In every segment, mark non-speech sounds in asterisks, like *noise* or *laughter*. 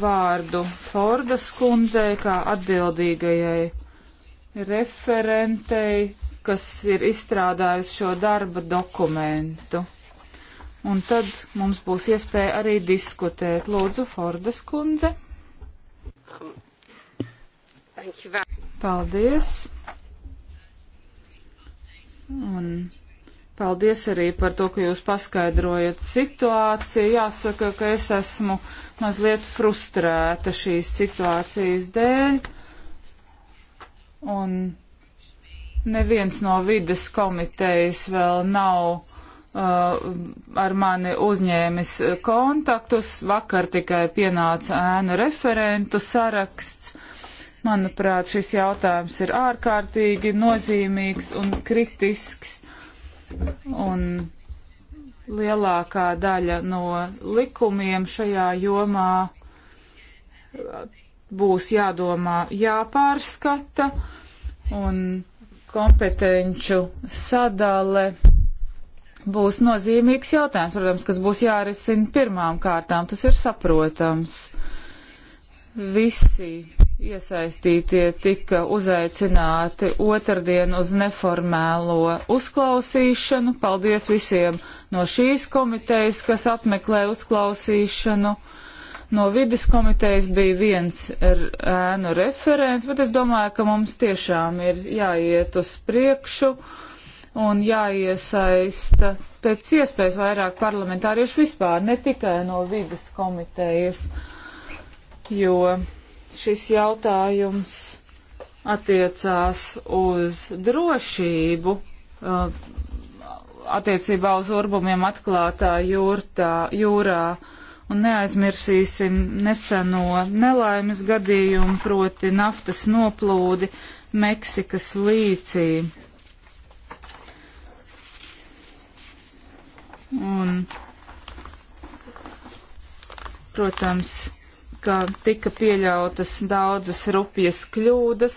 vārdu Fordas kundzei, kā atbildīgajai referentei, kas ir izstrādājusi šo darba dokumentu. Un tad mums būs iespēja arī diskutēt. Lūdzu, Fordas kundze. Paldies. Un Paldies arī par to, ka jūs paskaidrojat situāciju. Jāsaka, ka es esmu mazliet frustrēta šīs situācijas dēļ. Un neviens no vides komitejas vēl nav uh, ar mani uzņēmis kontaktus. Vakar tikai pienāca ēnu referentu saraksts. Manuprāt, šis jautājums ir ārkārtīgi nozīmīgs un kritisks Un lielākā daļa no likumiem šajā jomā būs jādomā jāpārskata un kompetenču sadale būs nozīmīgs jautājums, protams, kas būs jārisina pirmām kārtām. Tas ir saprotams. Visi Iesaistītie tika uzaicināti otrdien uz neformālo uzklausīšanu. Paldies visiem no šīs komitejas, kas apmeklē uzklausīšanu. No vidas komitejas bija viens ēnu referents, bet es domāju, ka mums tiešām ir jāiet uz priekšu un jāiesaista pēc iespējas vairāk parlamentāriešu vispār, ne tikai no vidas komitejas, jo šis jautājums attiecās uz drošību uh, attiecībā uz urbumiem atklātā jūrtā, jūrā. Un neaizmirsīsim neseno nelaimes gadījumu, proti naftas noplūdi Meksikas līcī. Un, protams, ka tika pieļautas daudzas rupjas kļūdas,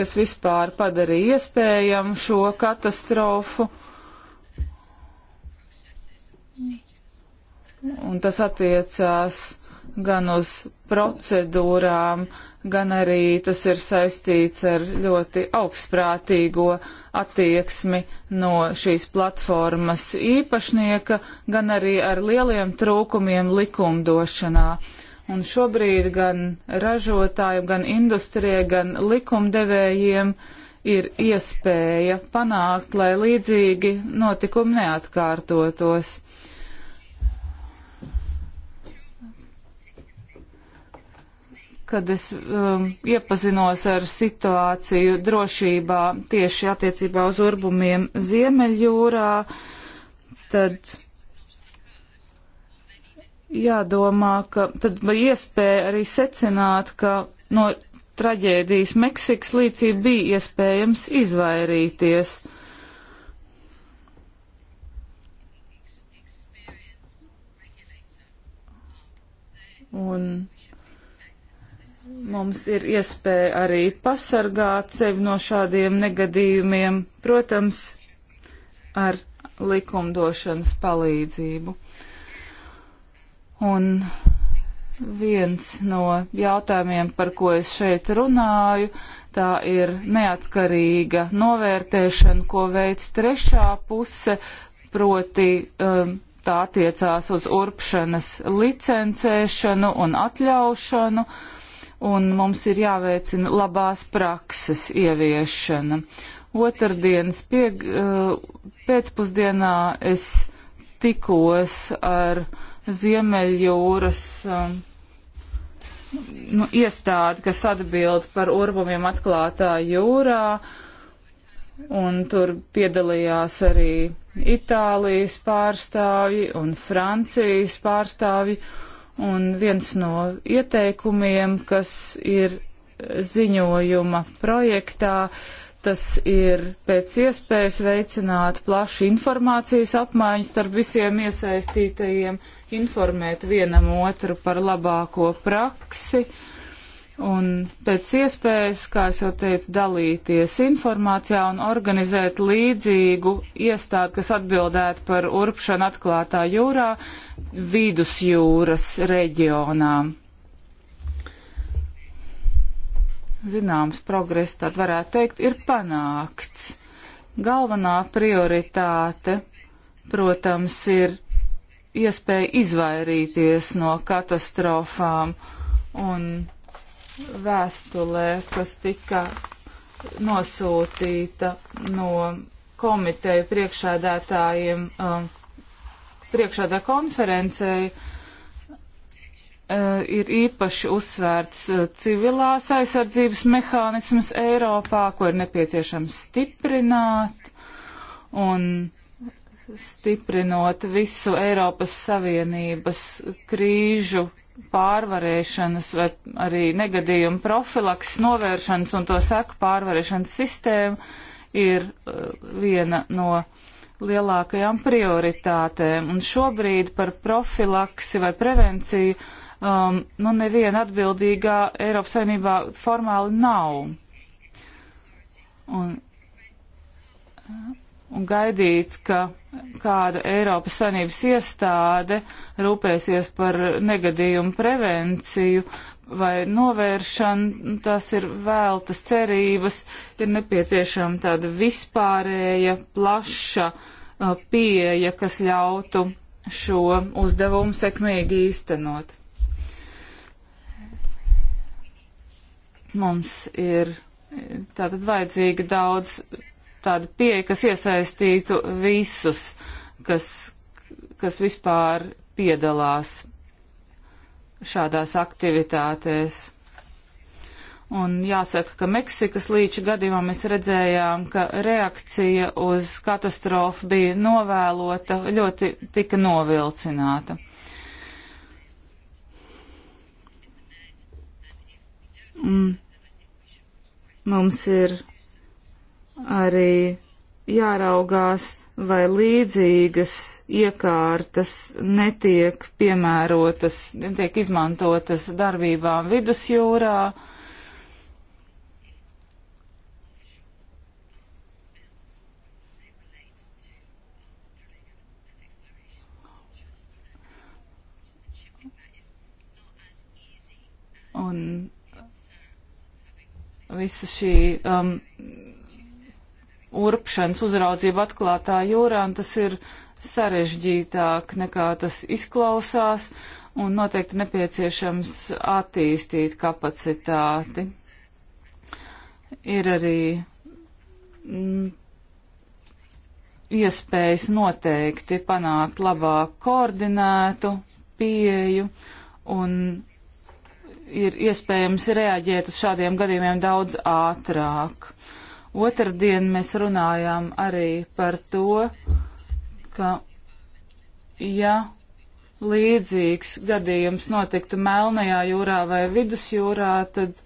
kas vispār padarīja iespējamu šo katastrofu. Un tas attiecās gan uz procedūrām, gan arī tas ir saistīts ar ļoti augstprātīgo attieksmi no šīs platformas īpašnieka, gan arī ar lieliem trūkumiem likumdošanā. Un šobrīd gan ražotājiem, gan industrijai, gan likumdevējiem ir iespēja panākt, lai līdzīgi notikumi neatkārtotos. kad es um, iepazinos ar situāciju drošībā tieši attiecībā uz urbumiem Ziemeļjūrā, tad jādomā, ka tad bija iespēja arī secināt, ka no traģēdijas Meksikas līdzī bija iespējams izvairīties. Un mums ir iespēja arī pasargāt sevi no šādiem negadījumiem, protams, ar likumdošanas palīdzību. Un viens no jautājumiem, par ko es šeit runāju, tā ir neatkarīga novērtēšana, ko veids trešā puse, proti um, tā attiecās uz urpšanas licencēšanu un atļaušanu, un mums ir jāveicina labās prakses ieviešana. Otrdienas pieg, uh, pēcpusdienā es tikos ar uh, Ziemeļjūras um, nu, iestādi, kas atbild par urbumiem atklātā jūrā, un tur piedalījās arī Itālijas pārstāvji un Francijas pārstāvji, un viens no ieteikumiem, kas ir ziņojuma projektā, uh, tas ir pēc iespējas veicināt plašu informācijas apmaiņu starp visiem iesaistītajiem, informēt vienam otru par labāko praksi un pēc iespējas, kā es jau teicu, dalīties informācijā un organizēt līdzīgu iestādi, kas atbildētu par urpšanu atklātā jūrā vidusjūras reģionām. zināms progress, tad varētu teikt, ir panākts. Galvenā prioritāte, protams, ir iespēja izvairīties no katastrofām un vēstulē, kas tika nosūtīta no komiteju priekšādātājiem, um, priekšādā konferencei, uh, Eh, ir īpaši uzsvērts eh, civilās aizsardzības mehānisms Eiropā, ko ir nepieciešams stiprināt un stiprinot visu Eiropas Savienības krīžu pārvarēšanas vai arī negadījumu profilaks novēršanas un to seku pārvarēšanas sistēmu ir eh, viena no lielākajām prioritātēm. Un šobrīd par profilaksi vai prevenciju uh, um, nu neviena atbildīgā Eiropas saimnībā formāli nav. Un, un gaidīt, ka kāda Eiropas saimnības iestāde rūpēsies par negadījumu prevenciju vai novēršanu, tas ir vēltas cerības, ir nepieciešama tāda vispārēja, plaša uh, pieeja, kas ļautu šo uzdevumu sekmīgi īstenot. Mums ir tātad vajadzīga daudz tādu pieeja, kas iesaistītu visus, kas, kas vispār piedalās šādās aktivitātēs. Un jāsaka, ka Meksikas līča gadījumā mēs redzējām, ka reakcija uz katastrofu bija novēlota, ļoti tika novilcināta. Mm. Mums ir arī jāraugās, vai līdzīgas iekārtas netiek piemērotas, netiek izmantotas darbībām vidusjūrā. Un visa šī um, urpšanas uzraudzība atklātā jūrā, un tas ir sarežģītāk nekā tas izklausās, un noteikti nepieciešams attīstīt kapacitāti. Ir arī mm, iespējas noteikti panākt labāk koordinētu pieju un ir iespējams reaģēt uz šādiem gadījumiem daudz ātrāk. Otradien mēs runājām arī par to, ka ja līdzīgs gadījums notiktu Melnajā jūrā vai Vidusjūrā, tad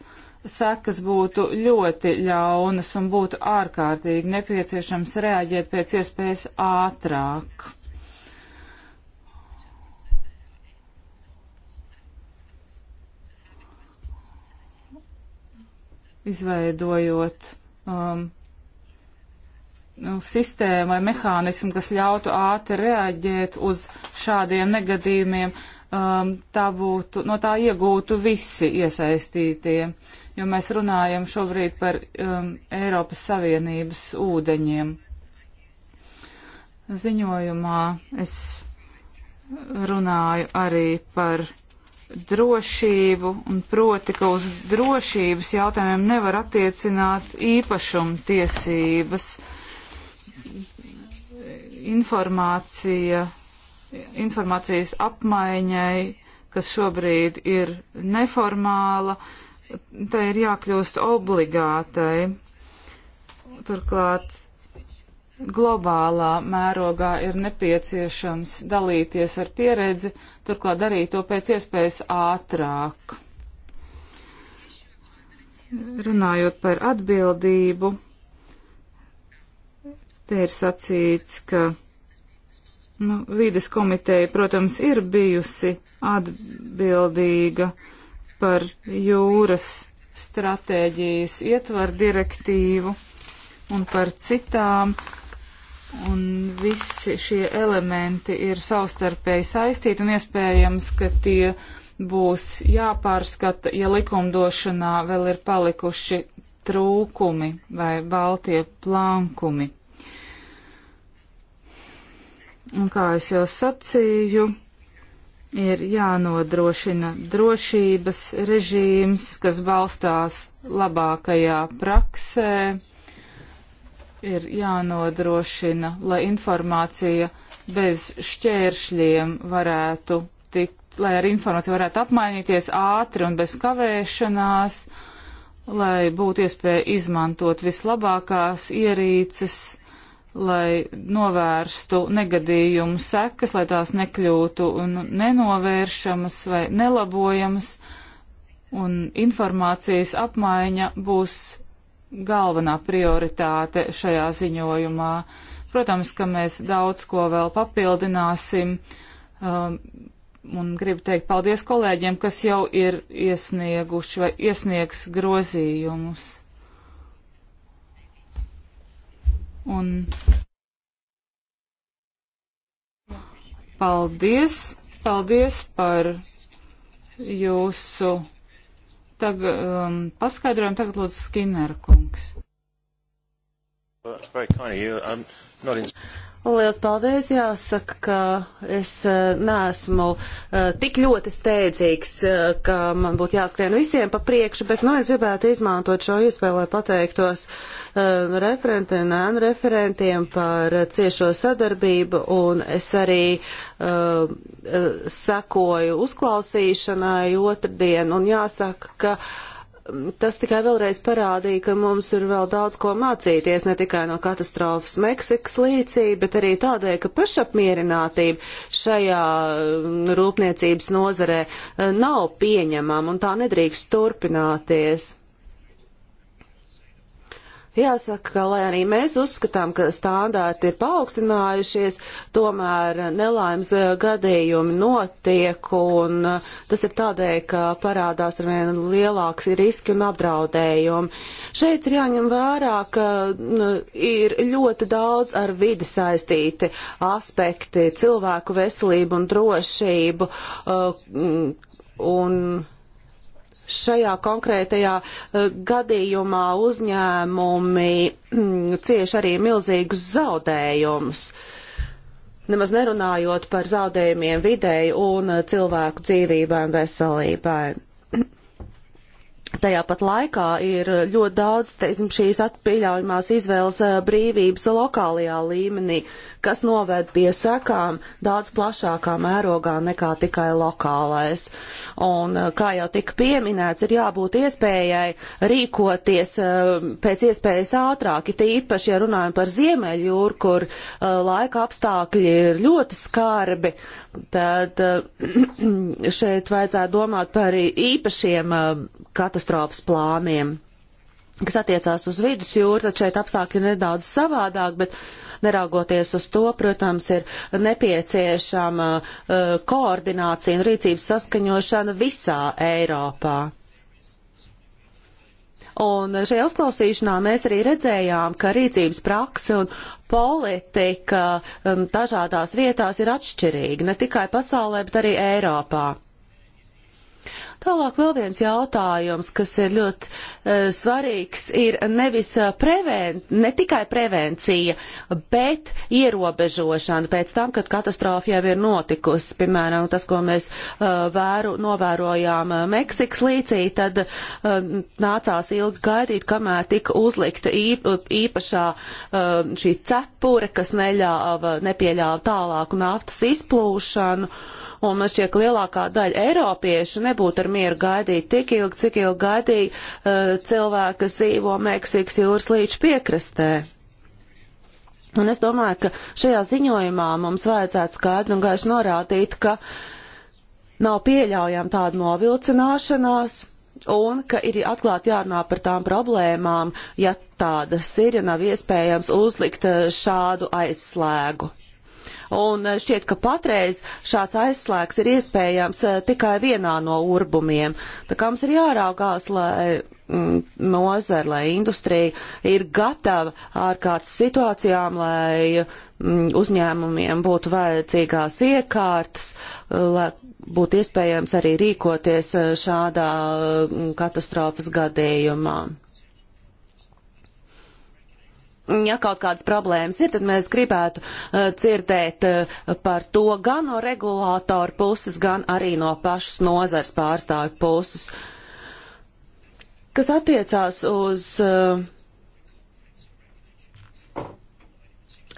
sekas būtu ļoti ļaunas un būtu ārkārtīgi nepieciešams reaģēt pēc iespējas ātrāk. izveidojot um, nu, sistēmu vai mehānismu, kas ļautu ātri reaģēt uz šādiem negadījumiem, um, tā būtu, no tā iegūtu visi iesaistītie, jo mēs runājam šobrīd par um, Eiropas Savienības ūdeņiem. Ziņojumā es runāju arī par drošību, un proti, ka uz drošības jautājumiem nevar attiecināt īpašuma tiesības, informācija, informācijas apmaiņai, kas šobrīd ir neformāla, tai ir jākļūst obligātai. Turklāt globālā mērogā ir nepieciešams dalīties ar pieredzi, turklāt darīt to pēc iespējas ātrāk. Runājot par atbildību, te ir sacīts, ka nu, vīdes komiteja, protams, ir bijusi atbildīga par jūras stratēģijas ietvar direktīvu un par citām, Un visi šie elementi ir savstarpēji saistīti un iespējams, ka tie būs jāpārskata, ja likumdošanā vēl ir palikuši trūkumi vai baltie plankumi. Un kā es jau sacīju, ir jānodrošina drošības režīms, kas balstās labākajā praksē ir jānodrošina, lai informācija bez šķēršļiem varētu tikt, lai ar informāciju varētu apmainīties ātri un bez kavēšanās, lai būtu iespēja izmantot vislabākās ierīces, lai novērstu negadījumu sekas, lai tās nekļūtu nenovēršamas vai nelabojamas, un informācijas apmaiņa būs galvenā prioritāte šajā ziņojumā. Protams, ka mēs daudz ko vēl papildināsim. Um, un gribu teikt paldies kolēģiem, kas jau ir iesnieguši vai iesniegs grozījumus. Un paldies, paldies par jūsu tag, um, paskaidrojumu. Tagad lūdzu Skinnerku. Lielas paldies! Jāsaka, ka es eh, neesmu eh, tik ļoti steidzīgs, eh, ka man būtu jāskrien visiem pa priekšu, bet, nu, es gribētu izmantot šo iespēju, lai pateiktos referentiem, nēnu referentiem par ciešo sadarbību, un es arī uh, sekoju uzklausīšanai otrdien, un jāsaka, ka tas tikai vēlreiz parādīja, ka mums ir vēl daudz ko mācīties, ne tikai no katastrofas Meksikas līcī, bet arī tādēļ, ka pašapmierinātība šajā mm, rūpniecības nozarē eh, nav pieņemama un tā nedrīkst turpināties. Jāsaka, ka lai arī mēs uzskatām, ka standārti ir paaugstinājušies, tomēr nelaimes eh, gadījumi notiek, un eh, tas ir tādēļ, ka parādās ar vien lielāks riski un apdraudējumi. Šeit ir jāņem vērā, ka ir ļoti daudz ar vidi saistīti aspekti, cilvēku veselību un drošību, eh, un šajā konkrētajā e, gadījumā uzņēmumi mm, cieš arī milzīgus zaudējumus. Nemaz nerunājot par zaudējumiem videi un cilvēku dzīvībām, veselībai tajā pat laikā ir ļoti daudz, teiksim, šīs atpieļaujumās izvēles brīvības lokālajā līmenī, kas noved pie sekām daudz plašākā mērogā nekā tikai lokālais. Un, kā jau tika pieminēts, ir jābūt iespējai rīkoties pēc iespējas ātrāk, it īpaši, ja runājam par Ziemeļjūru, kur laika apstākļi ir ļoti skarbi, tad *clears throat* šeit vajadzētu domāt par īpašiem katastrofām katastrofas plāniem kas attiecās uz vidusjūru, tad šeit apstākļi ir nedaudz savādāk, bet neraugoties uz to, protams, ir nepieciešama uh, koordinācija un rīcības saskaņošana visā Eiropā. Un šajā uzklausīšanā mēs arī redzējām, ka rīcības praksa un politika um, dažādās vietās ir atšķirīga, ne tikai pasaulē, bet arī Eiropā. Tālāk vēl viens jautājums, kas ir ļoti uh, svarīgs, ir nevis eh, preven, ne tikai prevencija, bet ierobežošana pēc tam, kad katastrofa jau ir notikusi. Piemēram, tas, ko mēs uh, vēru, novērojām uh, Meksikas līcī, tad uh, nācās ilgi gaidīt, kamēr tika uzlikta īp, īpašā uh, šī cepura, kas neļāva, nepieļāva tālāku naftas izplūšanu. Uh, un man šķiet, ka lielākā daļa eiropiešu nebūtu ar mieru gaidīt tik ilgi, cik ilgi gaidīja uh, cilvēki, kas dzīvo Meksikas jūras līča piekrastē. Un es domāju, ka šajā ziņojumā mums vajadzētu skaidri un gaiši norādīt, ka nav pieļaujama tāda novilcināšanās un ka ir atklāti jārunā par tām problēmām, ja tādas ir, ja nav iespējams uzlikt uh, šādu aizslēgu. Un eh, šķiet, ka patreiz šāds aizslēgs ir iespējams eh, tikai vienā no urbumiem. Tā kā mums ir jāraugās, lai mm, nozara, lai industrija ir gatava ārkārtas situācijām, lai mm, uzņēmumiem būtu vajadzīgās iekārtas, lai būtu iespējams arī rīkoties eh, šādā mm, katastrofas gadījumā. Ja kaut kādas problēmas ir, tad mēs gribētu uh, dzirdēt uh, par to gan no regulātora puses, gan arī no pašas nozars pārstāvju puses. Kas attiecās uz uh,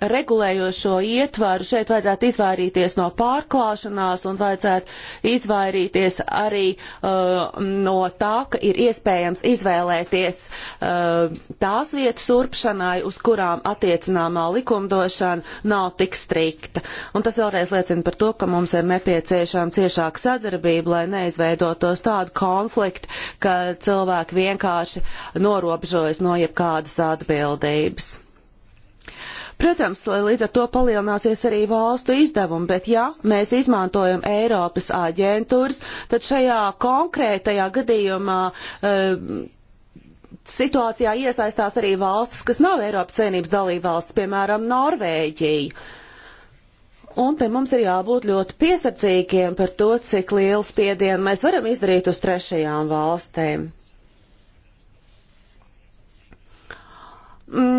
regulējošo ietvaru šeit vajadzētu izvairīties no pārklāšanās un vajadzētu izvairīties arī uh, no tā, ka ir iespējams izvēlēties uh, tās vietas urpšanai, uz kurām attiecināmā likumdošana nav tik strikta. Un tas vēlreiz liecina par to, ka mums ir nepieciešama ciešāka sadarbība, lai neizveidotos tādu konfliktu, ka cilvēki vienkārši norobžojas no jebkādas atbildības. Protams, līdz ar to palielināsies arī valstu izdevumi, bet ja mēs izmantojam Eiropas aģentūras, tad šajā konkrētajā gadījumā uh, situācijā iesaistās arī valstis, kas nav Eiropas Savienības dalībvalsts, piemēram, Norvēģija. Un te mums ir jābūt ļoti piesardzīgiem par to, cik lielu spiedienu mēs varam izdarīt uz trešajām valstēm.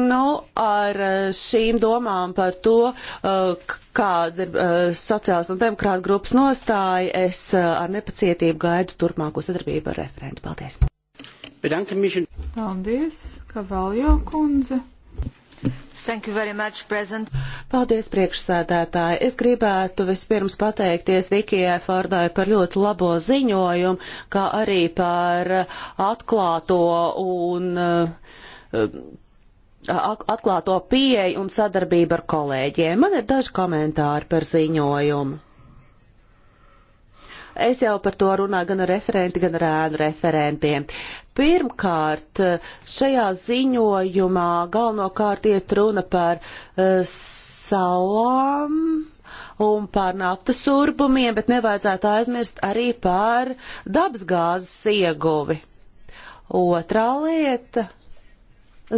Nu, ar eh, šīm domām par to, eh, kāda ir eh, sociāls un demokrāta grupas nostāja, es ar nepacietību gaidu turpmāko sadarbību ar referentu. Paldies! Paldies, Kavaljo kundze! Thank you very much, President. Paldies, priekšsēdētāji. Es gribētu vispirms pateikties Vikijai Fordai par ļoti labo ziņojumu, kā arī par atklāto un uh, atklāto pieeju un sadarbību ar kolēģiem. Man ir daži komentāri par ziņojumu. Es jau par to runāju gan ar referenti, gan ar ēnu referentiem. Pirmkārt, šajā ziņojumā galvenokārt iet runa par uh, salām un par naftas urbumiem, bet nevajadzētu aizmirst arī par dabasgāzes ieguvi. Otrā lieta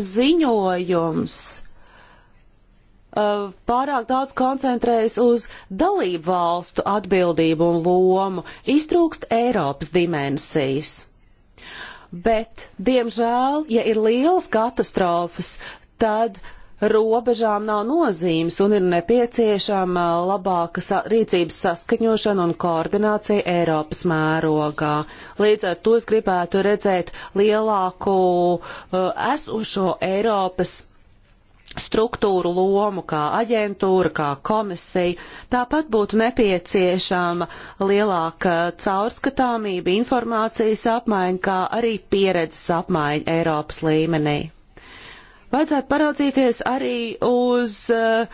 ziņojums uh, pārāk daudz koncentrējas uz dalību valstu atbildību un lomu, iztrūkst Eiropas dimensijas. Bet, diemžēl, ja ir lielas katastrofas, tad uh, robežām nav nozīmes un ir nepieciešama labāka sa rīcības saskaņošana un koordinācija Eiropas mērogā. Līdz ar to es gribētu redzēt lielāku uh, esošo Eiropas struktūru lomu, kā aģentūra, kā komisija. Tāpat būtu nepieciešama lielāka caurskatāmība, informācijas apmaiņa, kā arī pieredzes apmaiņa Eiropas līmenī. Vajadzētu paraudzīties arī uz uh,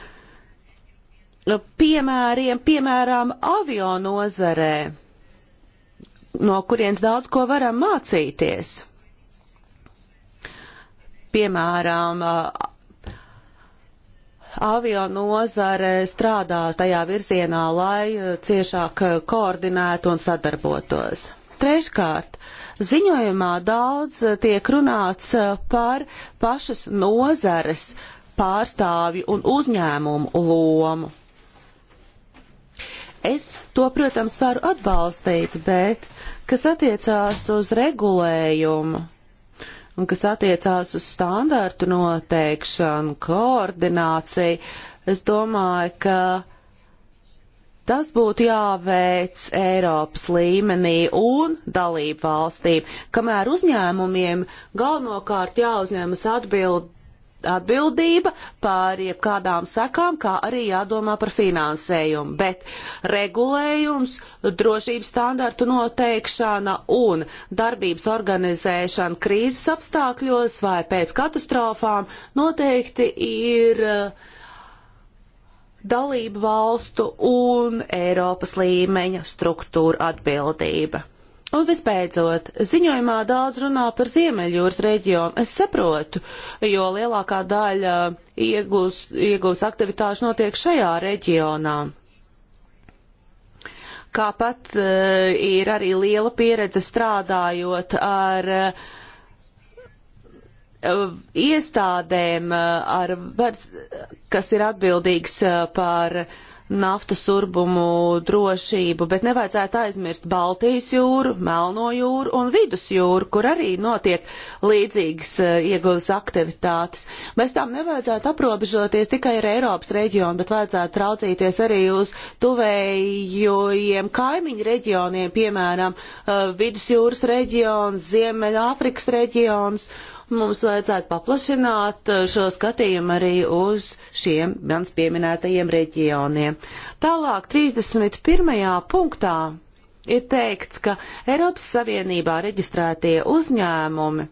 piemēriem, piemēram, avio nozarē, no kurienes daudz ko varam mācīties. Piemēram, uh, eh, avio nozare strādā tajā virzienā, lai eh, ciešāk koordinētu un sadarbotos. Treškārt, ziņojumā daudz eh, tiek runāts eh, par pašas nozares pārstāvju un uzņēmumu lomu. Es to, protams, varu atbalstīt, bet kas attiecās uz regulējumu un kas attiecās uz standārtu noteikšanu, koordināciju, es domāju, ka Tas būtu jāveic Eiropas līmenī un dalību valstīm, kamēr uzņēmumiem galvenokārt jāuzņemas atbild, atbildība par jebkādām sekām, kā arī jādomā par finansējumu. Bet regulējums, drošības standartu noteikšana un darbības organizēšana krīzes apstākļos vai pēc katastrofām noteikti ir uh, dalību valstu un Eiropas līmeņa struktūra atbildība. Un visbeidzot, ziņojumā daudz runā par Ziemeļjūras reģionu. Es saprotu, jo lielākā daļa iegūs, iegūs aktivitāšu notiek šajā reģionā. Kāpat uh, ir arī liela pieredze strādājot ar uh, iestādēm, uh, ar, kas ir atbildīgs uh, par naftas urbumu drošību, bet nevajadzētu aizmirst Baltijas jūru, Melno jūru un Vidus jūru, kur arī notiek līdzīgas uh, ieguvas aktivitātes. Bez tām nevajadzētu aprobežoties tikai ar Eiropas reģionu, bet vajadzētu traucīties arī uz tuvējiem kaimiņu reģioniem, piemēram, Vidus jūras reģions, Ziemeļāfrikas reģions mums vajadzētu paplašināt eh, šo skatījumu arī uz šiem mans pieminētajiem reģioniem. Tālāk 31. punktā ir teikts, ka Eiropas Savienībā reģistrētie uzņēmumi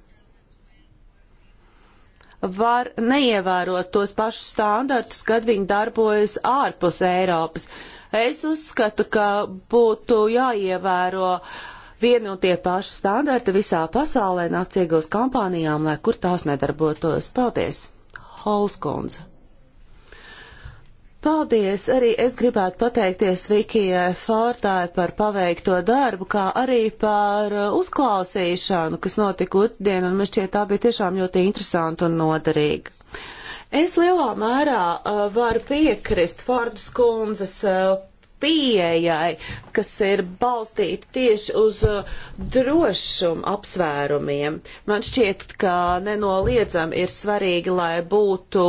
var neievērot tos pašus standartus, kad viņi darbojas ārpus Eiropas. Es uzskatu, ka būtu jāievēro uh, vieni un tie paši standarti visā pasaulē nafts iegūst kompānijām, lai kur tās nedarbotos. Paldies! Holskundze! Paldies! Arī es gribētu pateikties Vikijai Fārtāji par paveikto darbu, kā arī par uh, uzklausīšanu, kas notika otrdien, un man šķiet tā bija tiešām ļoti interesanti un noderīga. Es lielā mērā uh, varu piekrist Fārdas kundzes uh, pieejai, kas ir balstīta tieši uz uh, drošumu apsvērumiem. Man šķiet, ka nenoliedzam ir svarīgi, lai būtu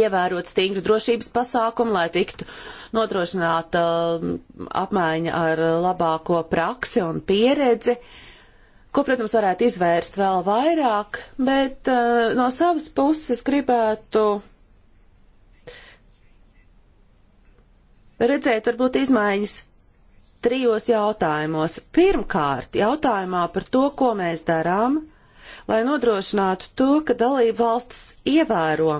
ievērot stingru drošības pasākumu, lai tiktu nodrošināta um, apmaiņa ar labāko praksi un pieredzi, ko, protams, varētu izvērst vēl vairāk, bet uh, no savas puses gribētu redzēt varbūt izmaiņas trijos jautājumos. Pirmkārt, jautājumā par to, ko mēs darām, lai nodrošinātu to, ka dalību valstis ievēro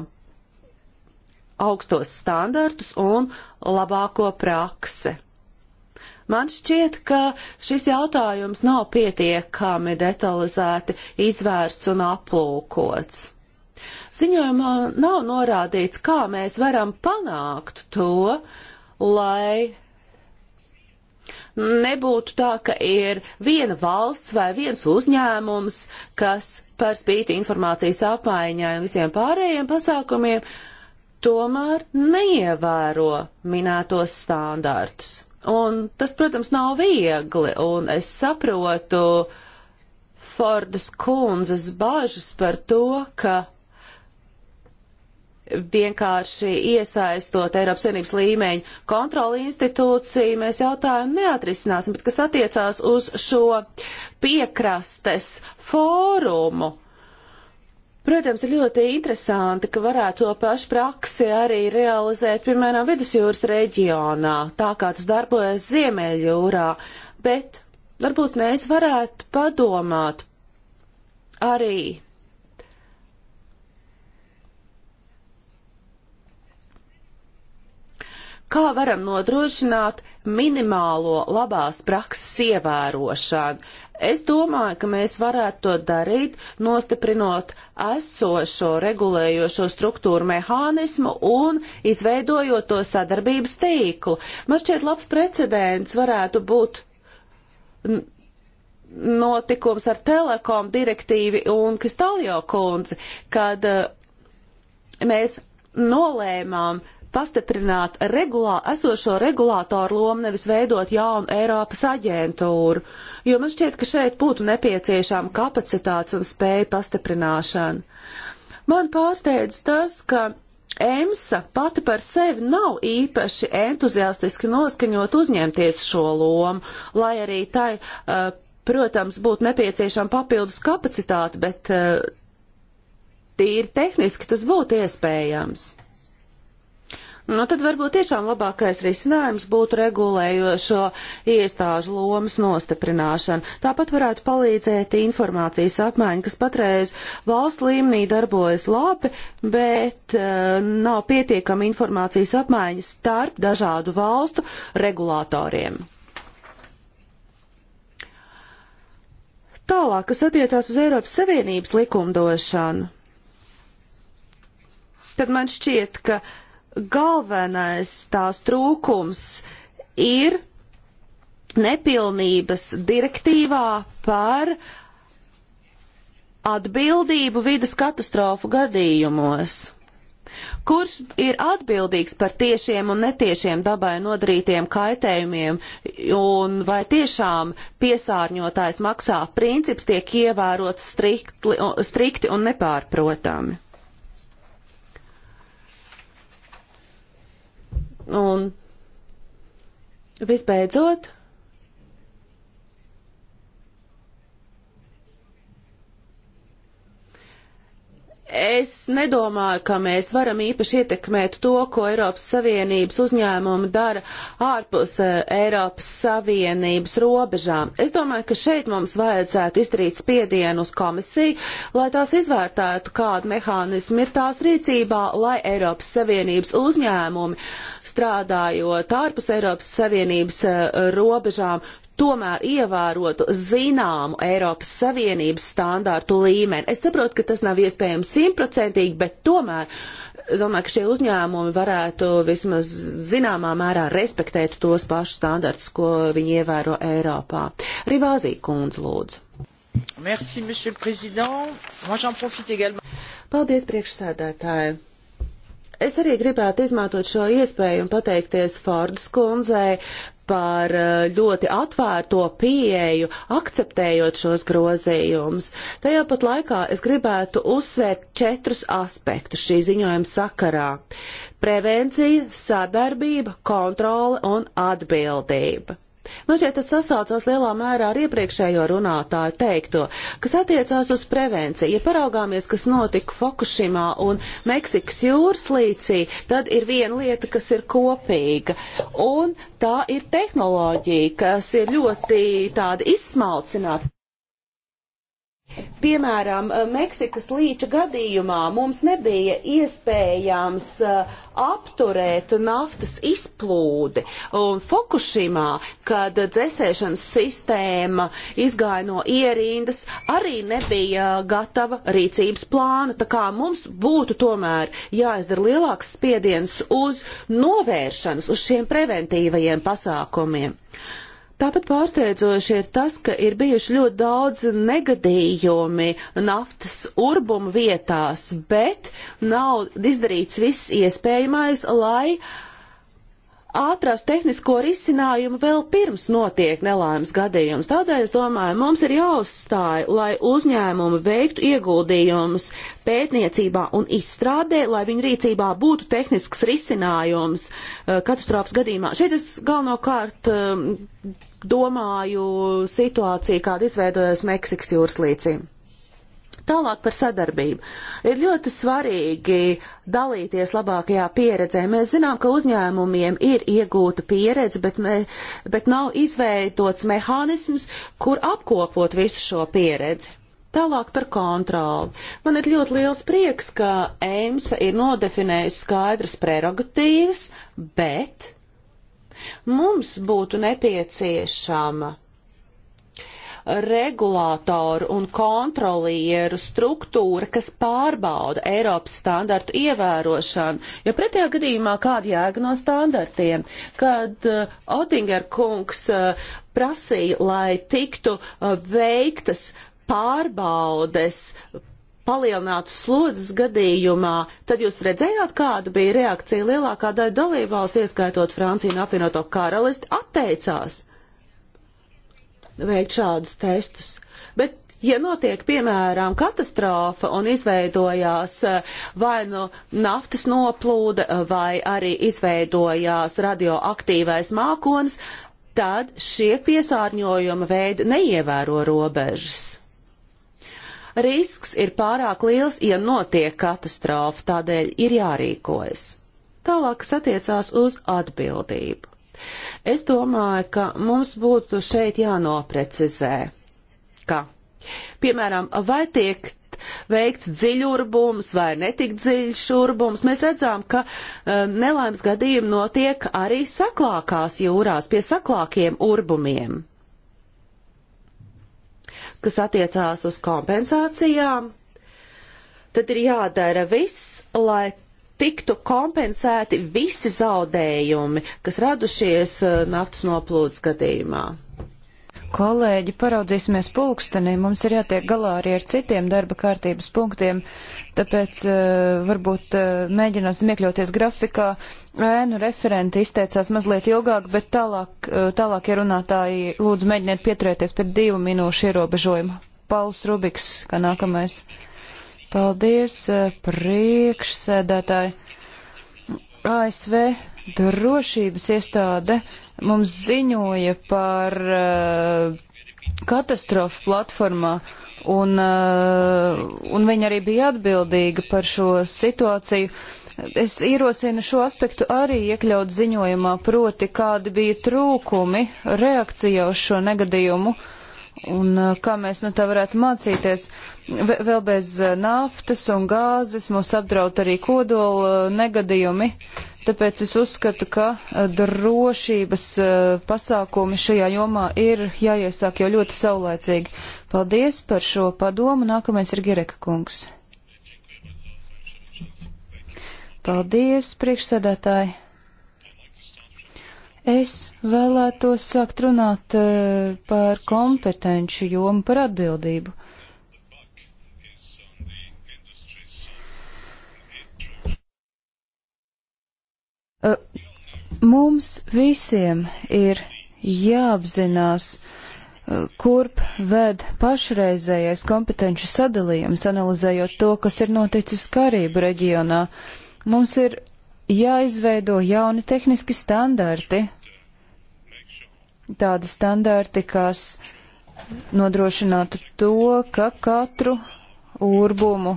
augstos standartus un labāko prakse. Man šķiet, ka šis jautājums nav pietiekami detalizēti izvērsts un aplūkots. Ziņojumā nav norādīts, kā mēs varam panākt to, uh, lai nebūtu tā, ka ir viena valsts vai viens uzņēmums, kas par spīti informācijas apmaiņai un visiem pārējiem pasākumiem tomēr neievēro minētos standārtus. Un tas, protams, nav viegli, un es saprotu Fordas kundzes bažas par to, ka vienkārši iesaistot Eiropas Savienības līmeņu kontroli institūciju, mēs jautājumu neatrisināsim, bet kas attiecās uz šo piekrastes fórumu. Protams, ir ļoti interesanti, ka varētu to pašu praksi arī realizēt, piemēram, vidusjūras reģionā, tā kā tas darbojas Ziemeļjūrā, bet varbūt mēs varētu padomāt arī kā varam nodrošināt minimālo labās prakses ievērošanu. Es domāju, ka mēs varētu to darīt, nostiprinot esošo regulējošo struktūru mehānismu un izveidojot to sadarbības tīklu. Man šķiet, labs precedents varētu būt notikums ar telekom direktīvi un Kristaljo kundzi, kad eh, mēs nolēmām uh, pastiprināt regulā, esošo regulātoru lomu, nevis veidot jaunu Eiropas aģentūru, jo man šķiet, ka šeit būtu nepieciešama kapacitātes un spēja pastiprināšana. Man pārsteidz tas, ka EMSA pati par sevi nav īpaši entuziastiski noskaņot uzņemties šo lomu, lai arī tai, eh, protams, būtu nepieciešama papildus kapacitāte, bet eh, tīri tehniski tas būtu iespējams. Nu, tad varbūt tiešām labākais risinājums būtu regulējošo iestāžu lomas nostiprināšana. Tāpat varētu palīdzēt informācijas apmaiņa, kas patreiz valsts līmenī darbojas labi, bet uh, nav pietiekama informācijas apmaiņa starp dažādu valstu regulātoriem. Tālāk, kas attiecās uz Eiropas Savienības likumdošanu, tad man šķiet, ka uh, galvenais tās trūkums ir nepilnības direktīvā par atbildību vidas katastrofu gadījumos. Kurš ir atbildīgs par tiešiem un netiešiem dabai nodarītiem kaitējumiem, un vai tiešām piesārņotājs maksā princips tiek ievērots strikti, strikti un nepārprotami? Un visbeidzot, Es nedomāju, ka mēs varam īpaši ietekmēt to, ko Eiropas Savienības uzņēmumi dara ārpus eh, Eiropas Savienības robežām. Es domāju, ka šeit mums vajadzētu izdarīt spiedienu uz komisiju, lai tās izvērtētu, kāda mehānismi ir tās rīcībā, lai Eiropas Savienības uzņēmumi strādājot ārpus Eiropas Savienības eh, robežām tomēr ievērotu zināmu Eiropas Savienības standārtu līmeni. Es saprotu, ka tas nav iespējams simtprocentīgi, bet tomēr domāju, ka šie uzņēmumi varētu vismaz zināmā mērā respektēt tos pašus standartus, ko viņi ievēro Eiropā. Rivāzī kundze lūdzu. Merci, monsieur le président. Moi, j'en profite également. Paldies, priekšsēdētāji. Es arī gribētu izmantot šo iespēju un pateikties Fordas kundzei par uh, ļoti atvērto pieeju, akceptējot šos grozījumus. Tajā pat laikā es gribētu uzsvērt četrus aspektus šī ziņojuma sakarā - prevencija, sadarbība, kontrole un atbildība. Man nu, šķiet, tas sasaucās lielā mērā ar iepriekšējo runātāju teikto, kas attiecās uz prevenciju. Ja paraugāmies, kas notika Fukushimā un Meksikas jūras līcī, tad ir viena lieta, kas ir kopīga. Un tā ir tehnoloģija, kas ir ļoti tāda izsmalcināta. Piemēram, eh, Meksikas līča gadījumā mums nebija iespējams eh, apturēt naftas izplūdi. Un Fukushimā, kad dzēsēšanas sistēma izgāja no ierindas, arī nebija eh, gatava rīcības plāna. Tā kā mums būtu tomēr jāizdara lielāks spiediens uz novēršanas, uz šiem preventīvajiem pasākumiem. Uh, Tāpat pārsteidzoši ir tas, ka ir bijuši ļoti daudz negadījumi naftas urbuma vietās, bet nav izdarīts viss iespējamais, lai ātrās tehnisko risinājumu vēl pirms notiek nelaimes gadījums. Tādēļ es domāju, mums ir jāuzstāj, lai uzņēmumi veiktu ieguldījumus pētniecībā un izstrādē, lai viņu rīcībā būtu tehnisks risinājums eh, katastrofas gadījumā. Šeit es galvenokārt eh, domāju situāciju, kāda izveidojas Meksikas jūras līcī. Tālāk par sadarbību. Ir ļoti svarīgi dalīties labākajā pieredzē. Mēs zinām, ka uzņēmumiem ir iegūta pieredze, bet, me, bet nav izveidots mehānisms, kur apkopot visu šo pieredzi. Tālāk par kontroli. Man ir ļoti liels prieks, ka EMSA ir nodefinējusi skaidras prerogatīvas, bet Mums būtu nepieciešama regulātoru un kontrolieru struktūra, kas pārbauda Eiropas standartu ievērošanu, jo pretējā gadījumā kāda jēga no standartiem, kad uh, Otinger kungs uh, prasīja, lai tiktu uh, veiktas pārbaudes palielinātas slodzes gadījumā, tad jūs redzējāt, kāda bija reakcija lielākā daļa dalībvalstu, ieskaitot Franciju un apvienoto karalisti, atteicās veikt šādus testus. Bet, ja notiek, piemēram, katastrofa un izveidojās eh, vai nu naftas noplūde, vai arī izveidojās radioaktīvais mākonis, tad šie piesārņojuma veidi neievēro robežas. Risks ir pārāk liels, ja notiek katastrofa, tādēļ ir jārīkojas. Tālāk, kas attiecās uz atbildību. Es domāju, ka mums būtu šeit jānoprecizē, ka, piemēram, vai tiek veikts dziļurbums vai netik dziļš urbums. Mēs redzām, ka um, nelaimes gadījumi notiek arī saklākās jūrās, pie saklākiem urbumiem kas attiecās uz kompensācijām, tad ir jādara viss, lai tiktu kompensēti visi zaudējumi, kas radušies uh, naftas noplūdes gadījumā. Kolēģi, paraudzīsimies pulkstenī, mums ir jātiek galā arī ar citiem darba kārtības punktiem, tāpēc uh, varbūt uh, mēģināsim iekļauties grafikā. Ēnu referenti izteicās mazliet ilgāk, bet tālāk, uh, eh, tālākie runātāji lūdzu mēģiniet pieturēties pie divu minūšu ierobežojuma. Pauls Rubiks, kā nākamais. Paldies, uh, priekšsēdētāji. ASV drošības iestāde. Uh, mums ziņoja par eh, katastrofu platformā, un, eh, un viņa arī bija atbildīga par šo situāciju. Es ierosinu šo aspektu arī iekļaut ziņojumā, proti, kādi bija trūkumi reakcijā uz šo negadījumu. Uh, Un uh, kā mēs no nu, tā varētu mācīties? Vēl bez uh, naftas un gāzes mūs apdraud arī kodola uh, negadījumi, tāpēc es uzskatu, ka drošības pasākumi šajā jomā ir jāiesāk jau ļoti saulēcīgi. Paldies par šo padomu. Nākamais ir Gireka kungs. Paldies, priekšsēdētāji! Es vēlētos sākt runāt e, par kompetenci jomu, par atbildību. E, mums visiem ir jāapzinās, e, kurp ved pašreizējais kompetenci sadalījums, analizējot to, kas ir noticis Karību reģionā. Mums ir jāizveido jauni tehniski standarti, tādi standarti, kas nodrošinātu to, ka katru urbumu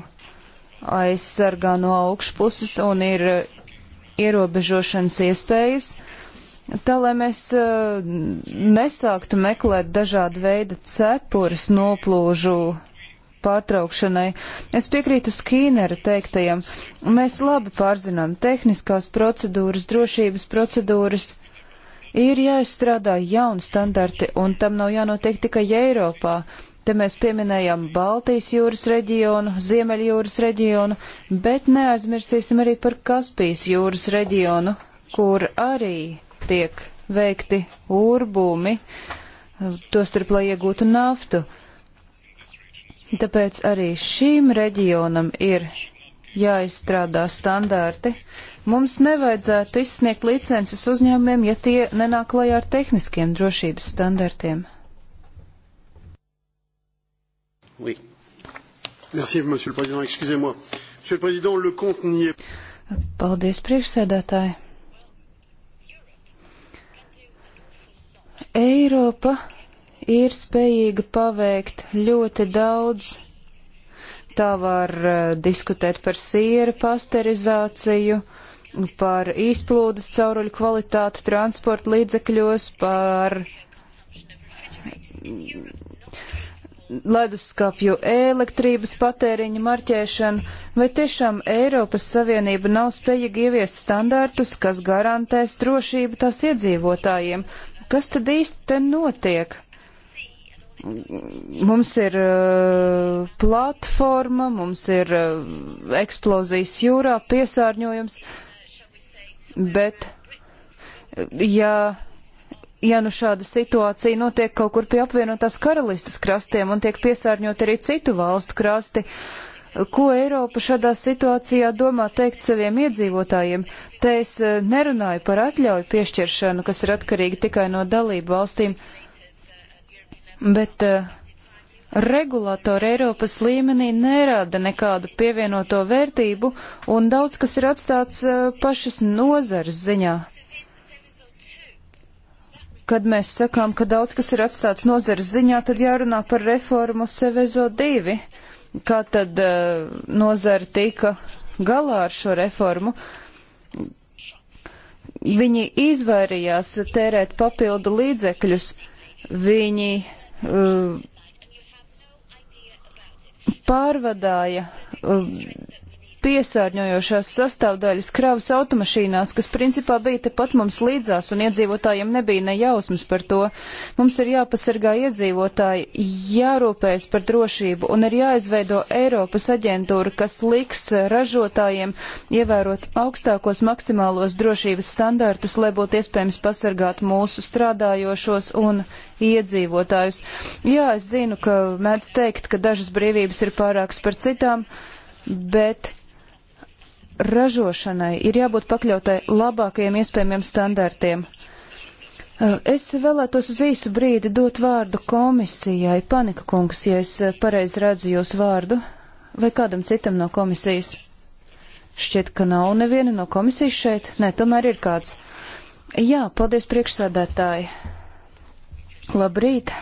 aizsargā no augšpuses un ir uh, ierobežošanas iespējas, tā lai mēs uh, nesāktu meklēt dažādu veidu cepures noplūžu pārtraukšanai. Es piekrītu Skīnera teiktajam, mēs labi pārzinām tehniskās procedūras, drošības procedūras, Ir jāizstrādā jauni standarti, un tam nav jānotiek tikai Eiropā. Te mēs pieminējam Baltijas jūras reģionu, Ziemeļjūras reģionu, bet neaizmirsīsim arī par Kaspijas jūras reģionu, kur arī tiek veikti urbumi, tostarp, lai iegūtu naftu. Tāpēc arī šīm reģionam ir jāizstrādā standārti. Uh, Mums nevajadzētu izsniegt licences uzņēmumiem, ja tie nenāk klajā ar tehniskiem drošības standartiem. Oui. Merci, monsieur le président. Excusez-moi. Monsieur le président, le compte n'y est pas. Paldies, priekšsēdētāji. Eiropa ir spējīga paveikt ļoti daudz. Tā var uh, diskutēt par siera pasterizāciju, uh, par izplūdes cauruļu kvalitāti transporta līdzekļos, par leduskapju elektrības patēriņu marķēšanu, vai tiešām Eiropas Savienība nav spējīga ieviest standārtus, kas garantēs drošību tās iedzīvotājiem? Kas tad īsti te notiek? Mums ir uh, platforma, mums ir uh, eksplozijas jūrā, piesārņojums. Uh, bet ja, ja nu šāda situācija notiek kaut kur pie apvienotās karalistas krastiem un tiek piesārņot arī citu valstu krasti, ko Eiropa šādā situācijā domā teikt saviem iedzīvotājiem? Te es eh, nerunāju par atļauju piešķiršanu, kas ir atkarīga tikai no dalību valstīm, bet uh, regulatori Eiropas līmenī nerada nekādu pievienoto vērtību, un daudz kas ir atstāts eh, pašas nozares ziņā. Kad mēs sakām, ka daudz kas ir atstāts nozares ziņā, tad jārunā par reformu Sevezo 2. Kā tad eh, nozara tika galā ar šo reformu? Viņi izvairījās tērēt papildu līdzekļus, viņi uh, pārvadāja um, piesārņojošās sastāvdaļas kravas automašīnās, kas principā bija tepat mums līdzās, un iedzīvotājiem nebija nejausmas par to. Mums ir jāpasargā iedzīvotāji, jārūpējas par drošību, un ir jāizveido Eiropas aģentūra, kas liks ražotājiem ievērot augstākos maksimālos drošības standartus, lai būtu iespējams pasargāt mūsu strādājošos un iedzīvotājus. Jā, es zinu, ka mēdz teikt, ka dažas brīvības ir pārākas par citām, bet ražošanai ir jābūt pakļautai labākajiem iespējamiem standartiem. Uh, es vēlētos uz īsu brīdi dot vārdu komisijai. Panika kungs, ja es uh, pareizi redzu jūsu vārdu, vai kādam citam no komisijas? Šķiet, ka nav neviena no komisijas šeit. Nē, tomēr ir kāds. Jā, paldies priekšsādātāji. Labrīt!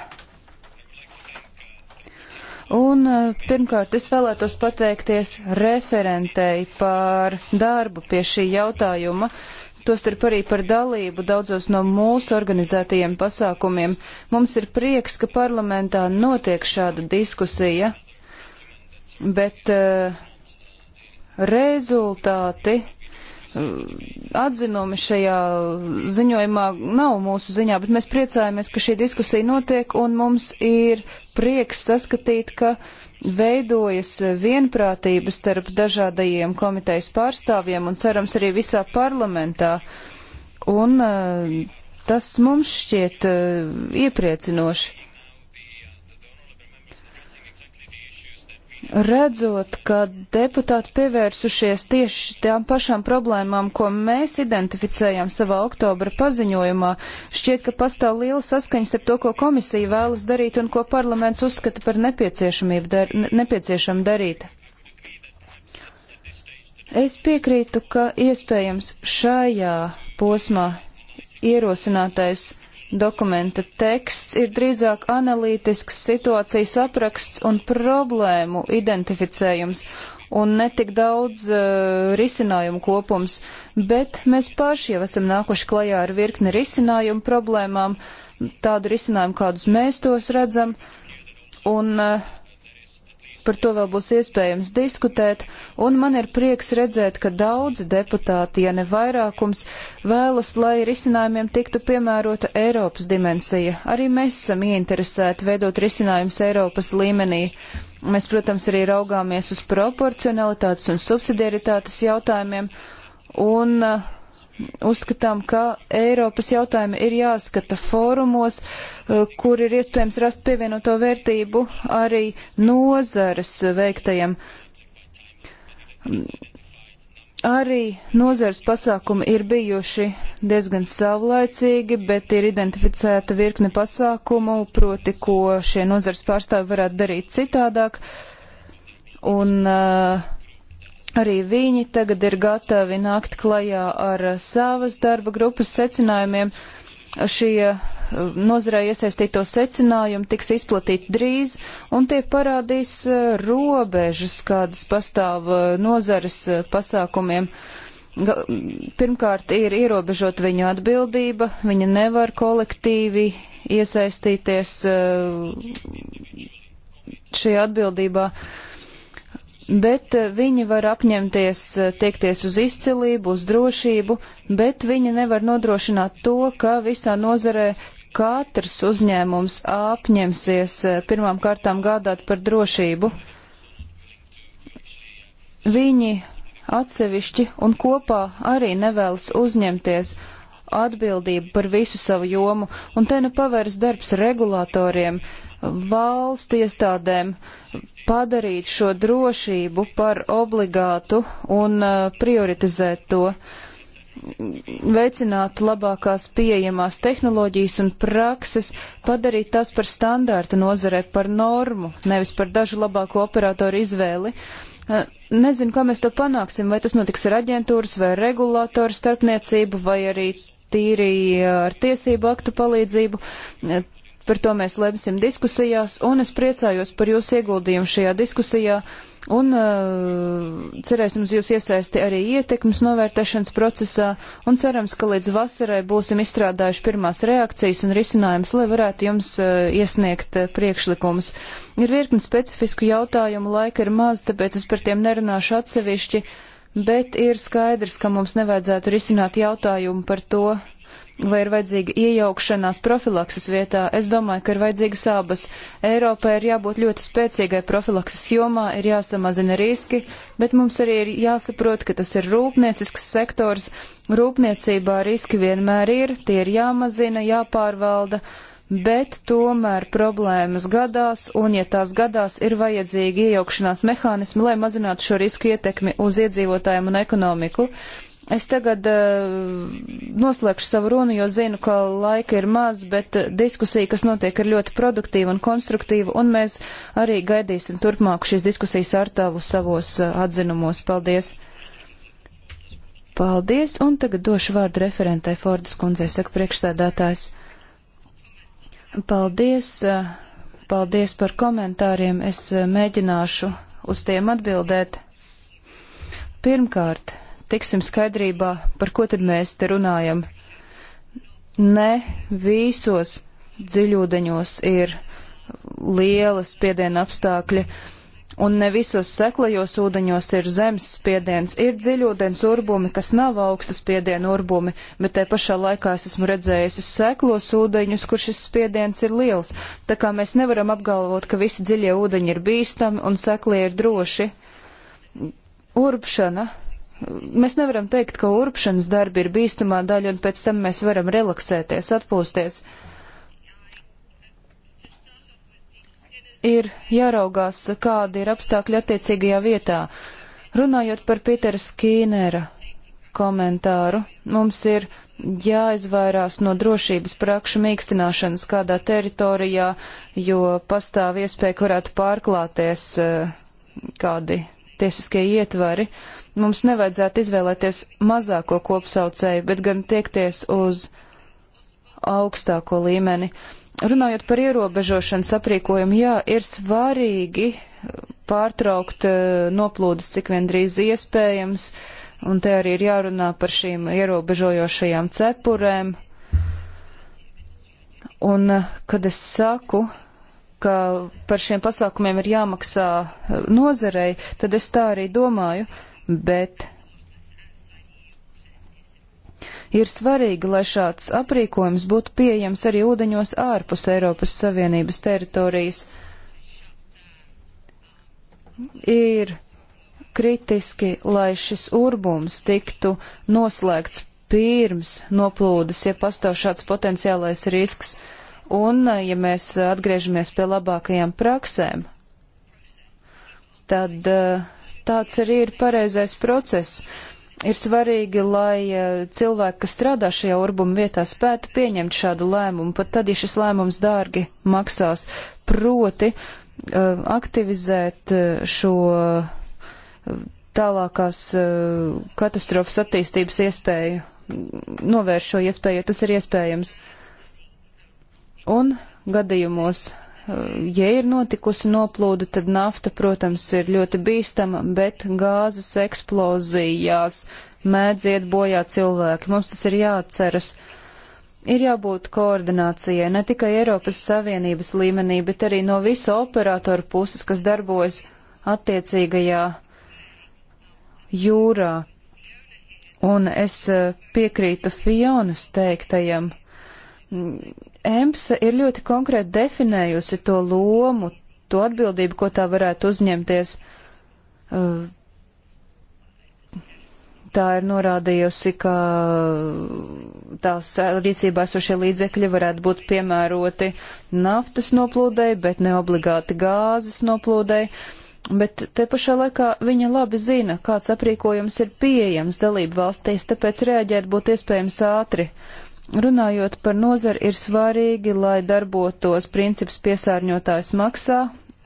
Un eh, pirmkārt, es vēlētos pateikties referentei par darbu pie šī jautājuma, tostarp arī par dalību daudzos no mūsu organizētajiem pasākumiem. Mums ir prieks, ka parlamentā notiek šāda diskusija, bet uh, rezultāti atzinumi šajā ziņojumā nav mūsu ziņā, bet mēs priecājamies, ka šī diskusija notiek un mums ir prieks saskatīt, ka veidojas vienprātība starp dažādajiem komitejas pārstāvjiem un cerams arī visā parlamentā. Un eh, tas mums šķiet eh, iepriecinoši. redzot, ka deputāti pievērsušies tieši tām pašām problēmām, ko mēs identificējām savā oktobra paziņojumā, šķiet, ka pastāv liela saskaņas ar to, ko komisija vēlas darīt un ko parlaments uzskata par dar nepieciešamu darīt. Es piekrītu, ka iespējams šajā posmā ierosinātais Dokumenta teksts ir drīzāk analītisks situācijas apraksts un problēmu identificējums, un ne tik daudz uh, risinājumu kopums, bet mēs paši jau esam nākuši klajā ar virkni risinājumu problēmām, tādu risinājumu, kādus mēs tos redzam, un uh, Par to vēl būs iespējams diskutēt, un man ir prieks redzēt, ka daudzi deputāti, ja ne vairākums, vēlas, lai risinājumiem tiktu piemērota Eiropas dimensija. Arī mēs esam ieinteresēti veidot risinājumus Eiropas līmenī. Mēs, protams, arī raugāmies uz proporcionalitātes un subsidiaritātes jautājumiem, un uh, uzskatām, ka Eiropas jautājumi ir jāskata fórumos, eh, kur ir iespējams rast pievienoto vērtību arī nozares veiktajiem. Arī nozares pasākumi ir bijuši diezgan savlaicīgi, bet ir identificēta virkne pasākumu, proti, ko šie nozares pārstāvi varētu darīt citādāk. Un uh, Arī viņi tagad ir gatavi nākt klajā ar savas darba grupas secinājumiem. Šie eh, nozarē iesaistīto secinājumu tiks izplatīti drīz, un tie parādīs eh, robežas, kādas pastāv eh, nozares pasākumiem. Pirmkārt, ir ierobežot viņu atbildība, viņa nevar kolektīvi iesaistīties šajā atbildībā. Uh, bet eh, viņi var apņemties eh, tiekties uz izcilību, uz drošību, bet viņi nevar nodrošināt to, ka visā nozarē katrs uzņēmums apņemsies eh, pirmām kārtām gādāt par drošību. Viņi atsevišķi un kopā arī nevēlas uzņemties atbildību par visu savu jomu, un te nu pavērs darbs regulātoriem. Uh, valstu iestādēm padarīt šo drošību par obligātu un uh, prioritizēt to, veicināt labākās pieejamās tehnoloģijas un prakses, padarīt tās par standārta nozarē, par normu, nevis par dažu labāko operatoru izvēli. Uh, nezinu, kā mēs to panāksim, vai tas notiks ar aģentūras vai regulātoru starpniecību, vai arī tīri uh, ar tiesību aktu palīdzību. Par to mēs lemsim diskusijās, un es priecājos par jūsu ieguldījumu šajā diskusijā, un uh, cerēsim uz jūsu iesaisti arī ietekmes novērtēšanas procesā, un cerams, ka līdz vasarai būsim izstrādājuši pirmās reakcijas un risinājumus, lai varētu jums uh, iesniegt uh, priekšlikumus. Ir virkni specifisku jautājumu, laika ir maz, tāpēc es par tiem nerunāšu atsevišķi bet ir skaidrs, ka mums nevajadzētu risināt jautājumu par to, vai ir vajadzīga iejaukšanās profilakses vietā. Es domāju, ka ir vajadzīgas abas. Eiropai ir jābūt ļoti spēcīgai profilakses jomā, ir jāsamazina riski, bet mums arī ir jāsaprot, ka tas ir rūpniecisks sektors. Rūpniecībā riski vienmēr ir, tie ir jāmazina, jāpārvalda, bet tomēr problēmas gadās, un ja tās gadās, ir vajadzīgi iejaukšanās mehānismi, lai mazinātu šo risku ietekmi uz iedzīvotājiem un ekonomiku. Es tagad uh, noslēgšu savu runu, jo zinu, ka laika ir maz, bet eh, diskusija, kas notiek, ir ļoti produktīva un konstruktīva, un mēs arī gaidīsim turpmāk šīs diskusijas ar tavu savos uh, atzinumos. Paldies! Paldies, un tagad došu vārdu referentai Fordas kundzei, saka priekšsēdētājs. Paldies, uh, paldies par komentāriem, es mēģināšu uz tiem atbildēt. Pirmkārt, tiksim skaidrībā, par ko tad mēs te runājam. Ne visos dziļūdeņos ir liela spiediena apstākļi, un ne visos seklajos ūdeņos ir zemes spiediens. Ir dziļūdens urbumi, kas nav augsta spiediena urbumi, bet te pašā laikā es esmu redzējis uz seklos ūdeņus, kur šis spiediens ir liels. Tā kā mēs nevaram apgalvot, ka visi dziļie ūdeņi ir bīstami un seklie ir droši. Urbšana Mēs nevaram teikt, ka urpšanas darbi ir bīstamā daļa, un pēc tam mēs varam relaksēties, atpūsties. Ir jāraugās, kādi ir apstākļi attiecīgajā vietā. Runājot par Pitera Skīnera komentāru, mums ir jāizvairās no drošības prakšu mīkstināšanas kādā teritorijā, jo pastāv iespēja, ka varētu pārklāties eh, kādi tiesiskie ietvari. Uh, Mums nevajadzētu izvēlēties mazāko kopsaucēju, bet gan tiekties uz augstāko līmeni. Runājot par ierobežošanas aprīkojumu, jā, ir svarīgi pārtraukt eh, noplūdes, cik vien drīz iespējams, un te arī ir jārunā par šīm ierobežojošajām cepurēm. Un, eh, kad es saku, ka par šiem pasākumiem ir jāmaksā eh, nozarei, tad es tā arī domāju. Uh, bet ir svarīgi, lai šāds aprīkojums būtu pieejams arī ūdeņos ārpus Eiropas Savienības teritorijas. Ir kritiski, lai šis urbums tiktu noslēgts pirms noplūdes, ja pastāv šāds potenciālais risks, un ja mēs atgriežamies pie labākajām praksēm, tad uh, tāds arī ir pareizais process. Ir svarīgi, lai eh, cilvēki, kas strādā šajā urbuma vietā, spētu pieņemt šādu lēmumu, pat tad, ja šis lēmums dārgi maksās. Proti, eh, aktivizēt eh, šo tālākās katastrofas attīstības iespēju, novērš šo iespēju, jo tas ir iespējams. Un gadījumos, Eh, ja ir notikusi noplūde, tad nafta, protams, ir ļoti bīstama, bet gāzes eksplozijās mēdz iet bojā cilvēki. Mums tas ir jāatceras. Ir jābūt koordinācijai ne tikai Eiropas Savienības līmenī, bet arī no visu operatoru puses, kas darbojas attiecīgajā jūrā. Un es eh, piekrītu Fionas teiktajam. EMSA ir ļoti konkrēti definējusi to lomu, to atbildību, ko tā varētu uzņemties. Uh, tā ir norādījusi, ka tās rīcībā esošie līdzekļi varētu būt piemēroti naftas noplūdei, bet ne obligāti gāzes noplūdei. Bet te pašā laikā viņa labi zina, kāds aprīkojums ir pieejams dalību valstīs, tāpēc rēģēt būtu iespējams ātri. Uh, Runājot par nozari, ir svarīgi, lai darbotos princips piesārņotājs maksā,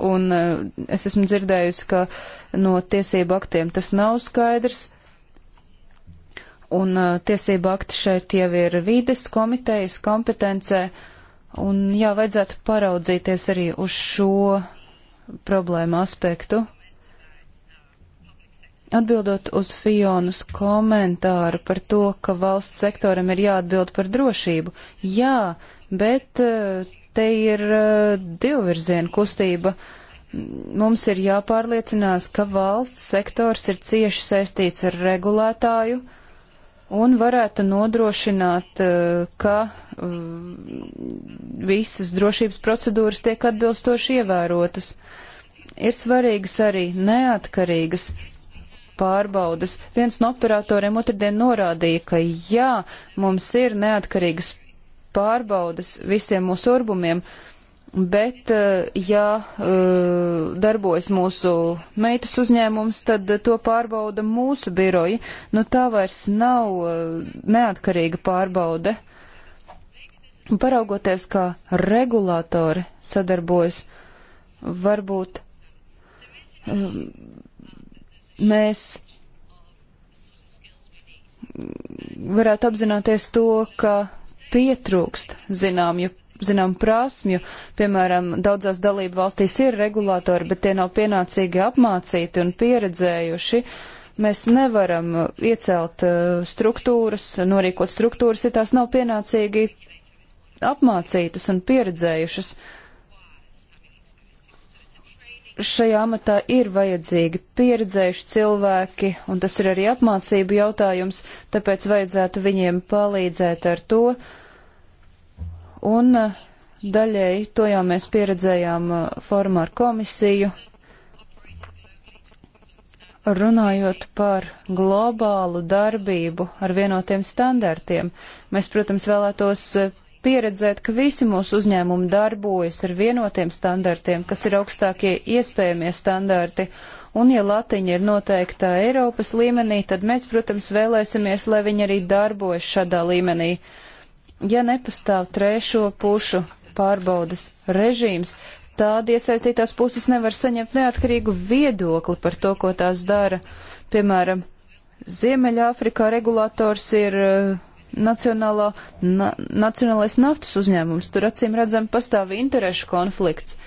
un eh, es esmu dzirdējusi, ka no tiesību aktiem tas nav skaidrs, un eh, tiesību akti šeit jau ir vides komitejas kompetencē, un jā, vajadzētu paraudzīties arī uz šo problēmu aspektu. Atbildot uz Fionas komentāru par to, ka valsts sektoram ir jāatbild par drošību, jā, bet eh, te ir eh, divvirziena kustība. Mums ir jāpārliecinās, ka valsts sektors ir cieši saistīts ar regulētāju un varētu nodrošināt, eh, ka mm, visas drošības procedūras tiek atbilstoši ievērotas. Ir svarīgas arī neatkarīgas pārbaudas. Viens no operatoriem otrdien norādīja, ka jā, mums ir neatkarīgas pārbaudas visiem mūsu urbumiem, bet eh, ja eh, darbojas mūsu meitas uzņēmums, tad to pārbauda mūsu biroji. Nu tā vairs nav eh, neatkarīga pārbaude. Paraugoties, kā regulātori sadarbojas, varbūt mēs varētu apzināties to, ka pietrūkst zināmju zinām prasmju, piemēram, daudzās dalību valstīs ir regulātori, bet tie nav pienācīgi apmācīti un pieredzējuši. Mēs nevaram iecelt uh, struktūras, norīkot struktūras, ja tās nav pienācīgi apmācītas un pieredzējušas. Uh, šajā amatā ir vajadzīgi pieredzējuši cilvēki, un tas ir arī apmācību jautājums, tāpēc vajadzētu viņiem palīdzēt ar to. Un eh, daļēji to jau mēs pieredzējām eh, formā ar komisiju. Runājot par globālu darbību ar vienotiem standartiem, mēs, protams, vēlētos eh, pieredzēt, ka visi mūsu uzņēmumi darbojas ar vienotiem standartiem, kas ir augstākie iespējamie standarti. Un, ja latiņa ir noteikta Eiropas līmenī, tad mēs, protams, vēlēsimies, lai viņi arī darbojas šādā līmenī. Ja nepastāv trešo pušu pārbaudas režīms, tad iesaistītās puses nevar saņemt neatkarīgu viedokli par to, ko tās dara. Piemēram, Ziemeļāfrikā regulators ir uh, nacionālā, na, nacionālais naftas uzņēmums. Tur acīm redzam pastāv interešu konflikts.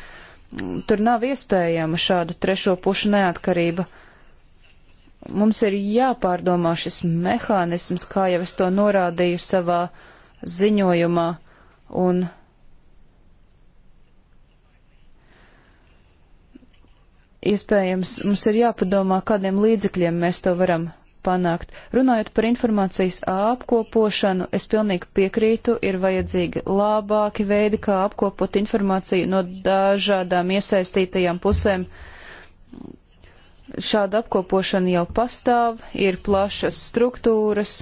Tur nav iespējama šāda trešo pušu neatkarība. Mums ir jāpārdomā šis mehānisms, kā jau es to norādīju savā ziņojumā, un iespējams mums ir jāpadomā, kādiem līdzekļiem mēs to varam panākt. Runājot par informācijas apkopošanu, es pilnīgi piekrītu, ir vajadzīgi labāki veidi, kā apkopot informāciju no dažādām iesaistītajām pusēm. Šāda apkopošana jau pastāv, ir plašas struktūras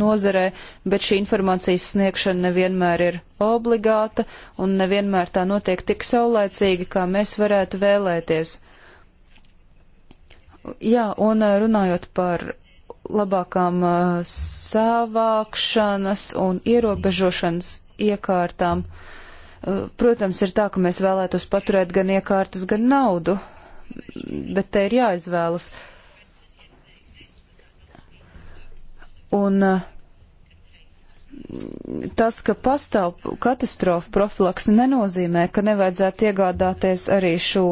nozarē, bet šī informācijas sniegšana nevienmēr ir obligāta un nevienmēr tā notiek tik saulēcīgi, kā mēs varētu vēlēties. Jā, un eh, runājot par labākām eh, savākšanas un ierobežošanas iekārtām, eh, protams, ir tā, ka mēs vēlētos paturēt gan iekārtas, gan naudu, bet te ir jāizvēlas. Un uh, tas, ka pastāv katastrofa profilakse, nenozīmē, ka nevajadzētu iegādāties arī šo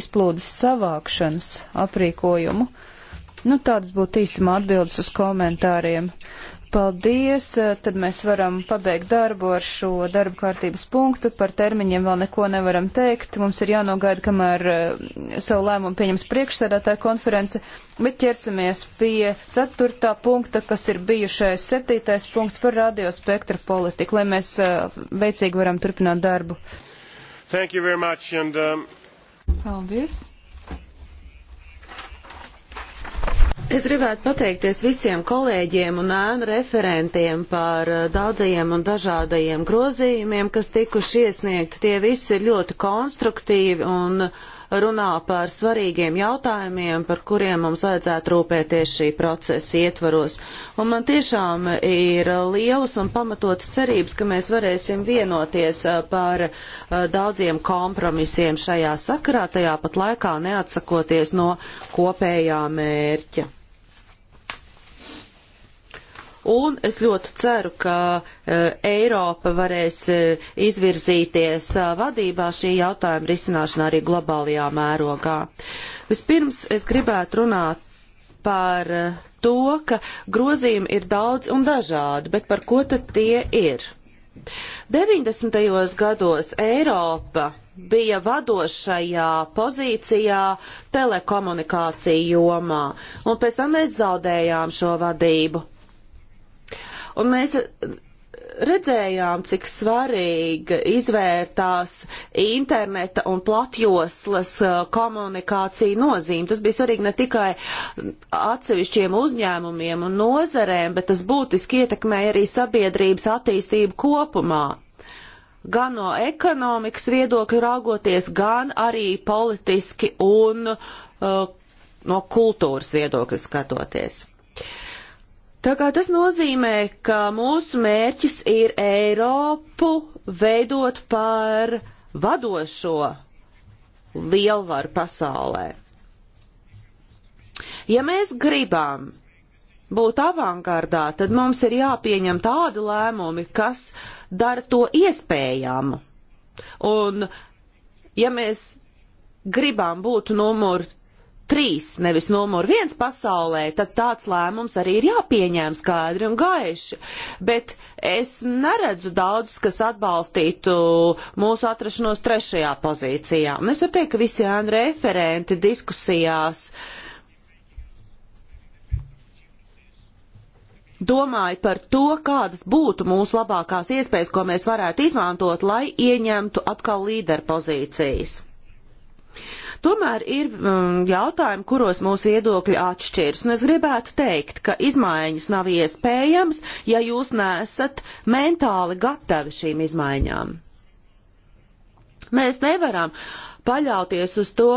izplūdes savākšanas aprīkojumu. Nu, tādas būtu īsumā atbildes uz komentāriem. Paldies, tad mēs varam pabeigt darbu ar šo darba kārtības punktu. Par termiņiem vēl neko nevaram teikt. Mums ir jānogaida, kamēr eh, savu lēmumu pieņems priekšsēdētāja konference, bet ķersimies pie ceturtā punkta, kas ir bijušais septītais punkts par radiospektra politiku, lai mēs eh, veicīgi varam turpināt darbu. Thank you very much and um... Paldies. Es gribētu pateikties visiem kolēģiem un ēnu referentiem par eh, daudzajiem un dažādajiem grozījumiem, kas tikuši iesniegti. Tie visi ir ļoti konstruktīvi un uh, runā par svarīgiem jautājumiem, par kuriem mums vajadzētu rūpēties šī procesa ietvaros. Un man tiešām ir lielas un pamatotas cerības, ka mēs varēsim vienoties uh, par uh, daudziem kompromisiem šajā sakarā, tajā pat laikā neatsakoties no kopējā mērķa. Un es ļoti ceru, ka e, Eiropa varēs e, izvirzīties e, vadībā šī jautājuma risināšanā arī globālajā mērogā. Vispirms es gribētu runāt par to, ka grozījumi ir daudz un dažādi, bet par ko tad tie ir? 90. gados Eiropa bija vadošajā pozīcijā telekomunikāciju jomā, un pēc tam mēs zaudējām šo vadību. Un mēs redzējām, cik svarīga izvērtās interneta un platjoslas uh, komunikācija nozīme. Tas bija svarīgi ne tikai atsevišķiem uzņēmumiem un nozarēm, bet tas būtiski ietekmēja arī sabiedrības attīstību kopumā. Gan no ekonomikas viedokļa raugoties, gan arī politiski un uh, no kultūras viedokļa skatoties. Uh, Tā kā tas nozīmē, ka mūsu mērķis ir Eiropu veidot par vadošo lielvaru pasaulē. Ja mēs gribam būt avangardā, tad mums ir jāpieņem tādi lēmumi, kas dara to iespējamu. Un ja mēs gribam būt numur trīs, nevis numur viens pasaulē, tad tāds lēmums arī ir jāpieņem skaidri un gaiši. Bet es neredzu daudz, kas atbalstītu mūsu atrašanos trešajā pozīcijā. Un es varu teikt, ka visi ēnu referenti diskusijās domāju par to, kādas būtu mūsu labākās iespējas, ko mēs varētu izmantot, lai ieņemtu atkal līderpozīcijas. pozīcijas. Tomēr ir um, jautājumi, kuros mūsu viedokļi atšķiras. Un es gribētu teikt, ka izmaiņas nav iespējams, ja jūs nesat mentāli gatavi šīm izmaiņām. Mēs nevaram paļauties uz to,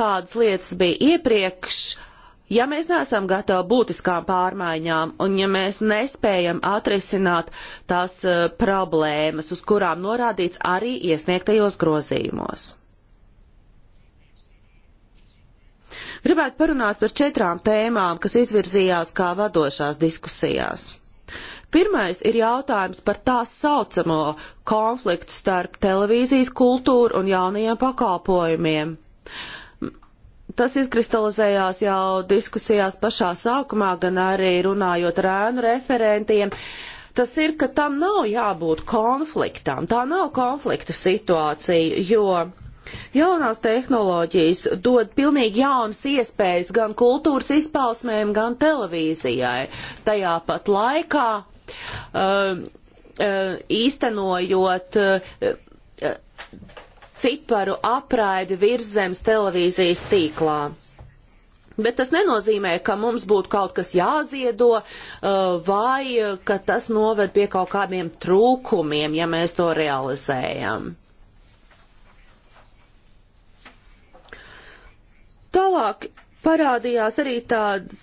kādas lietas bija iepriekš, ja mēs neesam gatavi būtiskām pārmaiņām un ja mēs nespējam atrisināt tās uh, problēmas, uz kurām norādīts arī iesniegtajos grozījumos. Gribētu parunāt par četrām tēmām, kas izvirzījās kā vadošās diskusijās. Pirmais ir jautājums par tā saucamo konfliktu starp televīzijas kultūru un jaunajiem pakalpojumiem. Tas izkristalizējās jau diskusijās pašā sākumā, gan arī runājot ar ēnu referentiem. Tas ir, ka tam nav jābūt konfliktam, tā nav konflikta situācija, jo Jaunās tehnoloģijas dod pilnīgi jaunas iespējas gan kultūras izpausmēm, gan televīzijai. Tajā pat laikā uh, uh, īstenojot uh, uh ciparu apraidi virszemes televīzijas tīklā. Bet tas nenozīmē, ka mums būtu kaut kas jāziedo uh, vai uh, ka tas noved pie kaut kādiem trūkumiem, ja mēs to realizējam. Tālāk parādījās arī tādas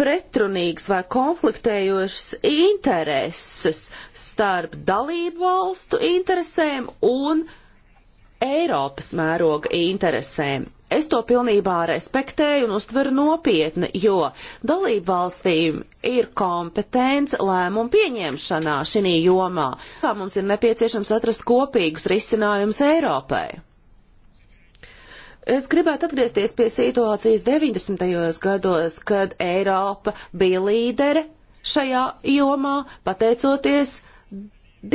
pretrunīgas vai konfliktējošas intereses starp dalību valstu interesēm un Eiropas mēroga interesēm. Es to pilnībā respektēju un uztveru nopietni, jo dalību valstīm ir kompetence lēmumu pieņemšanā šī jomā, kā mums ir nepieciešams atrast kopīgus risinājumus Eiropai. Es gribētu atgriezties pie situācijas 90. gados, kad Eiropa bija līdere šajā jomā, pateicoties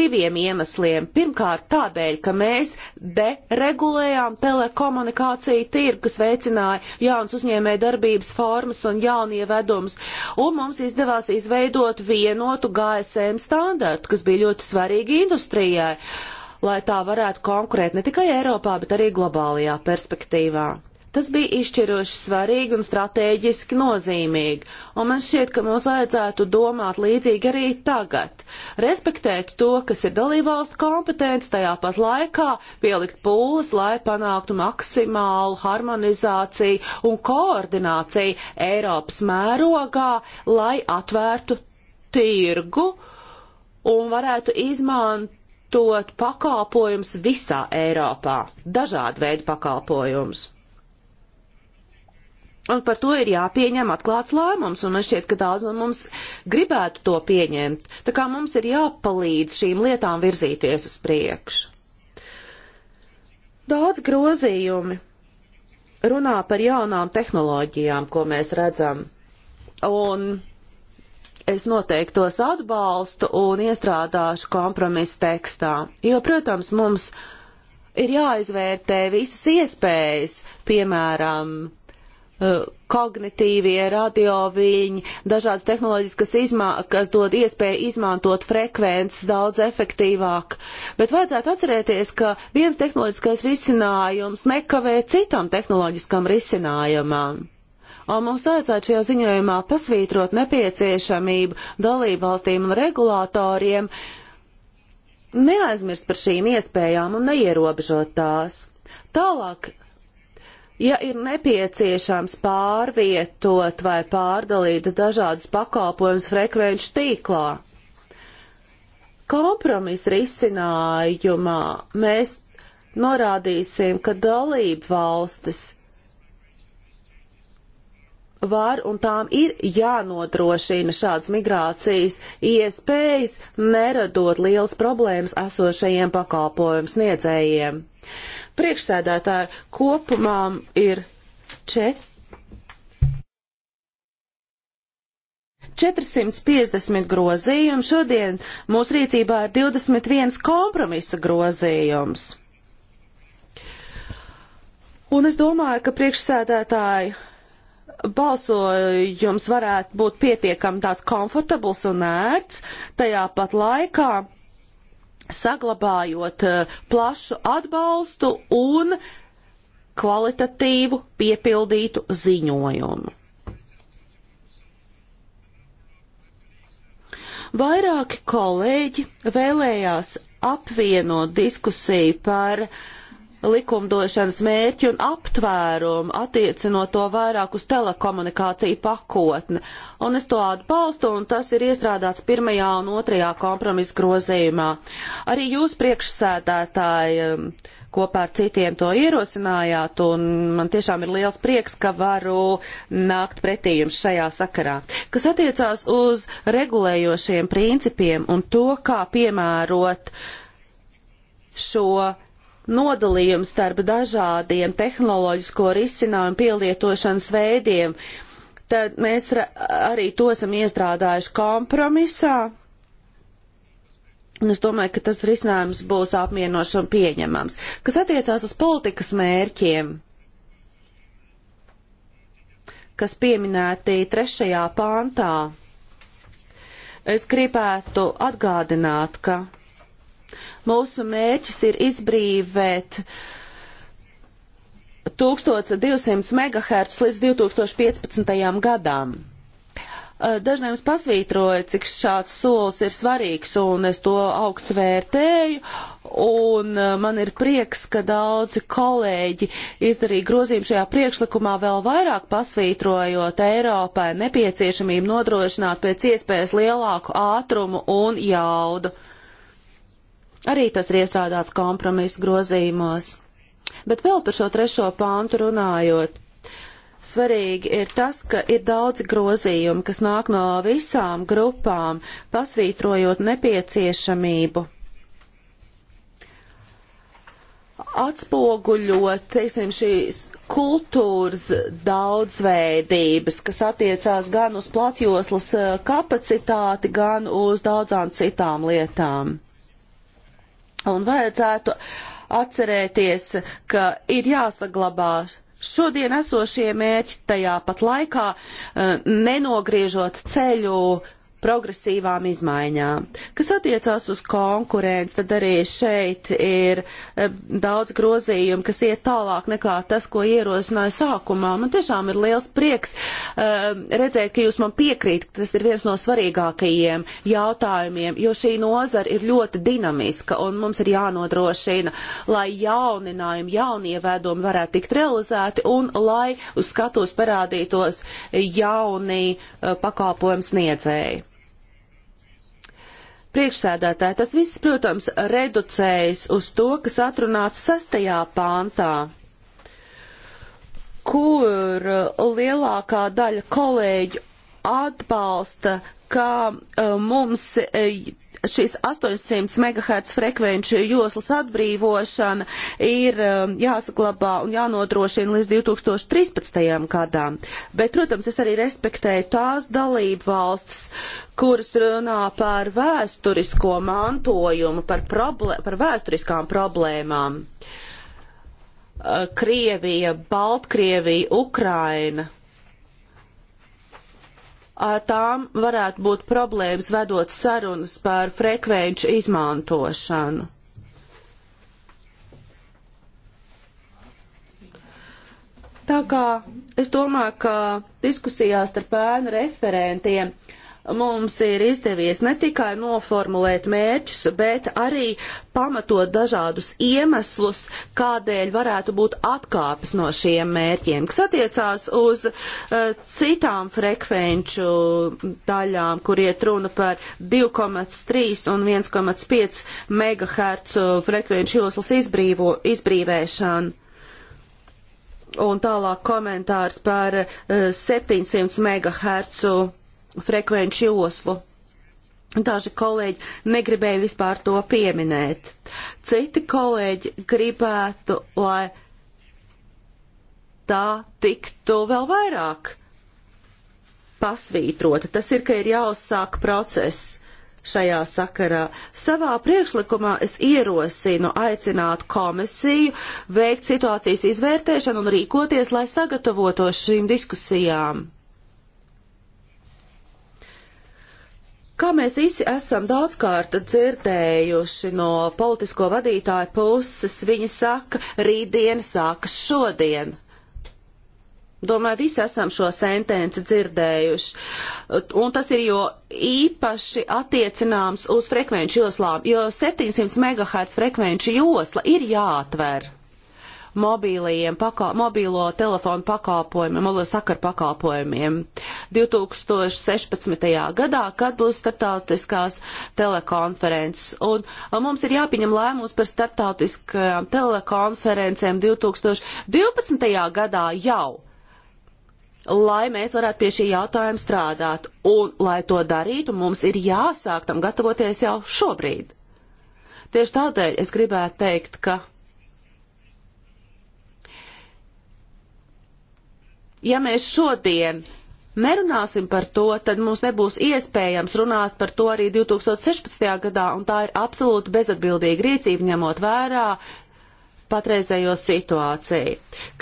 diviem iemesliem. Pirmkārt, tādēļ, ka mēs deregulējām telekomunikāciju tirgu, kas veicināja jaunas uzņēmē darbības formas un jaunievedumus, un mums izdevās izveidot vienotu GSM standartu, kas bija ļoti svarīgi industrijai. Uh, lai tā varētu konkurēt ne tikai Eiropā, bet arī globālajā perspektīvā. Tas bija izšķiroši svarīgi un strateģiski nozīmīgi, un man šķiet, ka mums vajadzētu domāt līdzīgi arī tagad. Respektēt to, kas ir dalībvalstu kompetence, tajā pat laikā pielikt pūles, lai panāktu maksimālu harmonizāciju un koordināciju Eiropas mērogā, lai atvērtu tirgu un varētu izmantot izmantot pakalpojums visā Eiropā, dažādu veidu pakalpojums. Un par to ir jāpieņem atklāts lēmums, un man šķiet, ka daudz no mums gribētu to pieņemt. Tā kā mums ir jāpalīdz šīm lietām virzīties uz priekšu. Daudz grozījumi runā par jaunām tehnoloģijām, ko mēs redzam. Un es noteikti tos atbalstu un iestrādāšu kompromisu tekstā. Jo, protams, mums ir jāizvērtē visas iespējas, piemēram, eh, kognitīvie radioviļņi, dažādas tehnoloģiskas izmaiņas, kas dod iespēju izmantot frekvences daudz efektīvāk. Bet vajadzētu atcerēties, ka viens tehnoloģiskais risinājums nekavē citam tehnoloģiskam risinājumam un mums vajadzētu šajā ziņojumā pasvītrot nepieciešamību dalību valstīm un regulātoriem neaizmirst par šīm iespējām un neierobežot tās. Tālāk Ja ir nepieciešams pārvietot vai pārdalīt dažādus pakalpojumus frekvenču tīklā, kompromisa risinājumā mēs norādīsim, ka dalību valstis var un tām ir jānodrošina šāds migrācijas iespējas, neradot liels problēmas esošajiem pakalpojumu sniedzējiem. Priekšsēdētāji kopumā ir četri. 450 grozījumu, šodien mūsu rīcībā ir 21 kompromisa grozījums. Un es domāju, ka priekšsēdētāji balsojums varētu būt pietiekami tāds komfortabls un ērts, tajā pat laikā saglabājot eh, plašu atbalstu un kvalitatīvu piepildītu ziņojumu. Vairāki kolēģi vēlējās apvienot diskusiju par uh, likumdošanas mērķi un aptvērumu, attiecinot to vairāk uz telekomunikāciju pakotni. Un es to atbalstu, un tas ir iestrādāts pirmajā un otrajā kompromisa grozījumā. Arī jūs priekšsēdētāji um, kopā ar citiem to ierosinājāt, un man tiešām ir liels prieks, ka varu nākt pretī jums šajā sakarā. Kas attiecās uz regulējošiem principiem un to, kā piemērot šo nodalījums starp dažādiem tehnoloģisko risinājumu pielietošanas veidiem, tad mēs arī to esam iestrādājuši kompromisā. Un es domāju, ka tas risinājums būs apmienošs un pieņemams. Kas attiecās uz politikas mērķiem, kas pieminēti trešajā pāntā, es gribētu atgādināt, ka Mūsu mērķis ir izbrīvēt 1200 MHz līdz 2015. gadam. Dažnai jums pasvītroja, cik šāds solis ir svarīgs, un es to augstu vērtēju, un man ir prieks, ka daudzi kolēģi izdarīja grozījumu šajā priekšlikumā vēl vairāk pasvītrojot Eiropai nepieciešamību nodrošināt pēc iespējas lielāku ātrumu un jaudu. Uh, Arī tas ir iestrādāts kompromisu grozījumos. Bet vēl par šo trešo pāntu runājot. Svarīgi ir tas, ka ir daudzi grozījumi, kas nāk no visām grupām, pasvītrojot nepieciešamību atspoguļot, teiksim, šīs kultūras daudzveidības, kas attiecās gan uz platjoslas eh, kapacitāti, gan uz daudzām citām lietām. Un vajadzētu atcerēties, ka ir jāsaglabā šodien esošie mērķi tajā pat laikā, eh, nenogriežot ceļu progresīvām izmaiņām. Kas attiecās uz konkurenci, tad arī šeit ir eh, daudz grozījumu, kas iet tālāk nekā tas, ko ierosināju sākumā. Man tiešām ir liels prieks eh, redzēt, ka jūs man piekrīt, ka tas ir viens no svarīgākajiem jautājumiem, jo šī nozara ir ļoti dinamiska un mums ir jānodrošina, lai jauninājumi, jaunievēdumi varētu tikt realizēti un lai uz skatuves parādītos jauni eh, pakalpojumu sniedzēji. Priekšsēdētāji, tas viss, protams, reducējas uz to, kas atrunāts sastajā pāntā kur lielākā daļa kolēģu atbalsta, ka e, mums šīs 800 MHz frekvenču joslas atbrīvošana ir e, jāsaglabā un jānodrošina līdz 2013. gadām. Bet, protams, es arī respektēju tās dalību valstis, kuras runā par vēsturisko mantojumu, par, problē par vēsturiskām problēmām. E, Krievija, Baltkrievija, Ukraina tām varētu būt problēmas vedot sarunas par frekvenču izmantošanu. Tā kā es domāju, ka diskusijās ar pēnu referentiem uh, mums ir izdevies ne tikai noformulēt mērķus, bet arī pamatot dažādus iemeslus, kādēļ varētu būt atkāpes no šiem mērķiem, kas attiecās uz uh, citām frekvenču daļām, kur iet runa par 2,3 un 1,5 MHz frekvenču joslas izbrīvo, izbrīvēšanu un tālāk komentārs par 700 eh, MHz frekvenču joslu. Daži kolēģi negribēja vispār to pieminēt. Citi kolēģi gribētu, lai tā tiktu vēl vairāk pasvītrota. Tas ir, ka ir jāuzsāk process šajā sakarā. Savā priekšlikumā es ierosinu aicināt komisiju veikt situācijas izvērtēšanu un rīkoties, lai sagatavotos šīm diskusijām. Kā mēs visi esam daudzkārt dzirdējuši no politisko vadītāju puses, viņi saka, rītdiena sākas šodien. Domāju, visi esam šo sentenci dzirdējuši, un tas ir jo īpaši attiecināms uz frekvenču joslām, jo 700 MHz frekvenču josla ir jāatver mobīlajiem, pakā, mobīlo telefonu pakalpojumiem, mobilo sakaru pakalpojumiem 2016. gadā, kad būs starptautiskās telekonferences. Un, un mums ir jāpieņem lēmums par starptautiskajām telekonferencēm 2012. gadā jau lai mēs varētu pie šī jautājuma strādāt. Un, lai to darītu, mums ir jāsāk tam gatavoties jau šobrīd. Tieši tādēļ es gribētu teikt, ka Ja mēs šodien nerunāsim par to, tad mums nebūs iespējams runāt par to arī 2016. gadā, un tā ir absolūti bezatbildīga rīcība ņemot vērā patreizējo situāciju.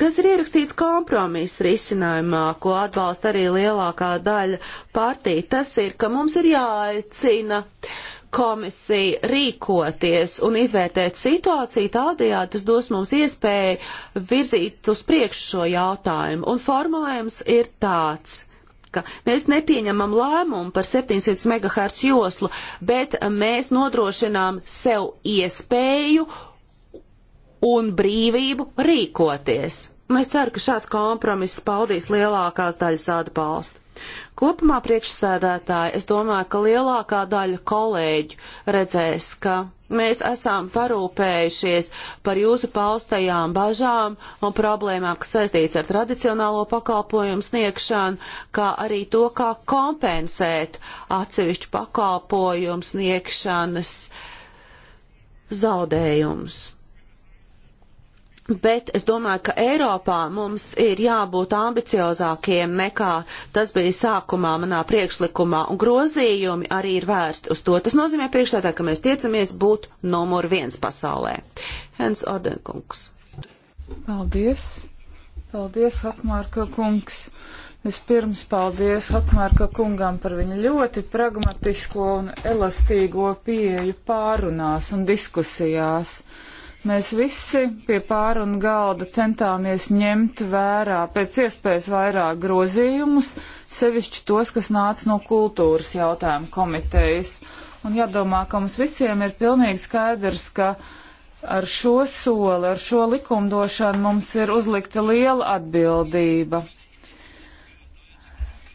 Kas ir ierakstīts kompromisa risinājumā, ko atbalsta arī lielākā daļa partija, tas ir, ka mums ir jāaicina uh, komisija rīkoties un izvērtēt situāciju tādējādi, tas dos mums iespēju virzīt uz priekšu šo jautājumu. Un formulējums ir tāds ka mēs nepieņemam lēmumu par 700 MHz joslu, bet mēs nodrošinām sev iespēju un brīvību rīkoties. Un es ceru, ka šāds kompromiss paldīs lielākās daļas atbalstu. Kopumā priekšsēdētāji, es domāju, ka lielākā daļa kolēģu redzēs, ka mēs esam parūpējušies par jūsu paustajām bažām un problēmām, kas saistīts ar tradicionālo pakalpojumu sniegšanu, kā arī to, kā kompensēt atsevišķu pakalpojumu sniegšanas zaudējumus. Bet es domāju, ka Eiropā mums ir jābūt ambiciozākiem nekā tas bija sākumā manā priekšlikumā, un grozījumi arī ir vērsti uz to. Tas nozīmē priekšstādā, ka mēs tiecamies būt numur viens pasaulē. Hens Ordenkungs. Paldies. Paldies, Hakmārka kungs. Vispirms paldies Hakmārka kungam par viņa ļoti pragmatisko un elastīgo pieeju pārunās un diskusijās. Mēs visi pie pārunu galda centāmies ņemt vērā pēc iespējas vairāk grozījumus, sevišķi tos, kas nāca no kultūras jautājumu komitejas. Un jādomā, ka mums visiem ir pilnīgi skaidrs, ka ar šo soli, ar šo likumdošanu mums ir uzlikta liela atbildība.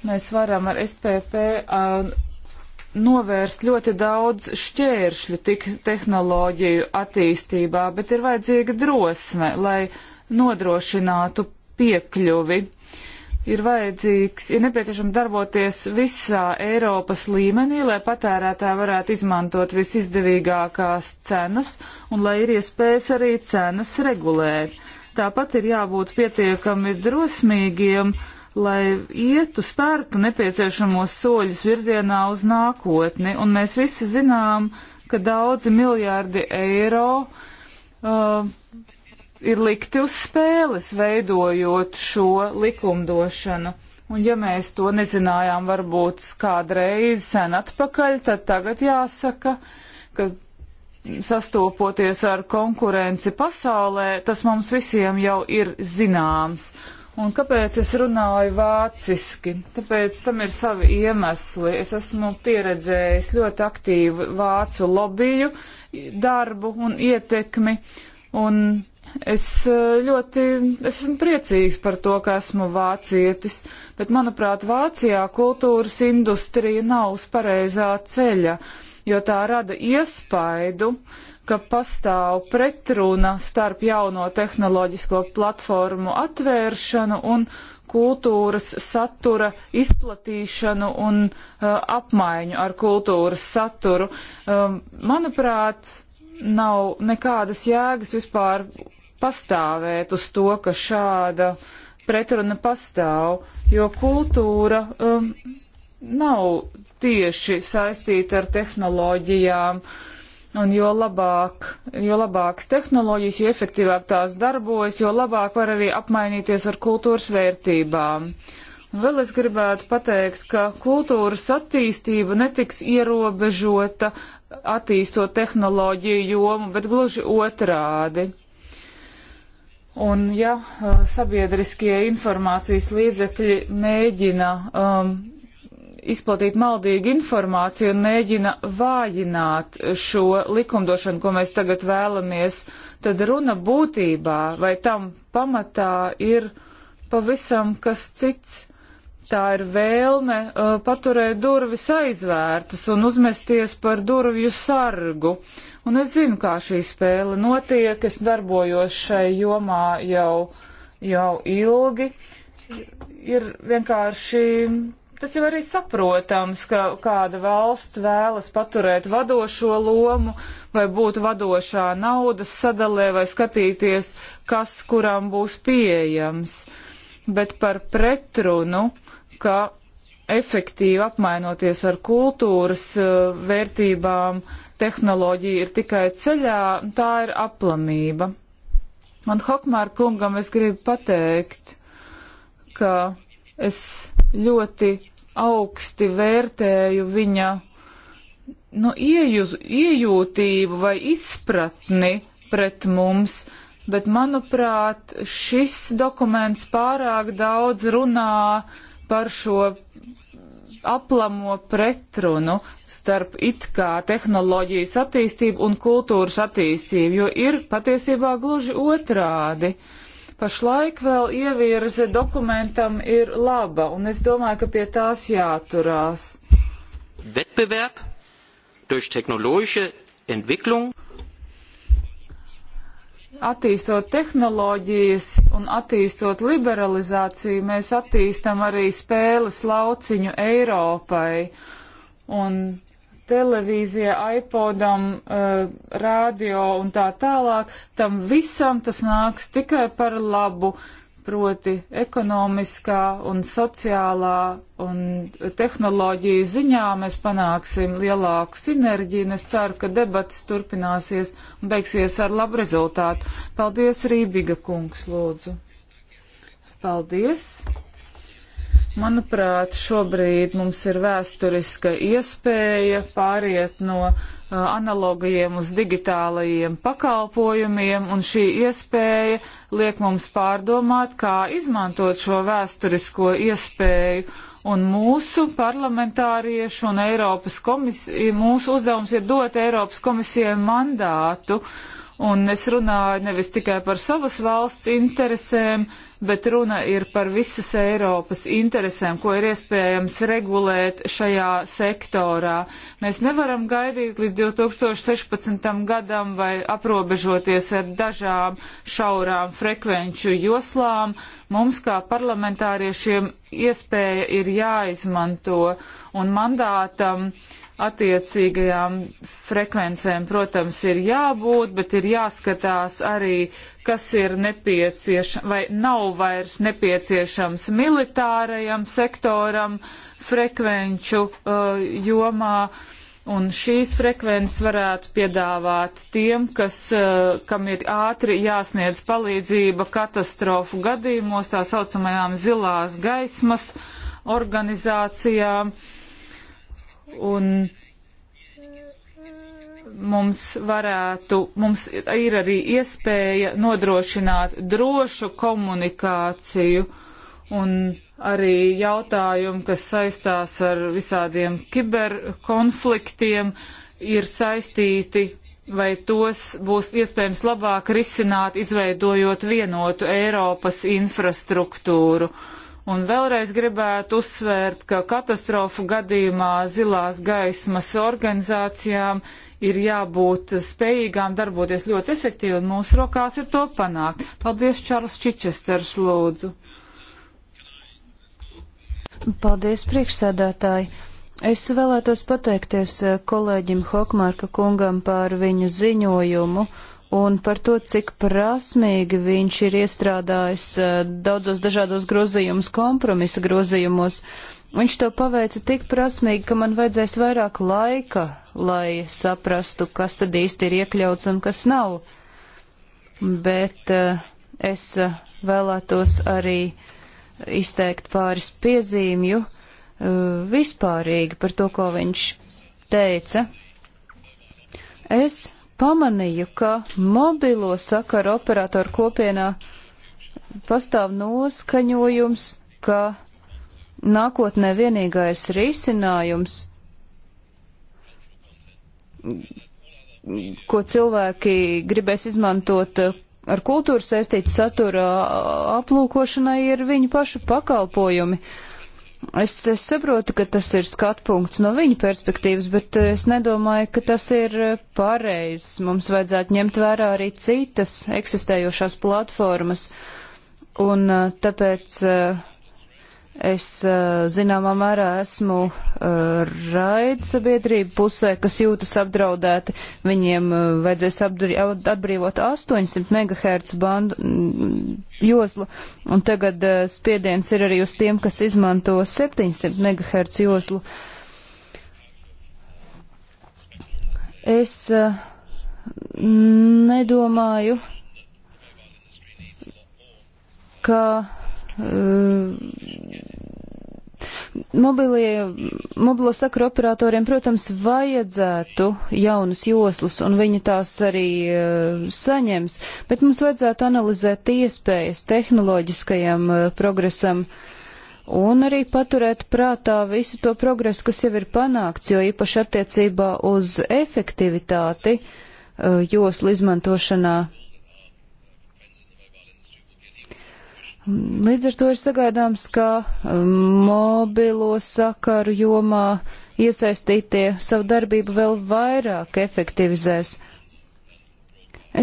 Mēs varam ar SPP uh, novērst ļoti daudz šķēršļu tik tehnoloģiju attīstībā, bet ir vajadzīga drosme, lai nodrošinātu piekļuvi. Ir vajadzīgs, ir nepieciešams darboties visā Eiropas līmenī, lai patērētāji varētu izmantot visizdevīgākās cenas un lai ir iespējas arī cenas regulēt. Tāpat ir jābūt pietiekami drosmīgiem lai ietu spērtu nepieciešamos soļus virzienā uz nākotni. Un mēs visi zinām, ka daudzi miljārdi eiro uh, ir likti uz spēles, veidojot šo likumdošanu. Un ja mēs to nezinājām varbūt kādreiz sen atpakaļ, tad tagad jāsaka, ka sastopoties ar konkurenci pasaulē, tas mums visiem jau ir zināms. Un kāpēc es runāju vāciski? Tāpēc tam ir savi iemesli. Es esmu pieredzējis ļoti aktīvu vācu lobiju darbu un ietekmi. Un Es eh, ļoti es esmu priecīgs par to, ka esmu vācietis, bet manuprāt, Vācijā kultūras industrija nav uz pareizā ceļa, jo tā rada iespaidu, ka pastāv pretruna starp jauno tehnoloģisko platformu atvēršanu un kultūras satura izplatīšanu un uh, apmaiņu ar kultūras saturu. Um, manuprāt, nav nekādas jēgas vispār pastāvēt uz to, ka šāda pretruna pastāv, jo kultūra um, nav tieši saistīta ar tehnoloģijām. Uh, Un jo, labāk, jo labākas tehnoloģijas, jo efektīvāk tās darbojas, jo labāk var arī apmainīties ar kultūras vērtībām. Un vēl es gribētu pateikt, ka kultūras attīstība netiks ierobežota attīstot tehnoloģiju jomu, bet gluži otrādi. Un ja eh, sabiedriskie informācijas līdzekļi mēģina um, izplatīt maldīgu informāciju un mēģina vājināt šo likumdošanu, ko mēs tagad vēlamies, tad runa būtībā vai tam pamatā ir pavisam kas cits. Tā ir vēlme uh, paturēt durvis aizvērtas un uzmesties par durvju sargu. Un es zinu, kā šī spēle notiek, es darbojos šai jomā jau, jau ilgi. Ir vienkārši tas jau arī saprotams, ka kāda valsts vēlas paturēt vadošo lomu vai būt vadošā naudas sadalē vai skatīties, kas kuram būs pieejams. Bet par pretrunu, ka efektīvi apmainoties ar kultūras eh, vērtībām, tehnoloģija ir tikai ceļā, tā ir aplamība. Un Hokmāra kungam es gribu pateikt, ka es ļoti augsti vērtēju viņa nu, iejuz, iejūtību vai izpratni pret mums, bet manuprāt, šis dokuments pārāk daudz runā par šo aplamo pretrunu starp it kā tehnoloģijas attīstību un kultūras attīstību, jo ir patiesībā gluži otrādi. Uh, pašlaik vēl ievirze dokumentam ir laba, un es domāju, ka pie tās jāturās. Wettbewerb durch tehnoloģische Entwicklung. Attīstot tehnoloģijas un attīstot liberalizāciju, mēs attīstam arī spēles lauciņu Eiropai. Un televīzija, iPodam, eh, radio un tā tālāk, tam visam tas nāks tikai par labu, proti ekonomiskā un sociālā un tehnoloģiju ziņā mēs panāksim lielāku sinerģiju, un es ceru, ka debatas turpināsies un beigsies ar labu rezultātu. Paldies, Rībiga kungs, lūdzu. Paldies. Manuprāt, šobrīd mums ir vēsturiska iespēja pāriet no uh, analogajiem uz digitālajiem pakalpojumiem, un šī iespēja liek mums pārdomāt, kā izmantot šo vēsturisko iespēju. Un mūsu parlamentāriešu un Eiropas komisija, mūsu uzdevums ir dot Eiropas komisijai mandātu, un es runāju nevis tikai par savas valsts interesēm, bet runa ir par visas Eiropas interesēm, ko ir iespējams regulēt šajā sektorā. Mēs nevaram gaidīt līdz 2016. gadam vai aprobežoties ar dažām šaurām frekvenču joslām. Mums kā parlamentāriešiem iespēja ir jāizmanto un mandātam. Um, attiecīgajām frekvencēm, protams, ir jābūt, bet ir jāskatās arī, kas ir nepieciešams vai nav vairs nepieciešams militārajam sektoram frekvenču uh, jomā. Un šīs frekvences varētu piedāvāt tiem, kas, uh, kam ir ātri jāsniedz palīdzība katastrofu gadījumos, tā saucamajām zilās gaismas organizācijām. Uh, un mums varētu, mums ir arī iespēja nodrošināt drošu komunikāciju un arī jautājumu, kas saistās ar visādiem kiberkonfliktiem, ir saistīti vai tos būs iespējams labāk risināt, izveidojot vienotu Eiropas infrastruktūru. Uh, Un vēlreiz gribētu uzsvērt, ka katastrofu gadījumā zilās gaismas organizācijām ir jābūt spējīgām darboties ļoti efektīvi, un mūsu rokās ir to panākt. Paldies, Čārls Čičesters, lūdzu. Paldies, priekšsēdētāji. Es vēlētos pateikties eh, kolēģim Hokmārka kungam par viņa ziņojumu un par to, cik prasmīgi viņš ir iestrādājis eh, daudzos dažādos grozījumus, kompromisa grozījumos. Viņš to paveica tik prasmīgi, ka man vajadzēs vairāk laika, lai saprastu, kas tad īsti ir iekļauts un kas nav. Bet eh, es eh, vēlētos arī izteikt pāris piezīmju vispārīgi par to, ko viņš teica. Es pamanīju, ka mobilo sakaru operatoru kopienā pastāv noskaņojums, ka nākotnē vienīgais risinājums, ko cilvēki gribēs izmantot ar kultūru saistītu satura aplūkošanai, ir viņu pašu pakalpojumi. Uh, Es, es saprotu, ka tas ir skatpunkts no viņa perspektīvas, bet eh, es nedomāju, ka tas ir eh, pareizs. Mums vajadzētu ņemt vērā arī citas eksistējošās platformas, un eh, tāpēc uh, Es zināmā mērā esmu uh, raids sabiedrību pusē, kas jūtas apdraudēti. Viņiem uh, vajadzēs atbrīvot 800 MHz bandu mm, joslu, un tagad uh, spiediens ir arī uz tiem, kas izmanto 700 MHz joslu. Es nedomāju, ka Mobilie, mobilo sakaru operatoriem, protams, vajadzētu jaunas joslas, un viņi tās arī uh, saņems, bet mums vajadzētu analizēt iespējas tehnoloģiskajam uh, progresam un arī paturēt prātā visu to progresu, kas jau ir panākts, jo īpaši attiecībā uz efektivitāti uh, joslu izmantošanā. Līdz ar to ir sagaidāms, ka um, mobilo sakaru jomā iesaistītie savu darbību vēl vairāk efektivizēs.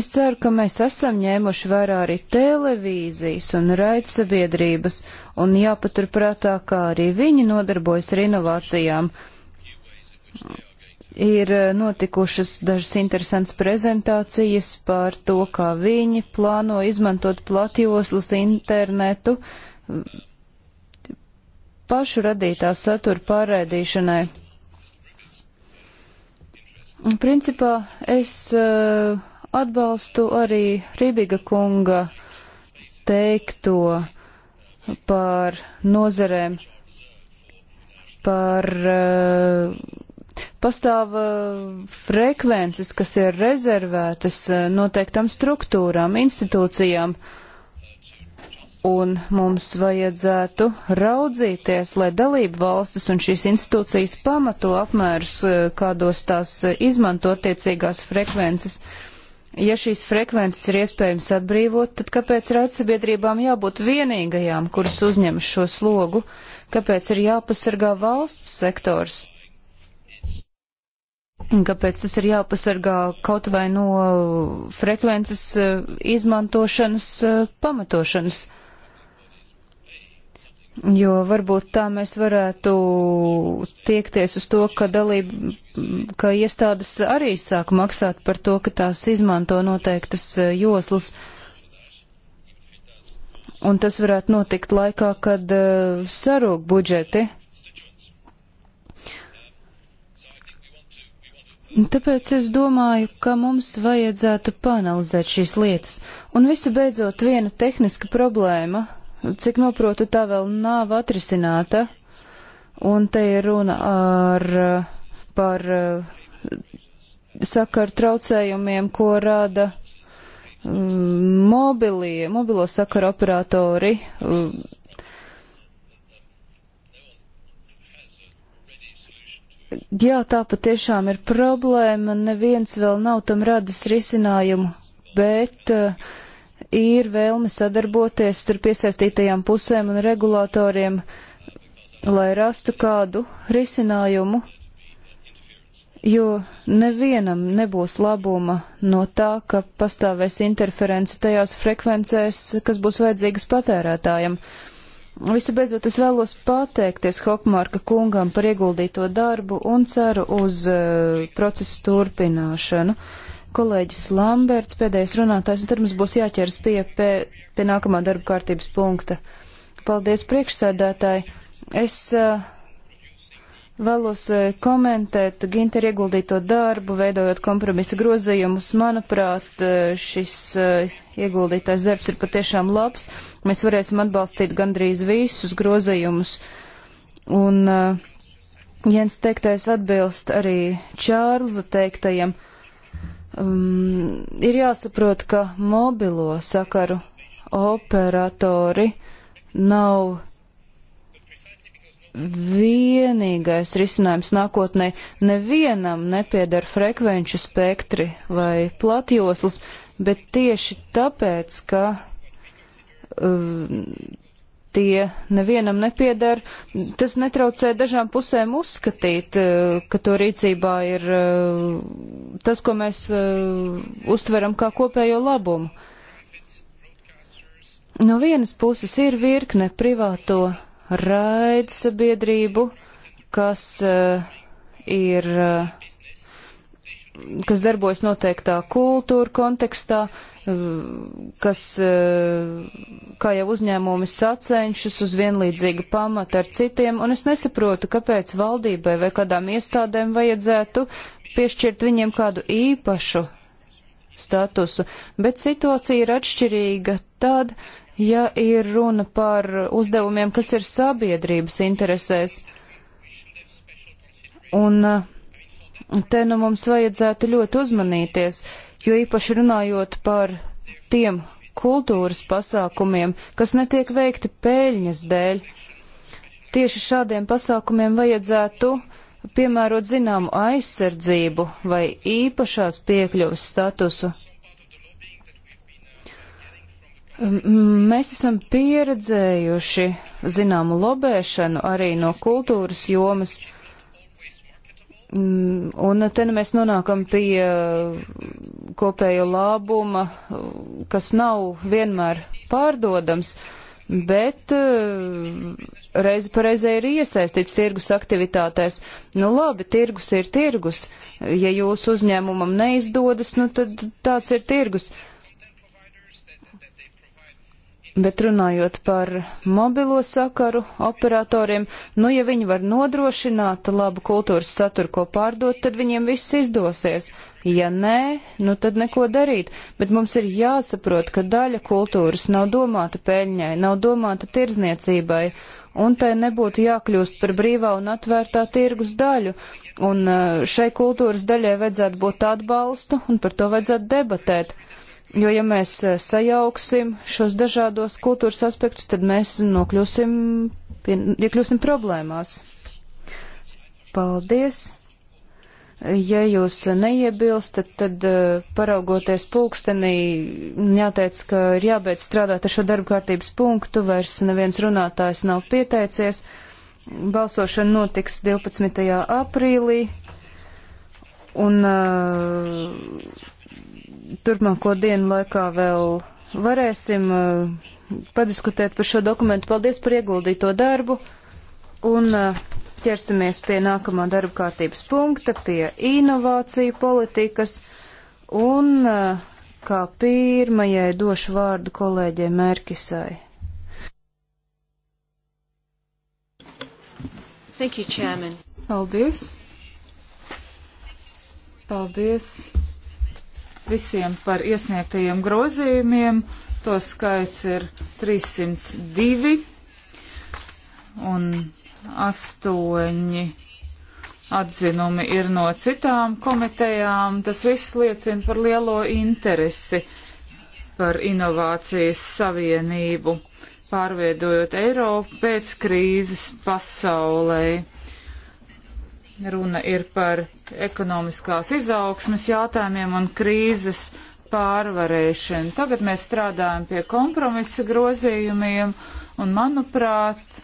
Es ceru, ka mēs esam ņēmuši vērā arī televīzijas un raidsabiedrības, un jāpaturprātā, kā arī viņi nodarbojas ar inovācijām ir eh, notikušas dažas interesantas prezentācijas par to, kā viņi plāno izmantot platjoslas internetu pašu radītā satura pārēdīšanai. Principā es eh, atbalstu arī Rībiga kunga teikto par nozerēm, par uh, Pastāv uh, frekvences, kas ir rezervētas uh, noteiktam struktūrām, institūcijām, un mums vajadzētu raudzīties, lai dalību valstis un šīs institūcijas pamato apmērus, uh, kādos tās izmanto attiecīgās frekvences. Ja šīs frekvences ir iespējams atbrīvot, tad kāpēc ir atsabiedrībām jābūt vienīgajām, kuras uzņem šo slogu? Kāpēc ir jāpasargā valsts sektors? kāpēc tas ir jāpasargā kaut vai no uh, frekvences uh, izmantošanas uh, pamatošanas. Jo varbūt tā mēs varētu tiekties uz to, ka dalība, ka iestādes arī sāk maksāt par to, ka tās izmanto noteiktas joslas. Un tas varētu notikt laikā, kad sarūk budžeti. Tāpēc es domāju, ka mums vajadzētu panalizēt šīs lietas. Un visu beidzot viena tehniska problēma, cik noprotu, tā vēl nav atrisināta, un te ir runa ar, par eh, sakaru traucējumiem, ko rada mm, mobilie, mobilo sakaru operatori mm, jā, tā patiešām ir problēma, neviens vēl nav tam radis risinājumu, bet uh, ir vēlme sadarboties starp piesaistītajām pusēm un regulātoriem, lai rastu kādu risinājumu, jo nevienam nebūs labuma no tā, ka pastāvēs interference tajās frekvencēs, kas būs vajadzīgas patērētājiem. Uh, Visu beidzot es vēlos pateikties Hokmārka kungam par ieguldīto darbu un ceru uz uh, procesu turpināšanu. Kolēģis Lamberts, pēdējais runātājs, un tad mums būs jāķers pie, pie, pie nākamā darba kārtības punkta. Paldies priekšsēdētāji. Es uh, Vēlos e, komentēt Ginter ieguldīto darbu, veidojot kompromisa grozījumus. Manuprāt, e, šis e, ieguldītais darbs ir patiešām labs. Mēs varēsim atbalstīt gandrīz visus grozījumus. Un uh, Jens teiktais atbilst arī Čārlza teiktajam. Um, ir jāsaprot, ka mobilo sakaru operatori nav vienīgais risinājums nākotnē nevienam nepieder frekvenču spektri vai platjoslas, bet tieši tāpēc, ka uh, tie nevienam nepieder, tas netraucē dažām pusēm uzskatīt, uh, ka to rīcībā ir uh, tas, ko mēs uh, uztveram kā kopējo labumu. No vienas puses ir virkne privāto raidsabiedrību, kas eh, ir, eh, kas darbojas noteiktā kultūra kontekstā, eh, kas, kā jau uzņēmumi sacenšas uz vienlīdzīgu pamatu ar citiem, un es nesaprotu, kāpēc valdībai vai kādām iestādēm vajadzētu piešķirt viņiem kādu īpašu statusu, bet situācija ir atšķirīga tad, ja ir runa par uzdevumiem, kas ir sabiedrības interesēs. Un uh, te nu mums vajadzētu ļoti uzmanīties, jo īpaši runājot par tiem kultūras pasākumiem, kas netiek veikti pēļņas dēļ. Tieši šādiem pasākumiem vajadzētu piemērot zināmu aizsardzību vai īpašās piekļuvas statusu. Mēs esam pieredzējuši zināmu lobēšanu arī no kultūras jomas. Un te nu mēs nonākam pie kopēja labuma, kas nav vienmēr pārdodams, bet reizi pareizē ir iesaistīts tirgus aktivitātēs. Nu labi, tirgus ir tirgus. Ja jūsu uzņēmumam neizdodas, nu tad tāds ir tirgus. Uh, Bet runājot par mobilo sakaru operatoriem, nu, ja viņi var nodrošināt labu kultūras saturu, ko pārdot, tad viņiem viss izdosies. Ja nē, nu tad neko darīt. Bet mums ir jāsaprot, ka daļa kultūras nav domāta peļņai, nav domāta tirzniecībai, un tai nebūtu jākļūst par brīvā un atvērtā tirgus daļu. Un eh, šai kultūras daļai vajadzētu būt atbalstu, un par to vajadzētu debatēt. Jo, ja mēs e, sajauksim šos dažādos kultūras aspektus, tad mēs nokļūsim, iekļūsim problēmās. Paldies! Ja jūs neiebilstat, tad e, paraugoties pulkstenī, jāteic, ka ir jābeidz strādāt ar šo darba kārtības punktu, vairs neviens runātājs nav pieteicies. Balsošana notiks 12. aprīlī. Un, uh, turpmāko dienu laikā vēl varēsim uh, padiskutēt par šo dokumentu. Paldies par ieguldīto darbu un uh, ķersimies pie nākamā darba kārtības punkta, pie inovāciju politikas un uh, kā pirmajai došu vārdu kolēģei Mērkisai. Thank you, Chairman. Paldies. Paldies visiem par iesniegtajiem grozījumiem. To skaits ir 302 un 8 atzinumi ir no citām komitejām. Tas viss liecina par lielo interesi par inovācijas savienību, pārveidojot Eiropu pēc krīzes pasaulē. Runa ir par ekonomiskās izaugsmes jautājumiem un krīzes pārvarēšanu. Tagad mēs strādājam pie kompromisa grozījumiem un, manuprāt,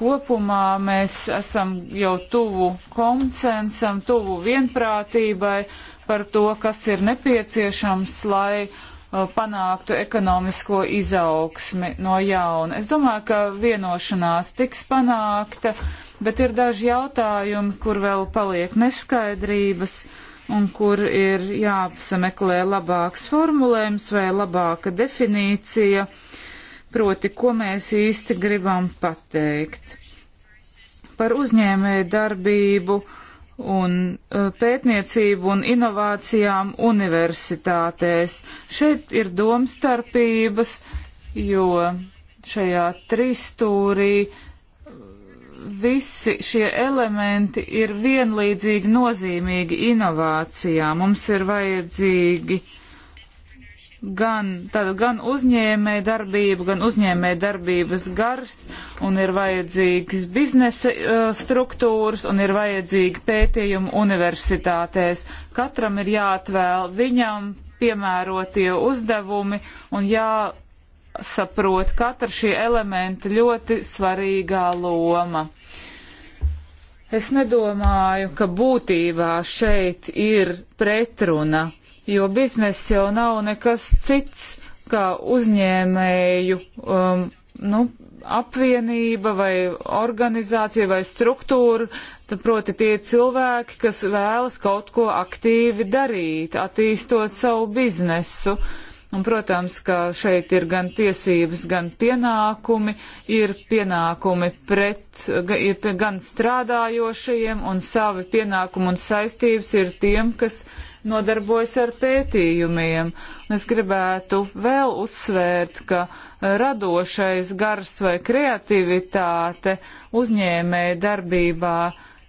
kopumā mēs esam jau tuvu konsensam, tuvu vienprātībai par to, kas ir nepieciešams, lai uh, panāktu ekonomisko izaugsmi no jauna. Es domāju, ka vienošanās tiks panākta, bet ir daži jautājumi, kur vēl paliek neskaidrības un kur ir jāapsameklē labāks formulējums vai labāka definīcija, proti, ko mēs īsti gribam pateikt. Par uzņēmēju darbību un e, pētniecību un inovācijām universitātēs. Šeit ir domstarpības, jo šajā tristūrī uh, visi šie elementi ir vienlīdzīgi nozīmīgi inovācijā. Mums ir vajadzīgi gan, tāda, gan uzņēmē darbība, gan uzņēmē darbības gars, un ir vajadzīgas biznesa uh, struktūras, un ir vajadzīgi pētījumi universitātēs. Katram ir jāatvēl viņam piemērotie uzdevumi un jā jāsaprot katra šī elementa ļoti svarīgā loma. Es nedomāju, ka būtībā šeit ir pretruna, jo bizness jau nav nekas cits kā uzņēmēju um, nu, apvienība vai organizācija vai struktūra, tad proti tie cilvēki, kas vēlas kaut ko aktīvi darīt, attīstot savu biznesu. Uh, Un, protams, ka šeit ir gan tiesības, gan pienākumi, ir pienākumi pret, ir gan strādājošajiem, un savi pienākumi un saistības ir tiem, kas nodarbojas ar pētījumiem. Un es gribētu vēl uzsvērt, ka radošais gars vai kreativitāte uzņēmē darbībā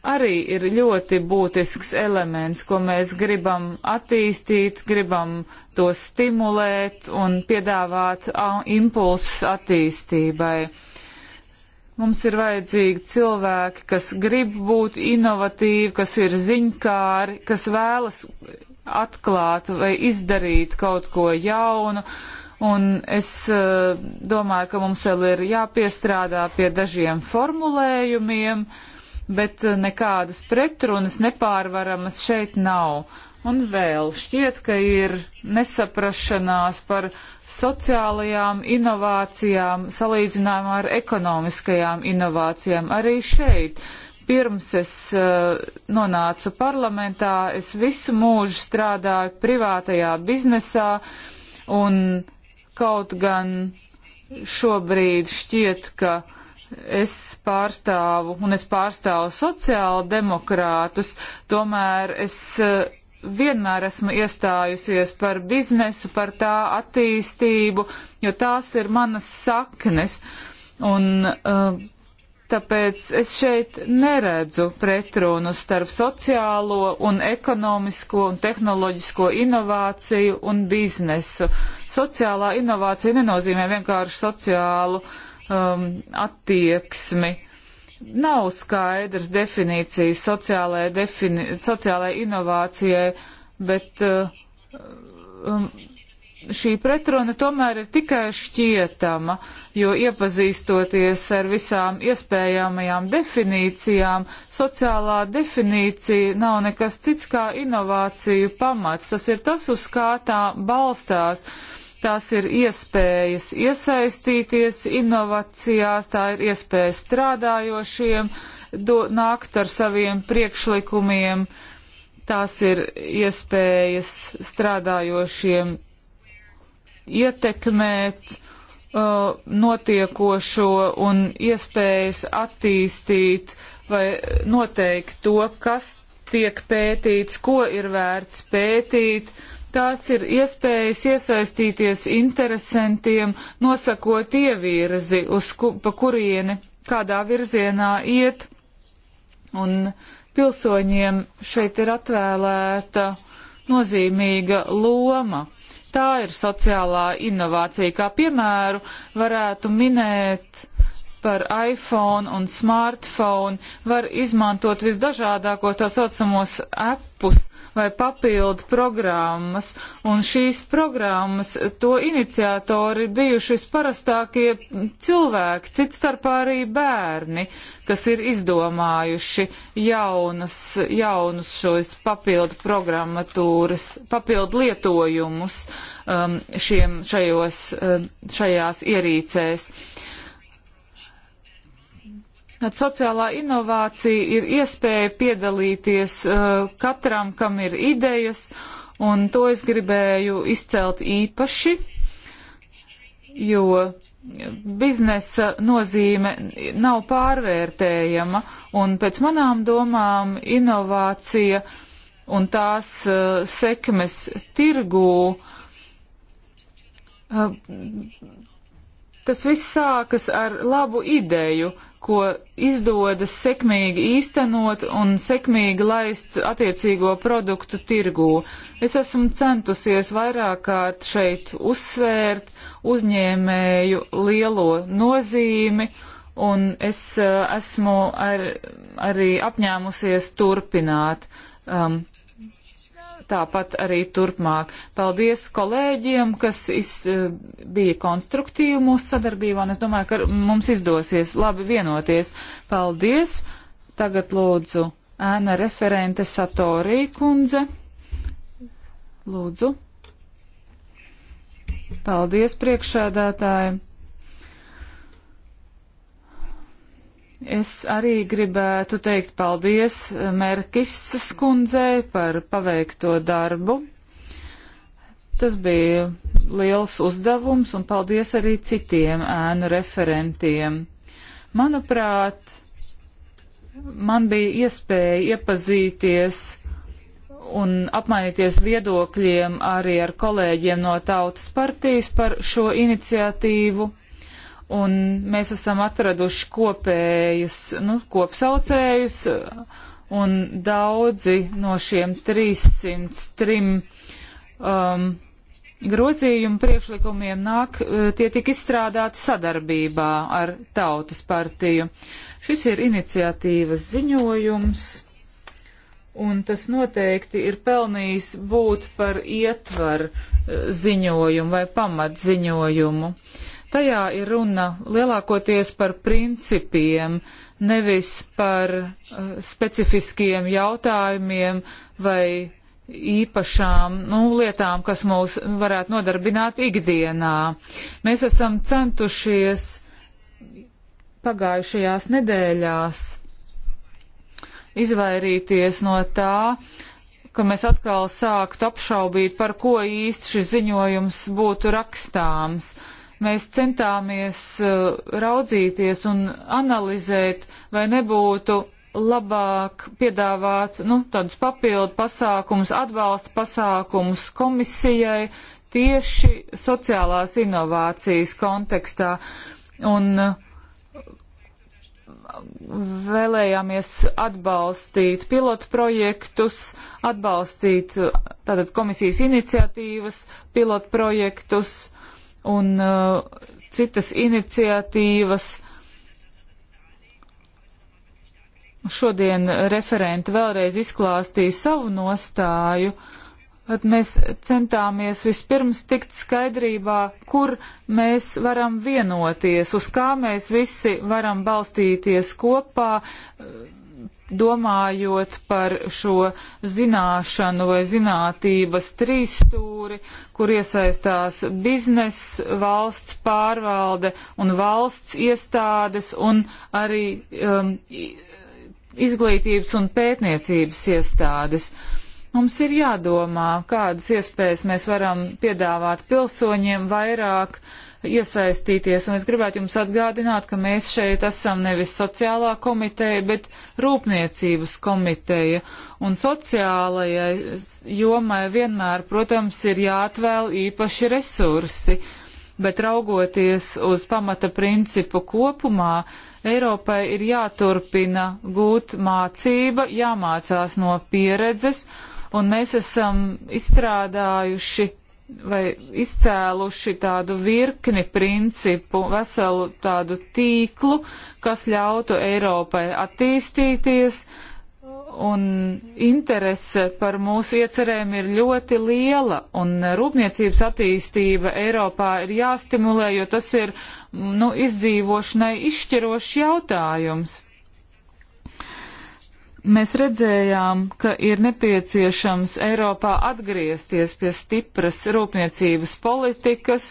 arī ir ļoti būtisks elements, ko mēs gribam attīstīt, gribam to stimulēt un piedāvāt impulsus attīstībai. Mums ir vajadzīgi cilvēki, kas grib būt inovatīvi, kas ir ziņkāri, kas vēlas atklāt vai izdarīt kaut ko jaunu. Un es uh, domāju, ka mums vēl ir jāpiestrādā pie dažiem formulējumiem, uh, bet eh, nekādas pretrunas nepārvaramas šeit nav. Un vēl šķiet, ka ir nesaprašanās par sociālajām inovācijām salīdzinājumā ar ekonomiskajām inovācijām. Arī šeit pirms es uh, nonācu parlamentā, es visu mūžu strādāju privātajā biznesā un kaut gan šobrīd šķiet, ka uh, es pārstāvu un es pārstāvu sociāla demokrātus, tomēr es eh, vienmēr esmu iestājusies par biznesu, par tā attīstību, jo tās ir manas saknes. Un, uh, Tāpēc es šeit neredzu pretrunu starp sociālo un ekonomisko un tehnoloģisko inovāciju un biznesu. Sociālā inovācija nenozīmē vienkārši sociālu uh, um, attieksmi. Nav skaidrs definīcijas sociālajai, defini sociālajai inovācijai, bet uh, um, šī pretruna tomēr ir tikai šķietama, jo iepazīstoties ar visām iespējamajām definīcijām, sociālā definīcija nav nekas cits kā inovāciju pamats. Tas ir tas, uz kā tā balstās. Uh, tās ir iespējas iesaistīties inovācijās, tā ir iespēja strādājošiem do, nākt ar saviem priekšlikumiem, tās ir iespējas strādājošiem ietekmēt uh, notiekošo un iespējas attīstīt vai noteikt to, kas tiek pētīts, ko ir vērts pētīt, uh, Tās ir iespējas iesaistīties interesantiem, nosakot ievirzi, uz ku, pa kurieni, kādā virzienā iet. Un pilsoņiem šeit ir atvēlēta nozīmīga loma. Tā ir sociālā inovācija. Kā piemēru varētu minēt par iPhone un smartphone var izmantot visdažādākos tā saucamos appus, vai papildu programmas, un šīs programmas to iniciatori bijuši visparastākie cilvēki, cits starpā arī bērni, kas ir izdomājuši jaunas, jaunus šos papildu programmatūras, papildu lietojumus um, šiem, šajos, um, šajās ierīcēs. Uh, Sociālā inovācija ir iespēja piedalīties uh, katram, kam ir idejas, un to es gribēju izcelt īpaši, jo biznesa nozīme nav pārvērtējama, un pēc manām domām inovācija un tās uh, sekmes tirgū. Uh, tas viss sākas ar labu ideju, uh, ko izdodas sekmīgi īstenot un sekmīgi laist attiecīgo produktu tirgū. Es esmu centusies vairāk kārt šeit uzsvērt uzņēmēju lielo nozīmi un es eh, esmu ar, arī apņēmusies turpināt um, tāpat arī turpmāk. Paldies kolēģiem, kas iz, e, bija konstruktīvi mūsu sadarbībā, un es domāju, ka mums izdosies labi vienoties. Paldies! Tagad lūdzu ēna referente Satorī kundze. Lūdzu. Paldies priekšādātājiem! Es arī gribētu teikt paldies eh, Merkisas kundzei par paveikto darbu. Tas bija liels uzdevums un paldies arī citiem ēnu referentiem. Manuprāt, man bija iespēja iepazīties un apmainīties viedokļiem arī ar kolēģiem no Tautas partijas par šo iniciatīvu un mēs esam atraduši kopējus, nu, kopsaucējus, un daudzi no šiem 303 um, grozījumu priekšlikumiem nāk, uh, tie tika izstrādāti sadarbībā ar Tautas partiju. Šis ir iniciatīvas ziņojums, un tas noteikti ir pelnījis būt par ietvaru uh, ziņojumu vai pamatziņojumu. Uh, Tajā ir runa lielākoties par principiem, nevis par uh, specifiskiem jautājumiem vai īpašām nu, lietām, kas mūs varētu nodarbināt ikdienā. Mēs esam centušies pagājušajās nedēļās izvairīties no tā, ka mēs atkal sāktu apšaubīt, par ko īsti šis ziņojums būtu rakstāms mēs centāmies uh, raudzīties un analizēt, vai nebūtu labāk piedāvāt nu, tādus papildu pasākumus, atbalsta pasākumus komisijai tieši sociālās inovācijas kontekstā. Un uh, vēlējāmies atbalstīt pilotu projektus, atbalstīt uh, tātad komisijas iniciatīvas, pilotu projektus un uh, citas iniciatīvas. Šodien referenti vēlreiz izklāstīja savu nostāju. Uh, Tad mēs centāmies vispirms tikt skaidrībā, kur mēs varam vienoties, uz kā mēs visi varam balstīties kopā, domājot par šo zināšanu vai zinātības trīsstūri, kur iesaistās biznes, valsts pārvalde un valsts iestādes un arī um, izglītības un pētniecības iestādes. Uh, Mums ir jādomā, kādas iespējas mēs varam piedāvāt pilsoņiem vairāk iesaistīties. Un es gribētu jums atgādināt, ka mēs šeit esam nevis sociālā komiteja, bet rūpniecības komiteja. Un sociālajai jomai vienmēr, protams, ir jāatvēl īpaši resursi bet raugoties uz pamata principu kopumā, Eiropai ir jāturpina gūt mācība, jāmācās no pieredzes un mēs esam izstrādājuši vai izcēluši tādu virkni principu, veselu tādu tīklu, kas ļautu Eiropai attīstīties, un interese par mūsu iecerēm ir ļoti liela, un rūpniecības attīstība Eiropā ir jāstimulē, jo tas ir, nu, izdzīvošanai izšķirošs jautājums mēs redzējām, ka ir nepieciešams Eiropā atgriezties pie stipras rūpniecības politikas.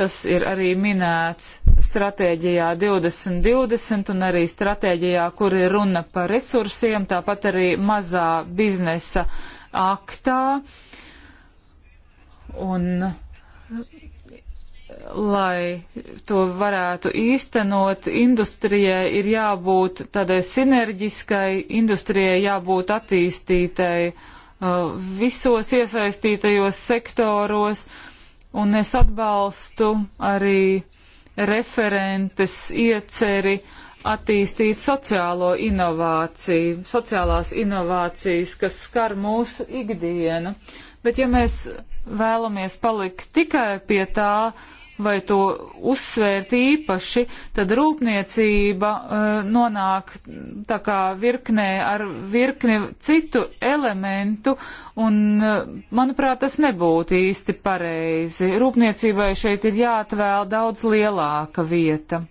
Tas ir arī minēts stratēģijā 2020 un arī stratēģijā, kur ir runa par resursiem, tāpat arī mazā biznesa aktā. Un lai to varētu īstenot, industrijai ir jābūt tādai sinerģiskai, industrijai jābūt attīstītai uh, visos iesaistītajos sektoros, un es atbalstu arī referentes ieceri attīstīt sociālo inovāciju, sociālās inovācijas, kas skar mūsu ikdienu. Bet ja mēs vēlamies palikt tikai pie tā, vai to uzsvērt īpaši, tad rūpniecība uh, nonāk tā kā virknē ar virkni citu elementu, un, uh, manuprāt, tas nebūtu īsti pareizi. Rūpniecībai šeit ir jāatvēl daudz lielāka vieta.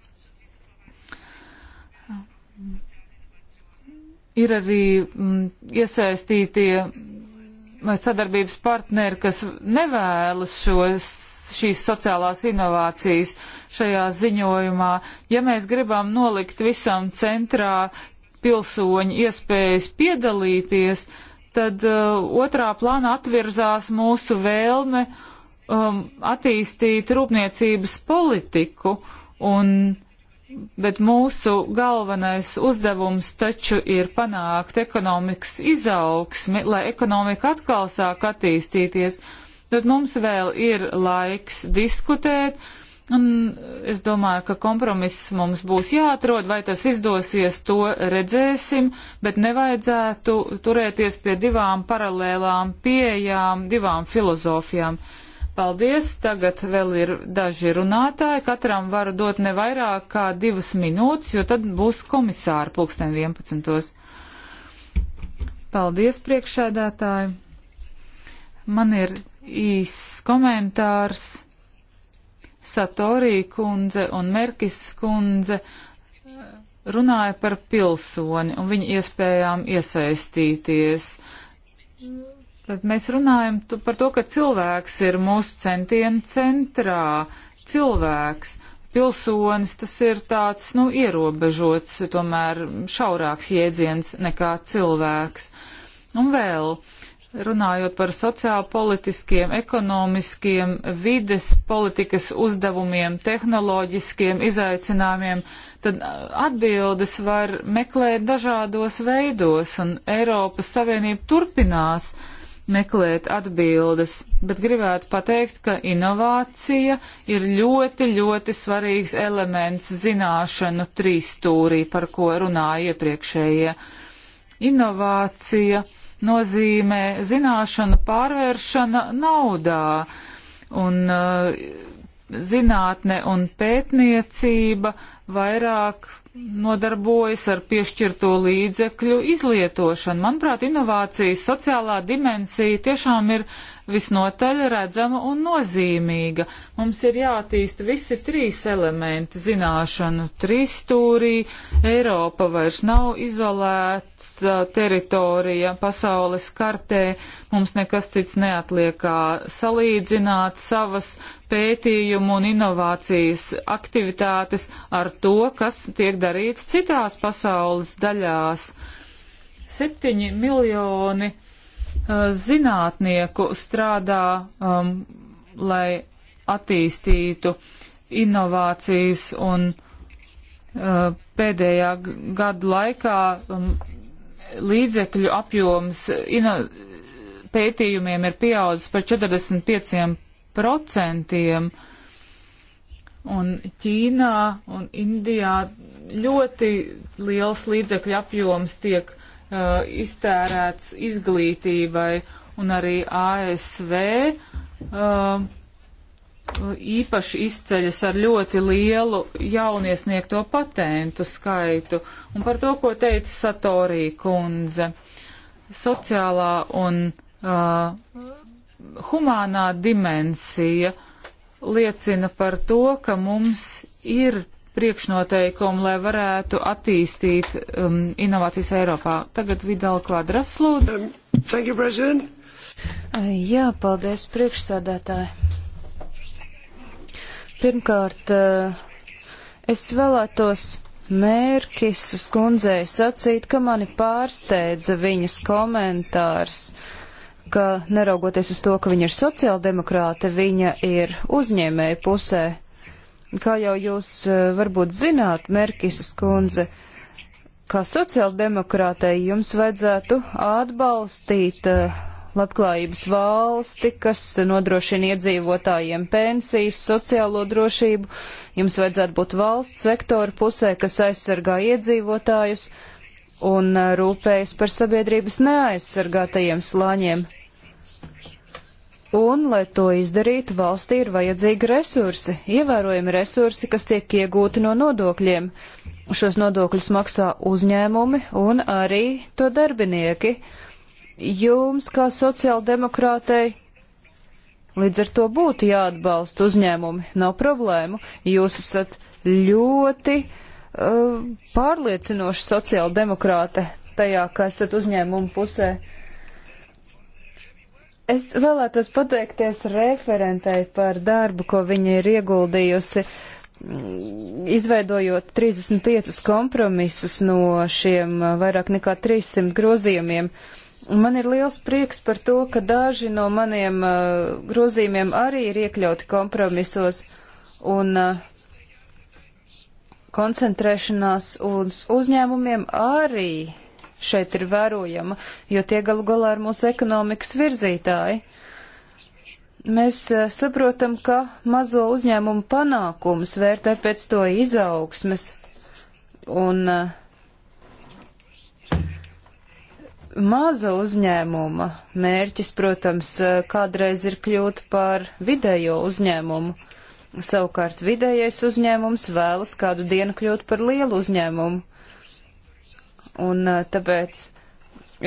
Ir arī mm, iesaistītie vai mm, sadarbības partneri, kas nevēlas šos šīs sociālās inovācijas šajā ziņojumā. Ja mēs gribam nolikt visam centrā pilsoņu iespējas piedalīties, tad uh, otrā plāna atvirzās mūsu vēlme um, attīstīt rūpniecības politiku, un, bet mūsu galvenais uzdevums taču ir panākt ekonomikas izaugsmi, lai ekonomika atkal sāk attīstīties. Uh, tad mums vēl ir laiks diskutēt. Un es domāju, ka kompromiss mums būs jāatrod, vai tas izdosies, to redzēsim, bet nevajadzētu turēties pie divām paralēlām pieejām, divām filozofijām. Paldies, tagad vēl ir daži runātāji, katram varu dot ne vairāk kā divas minūtes, jo tad būs komisāri pulksten 11. Paldies, priekšēdētāji. Man ir īss komentārs. Satorī kundze un Merkis kundze eh, runāja par pilsoni un viņa iespējām iesaistīties. Tad mēs runājam par to, ka cilvēks ir mūsu centienu centrā. Cilvēks, pilsonis, tas ir tāds, nu, ierobežots, tomēr šaurāks jēdziens nekā cilvēks. Un vēl, uh, runājot par sociālpolitiskiem, ekonomiskiem, vides politikas uzdevumiem, tehnoloģiskiem izaicinājumiem, tad atbildes var meklēt dažādos veidos, un Eiropas Savienība turpinās meklēt atbildes, bet gribētu pateikt, ka inovācija ir ļoti, ļoti svarīgs elements zināšanu trīstūrī, par ko runāja iepriekšējie. Inovācija nozīmē zināšanu pārvēršana naudā. Un uh, zinātne un pētniecība vairāk nodarbojas ar piešķirto līdzekļu izlietošanu. Manuprāt, inovācijas sociālā dimensija tiešām ir visnotaļ redzama un nozīmīga. Mums ir jātīsta visi trīs elementi zināšanu trīstūrī. Eiropa vairs nav izolēts teritorija pasaules kartē. Mums nekas cits neatliek kā salīdzināt savas pētījumu un inovācijas aktivitātes ar to, kas tiek darīts citās pasaules daļās. Septiņi miljoni Uh, zinātnieku strādā, um, lai attīstītu inovācijas un uh, pēdējā gadu laikā um, līdzekļu apjoms ino pētījumiem ir pieaudzis par 45%. Un Ķīnā un Indijā ļoti liels līdzekļu apjoms tiek uh, iztērēts izglītībai un arī ASV uh, īpaši izceļas ar ļoti lielu jauniesniegto patentu skaitu un par to, ko teica Satorī kundze. Sociālā un uh, humānā dimensija liecina par to, ka mums ir priekšnoteikumu, lai varētu attīstīt um, inovācijas Eiropā. Tagad Vidal Kvadras lūdzu. Um, thank you, President. Jā, paldies priekšsādātāji. Pirmkārt, eh, es vēlētos mērķis skundzei sacīt, ka mani pārsteidza viņas komentārs, ka neraugoties uz to, ka viņa ir sociāldemokrāte, viņa ir uzņēmēja pusē. Kā jau jūs e, varbūt zināt, Merkisas kundze, kā sociāldemokrātei jums vajadzētu atbalstīt e, labklājības valsti, kas nodrošina iedzīvotājiem pensijas, sociālo drošību. Jums vajadzētu būt valsts sektora pusē, kas aizsargā iedzīvotājus un e, rūpējas par sabiedrības neaizsargātajiem slāņiem. Un, lai to izdarītu, valstī ir vajadzīgi resursi, ievērojami resursi, kas tiek iegūti no nodokļiem. Šos nodokļus maksā uzņēmumi un arī to darbinieki. Jums, kā sociāldemokrātei, līdz ar to būtu jāatbalsta uzņēmumi, nav problēmu. Jūs esat ļoti uh, pārliecinoši sociāldemokrāte tajā, ka esat uzņēmumu pusē. Uh, Es vēlētos pateikties referentei par darbu, ko viņa ir ieguldījusi, izveidojot 35 kompromisus no šiem uh, vairāk nekā 300 grozījumiem. Man ir liels prieks par to, ka daži no maniem uh, grozījumiem arī ir iekļauti kompromisos un uh, koncentrēšanās uz uzņēmumiem arī šeit ir vērojama, jo tie galu galā ir mūsu ekonomikas virzītāji. Mēs eh, saprotam, ka mazo uzņēmumu panākums vērtē pēc to izaugsmes un eh, maza uzņēmuma mērķis, protams, eh, kādreiz ir kļūt par vidējo uzņēmumu. Savukārt vidējais uzņēmums vēlas kādu dienu kļūt par lielu uzņēmumu un eh, tāpēc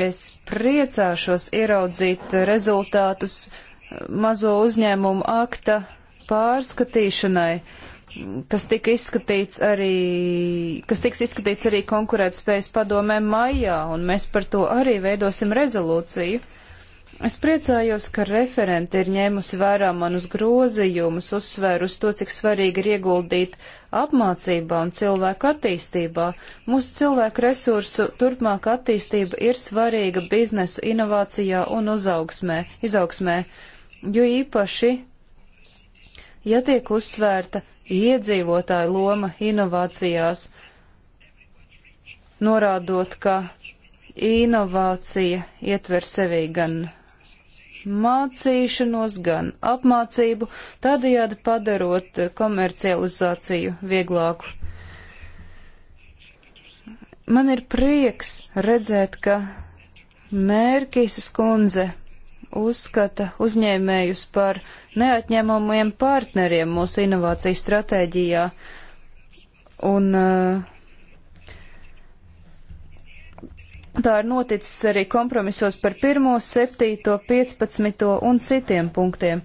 es priecāšos ieraudzīt rezultātus eh, mazo uzņēmumu akta pārskatīšanai, kas tika izskatīts arī, kas tiks izskatīts arī konkurētspējas padomē maijā, un mēs par to arī veidosim rezolūciju. Es priecājos, ka referente ir ņēmusi vērā manus grozījumus, uzsvēru uz to, cik svarīgi ir ieguldīt apmācībā un cilvēku attīstībā. Mūsu cilvēku resursu turpmāka attīstība ir svarīga biznesu inovācijā un uzaugsmē, izaugsmē, jo īpaši, ja tiek uzsvērta iedzīvotāju loma inovācijās, norādot, ka inovācija ietver sevī gan mācīšanos, gan apmācību, tādējādi padarot komercializāciju vieglāku. Man ir prieks redzēt, ka Mērkīsas kundze uzskata uzņēmējus par neatņemamiem partneriem mūsu inovāciju stratēģijā. Un uh, Tā ir noticis arī kompromisos par 1, 7, 15 un citiem punktiem.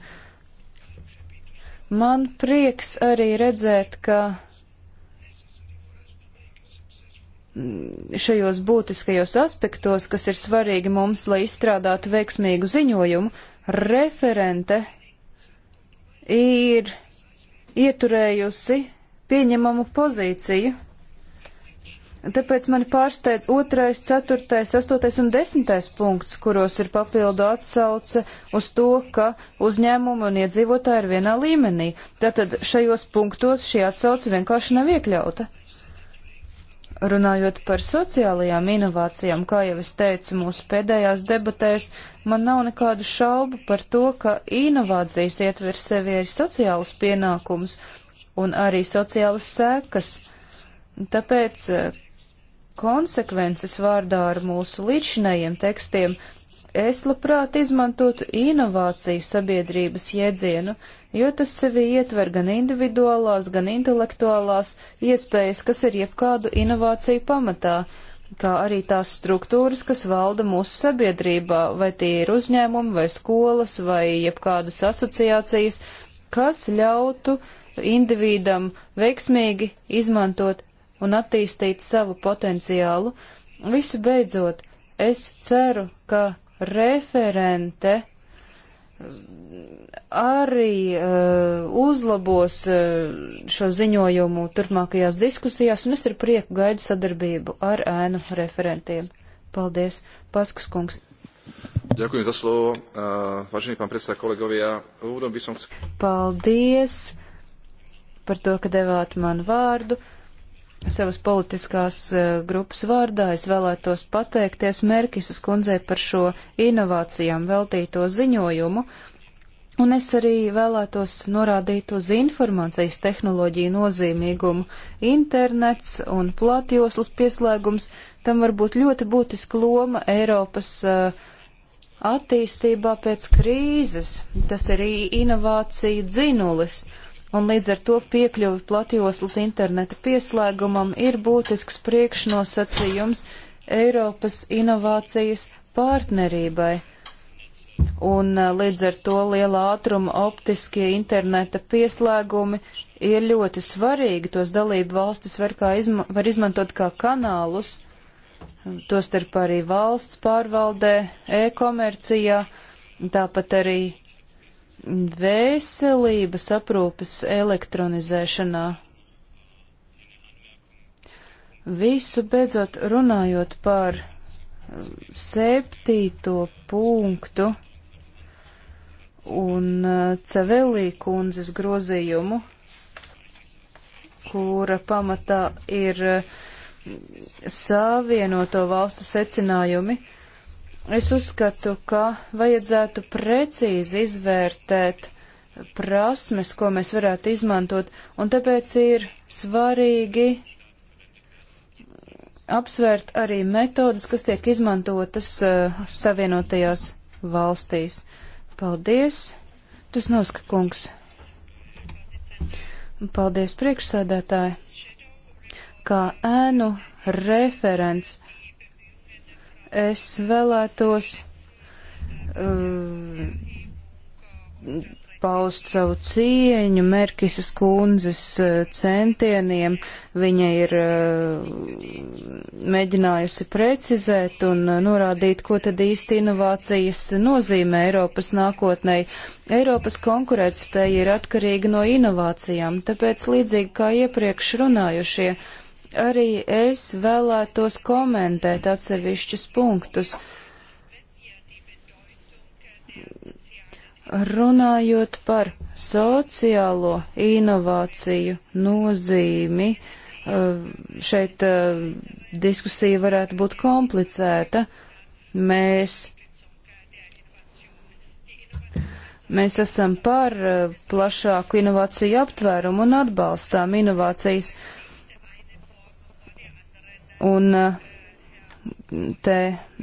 Man prieks arī redzēt, ka šajos būtiskajos aspektos, kas ir svarīgi mums, lai izstrādātu veiksmīgu ziņojumu, referente ir ieturējusi pieņemamu pozīciju Tāpēc mani pārsteidz 2, 4, 8 un 10 punkts, kuros ir papildu atsauce uz to, ka uzņēmumi un iedzīvotāji ir vienā līmenī. Tātad šajos punktos šī atsauce vienkārši nav iekļauta. Runājot par sociālajām inovācijām, kā jau es teicu mūsu pēdējās debatēs, man nav nekādu šaubu par to, ka inovācijas ietver sevi arī sociālus pienākumus un arī sociālas sēkas. Tāpēc konsekvences vārdā ar mūsu līdzinējiem tekstiem, es labprāt izmantotu inovāciju sabiedrības jēdzienu, jo tas sevi ietver gan individuālās, gan intelektuālās iespējas, kas ir jebkādu inovāciju pamatā, kā arī tās struktūras, kas valda mūsu sabiedrībā, vai tie ir uzņēmumi, vai skolas, vai jebkādas asociācijas, kas ļautu individam veiksmīgi izmantot un attīstīt savu potenciālu. Visu beidzot, es ceru, ka referente mm, arī uh, uzlabos uh, šo ziņojumu turpmākajās diskusijās, un es ar prieku gaidu sadarbību ar ēnu referentiem. Paldies, Paskas kungs. Ďakujem za slovo, uh, vážený pán predseda kolegovia. Úvodom by som chcel... Paldies par to, ka devāt man vārdu. Uh, savas politiskās e, grupas vārdā es vēlētos pateikties Merkisas kundzei par šo inovācijām veltīto ziņojumu, un es arī vēlētos norādīt uz informācijas tehnoloģiju nozīmīgumu. Internets un platjoslas pieslēgums tam var būt ļoti būtiska loma Eiropas uh, attīstībā pēc krīzes. Tas ir inovāciju dzinulis. Uh, un līdz ar to piekļuvi platjoslas interneta pieslēgumam ir būtisks priekšnosacījums Eiropas inovācijas partnerībai. Un eh, līdz ar to liela ātruma optiskie interneta pieslēgumi ir ļoti svarīgi. Tos dalību valstis var, izma var izmantot kā kanālus, tostarp arī valsts pārvaldē, e-komercijā, tāpat arī veselības aprūpes elektronizēšanā. Visu beidzot runājot par um, septīto punktu un uh, Cevelī kundzes grozījumu, kura pamatā ir uh, savienoto valstu secinājumi. Uh, Es uzskatu, ka vajadzētu precīzi izvērtēt prasmes, ko mēs varētu izmantot, un tāpēc ir svarīgi apsvērt arī metodas, kas tiek izmantotas uh, savienotajās valstīs. Paldies! Tas noska kungs. Paldies priekšsēdētāji. Kā ēnu referents es vēlētos uh, paust savu cieņu Merkisas kundzes uh, centieniem. Viņa ir uh, mēģinājusi precizēt un uh, norādīt, ko tad īsti inovācijas nozīmē Eiropas nākotnē. Eiropas konkurētspēja ir atkarīga no inovācijām, tāpēc līdzīgi kā iepriekš runājušie. Ja Arī es vēlētos komentēt atsevišķus punktus. Runājot par sociālo inovāciju nozīmi, eh, šeit eh, diskusija varētu būt komplicēta. Mēs, mēs esam par eh, plašāku inovāciju aptvērumu un atbalstām inovācijas. Un eh, te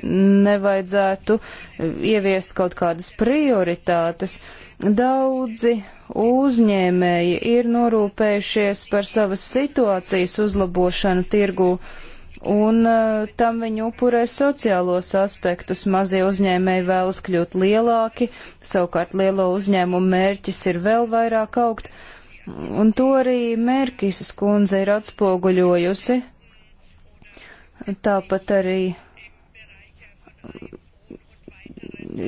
nevajadzētu eh, ieviest kaut kādas prioritātes. Daudzi uzņēmēji ir norūpējušies par savas situācijas uzlabošanu tirgū, un uh, tam viņi upurē sociālos aspektus. Mazie uzņēmēji vēlas kļūt lielāki, savukārt lielo uzņēmumu mērķis ir vēl vairāk augt, un to arī Mērkisas kundze ir atspoguļojusi Tāpat arī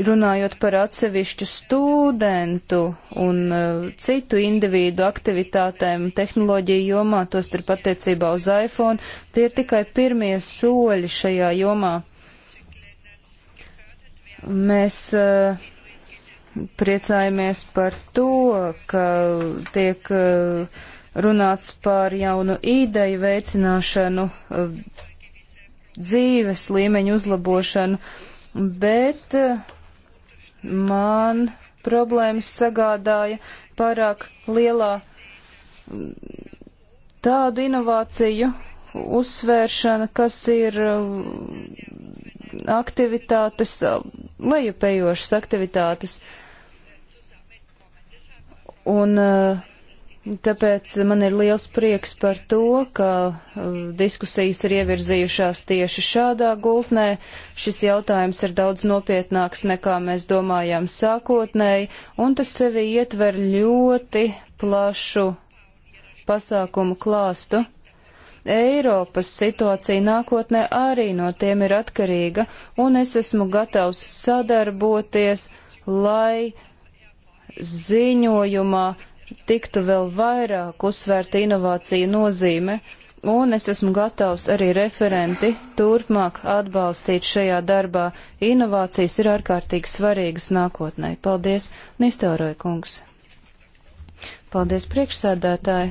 runājot par atsevišķu studentu un uh, citu individu aktivitātēm tehnoloģiju jomā, tostarp attiecībā uz iPhone, tie ir tikai pirmie soļi šajā jomā. Mēs uh, priecājamies par to, ka tiek uh, runāts par jaunu ideju veicināšanu uh, dzīves līmeņu uzlabošanu, bet eh, man problēmas sagādāja pārāk lielā mm, tādu inovāciju uzsvēršana, kas ir mm, aktivitātes, mm, lejupējošas aktivitātes. Un uh, Tāpēc man ir liels prieks par to, ka uh, diskusijas ir ievirzījušās tieši šādā gultnē. Šis jautājums ir daudz nopietnāks nekā mēs domājām sākotnēji, un tas sevi ietver ļoti plašu pasākumu klāstu. Eiropas situācija nākotnē arī no tiem ir atkarīga, un es esmu gatavs sadarboties, lai ziņojumā tiktu vēl vairāk uzsvērta inovācija nozīme, un es esmu gatavs arī referenti turpmāk atbalstīt šajā darbā. Inovācijas ir ārkārtīgi svarīgas nākotnē. Paldies, Nistāroja kungs! Paldies, priekšsēdētāji!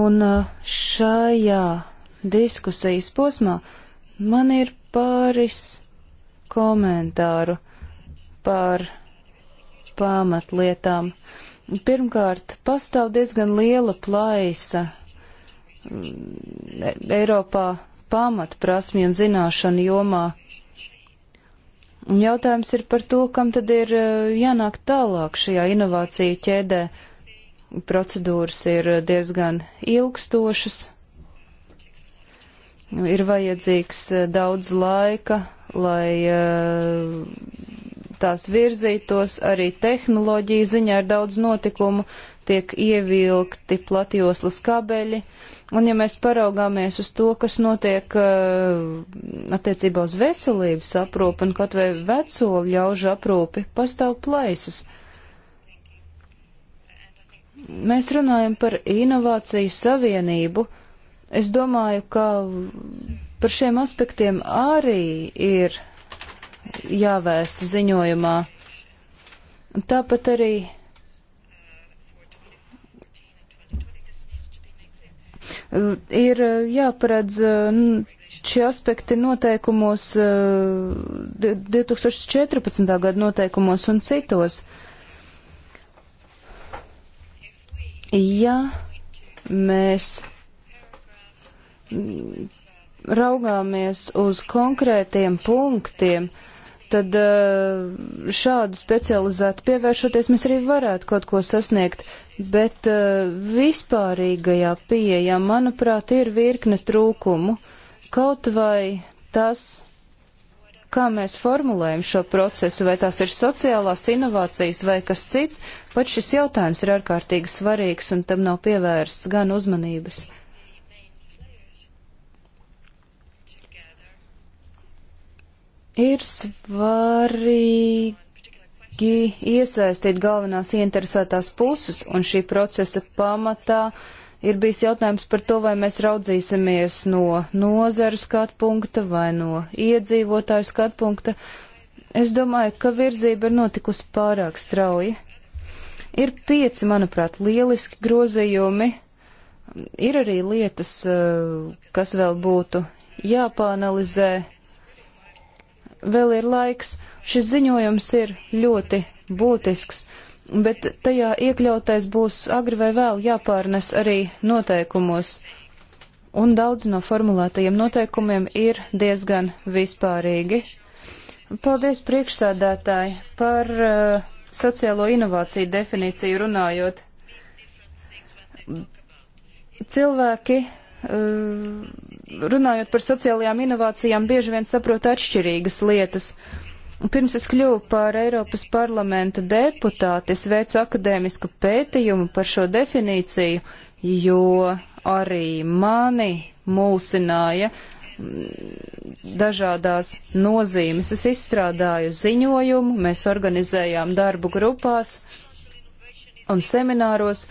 Un uh, šajā diskusijas posmā man ir pāris komentāru. Uh, par pamatlietām. Pirmkārt, pastāv diezgan liela plaisa mm, e- Eiropā pamatprasmju un zināšanu jomā. Un jautājums ir par to, kam tad ir eh, jānāk tālāk šajā inovāciju ķēdē. Procedūras ir diezgan ilgstošas, ir vajadzīgs eh, daudz laika, lai eh, tās virzītos, arī tehnoloģija ziņā ir daudz notikumu, tiek ievilkti platjoslas kabeļi, un ja mēs paraugāmies uz to, kas notiek uh, attiecībā uz veselības aprūpi un kaut vai veco ļaužu aprūpi, pastāv plaisas. Mēs runājam par inovāciju savienību. Es domāju, ka par šiem aspektiem arī ir jāvēst ziņojumā. Tāpat arī ir uh, jāparedz uh, šie aspekti noteikumos 2014. Uh, gada noteikumos un citos. Ja mēs raugāmies uz konkrētiem punktiem, uh, tad eh, šādi specializēti pievēršoties mēs arī varētu kaut ko sasniegt, bet eh, vispārīgajā pieejā, manuprāt, ir virkne trūkumu. Kaut vai tas, kā mēs formulējam šo procesu, vai tās ir sociālās inovācijas vai kas cits, pats šis jautājums ir ārkārtīgi svarīgs un tam nav pievērsts gan uzmanības. Ir svarīgi iesaistīt galvenās interesētās puses, un šī procesa pamatā ir bijis jautājums par to, vai mēs raudzīsimies no nozaru skatu punkta vai no iedzīvotāju skatu punkta. Es domāju, ka virzība ir notikusi pārāk strauji. Ir pieci, manuprāt, lieliski grozījumi. Ir arī lietas, eh, kas vēl būtu jāpanalizē vēl ir laiks. Šis ziņojums ir ļoti būtisks, bet tajā iekļautais būs agri vai vēl jāpārnes arī noteikumos. Un daudz no formulētajiem noteikumiem ir diezgan vispārīgi. Paldies priekšsādātāji par uh, sociālo inovāciju definīciju runājot. Cilvēki Eh, runājot par sociālajām inovācijām, bieži vien saprot atšķirīgas lietas. Pirms es kļuvu par Eiropas parlamenta deputāti, es veicu akadēmisku pētījumu par šo definīciju, jo arī mani mulsināja mm, dažādās nozīmes. Es izstrādāju ziņojumu, mēs organizējām darbu grupās un semināros,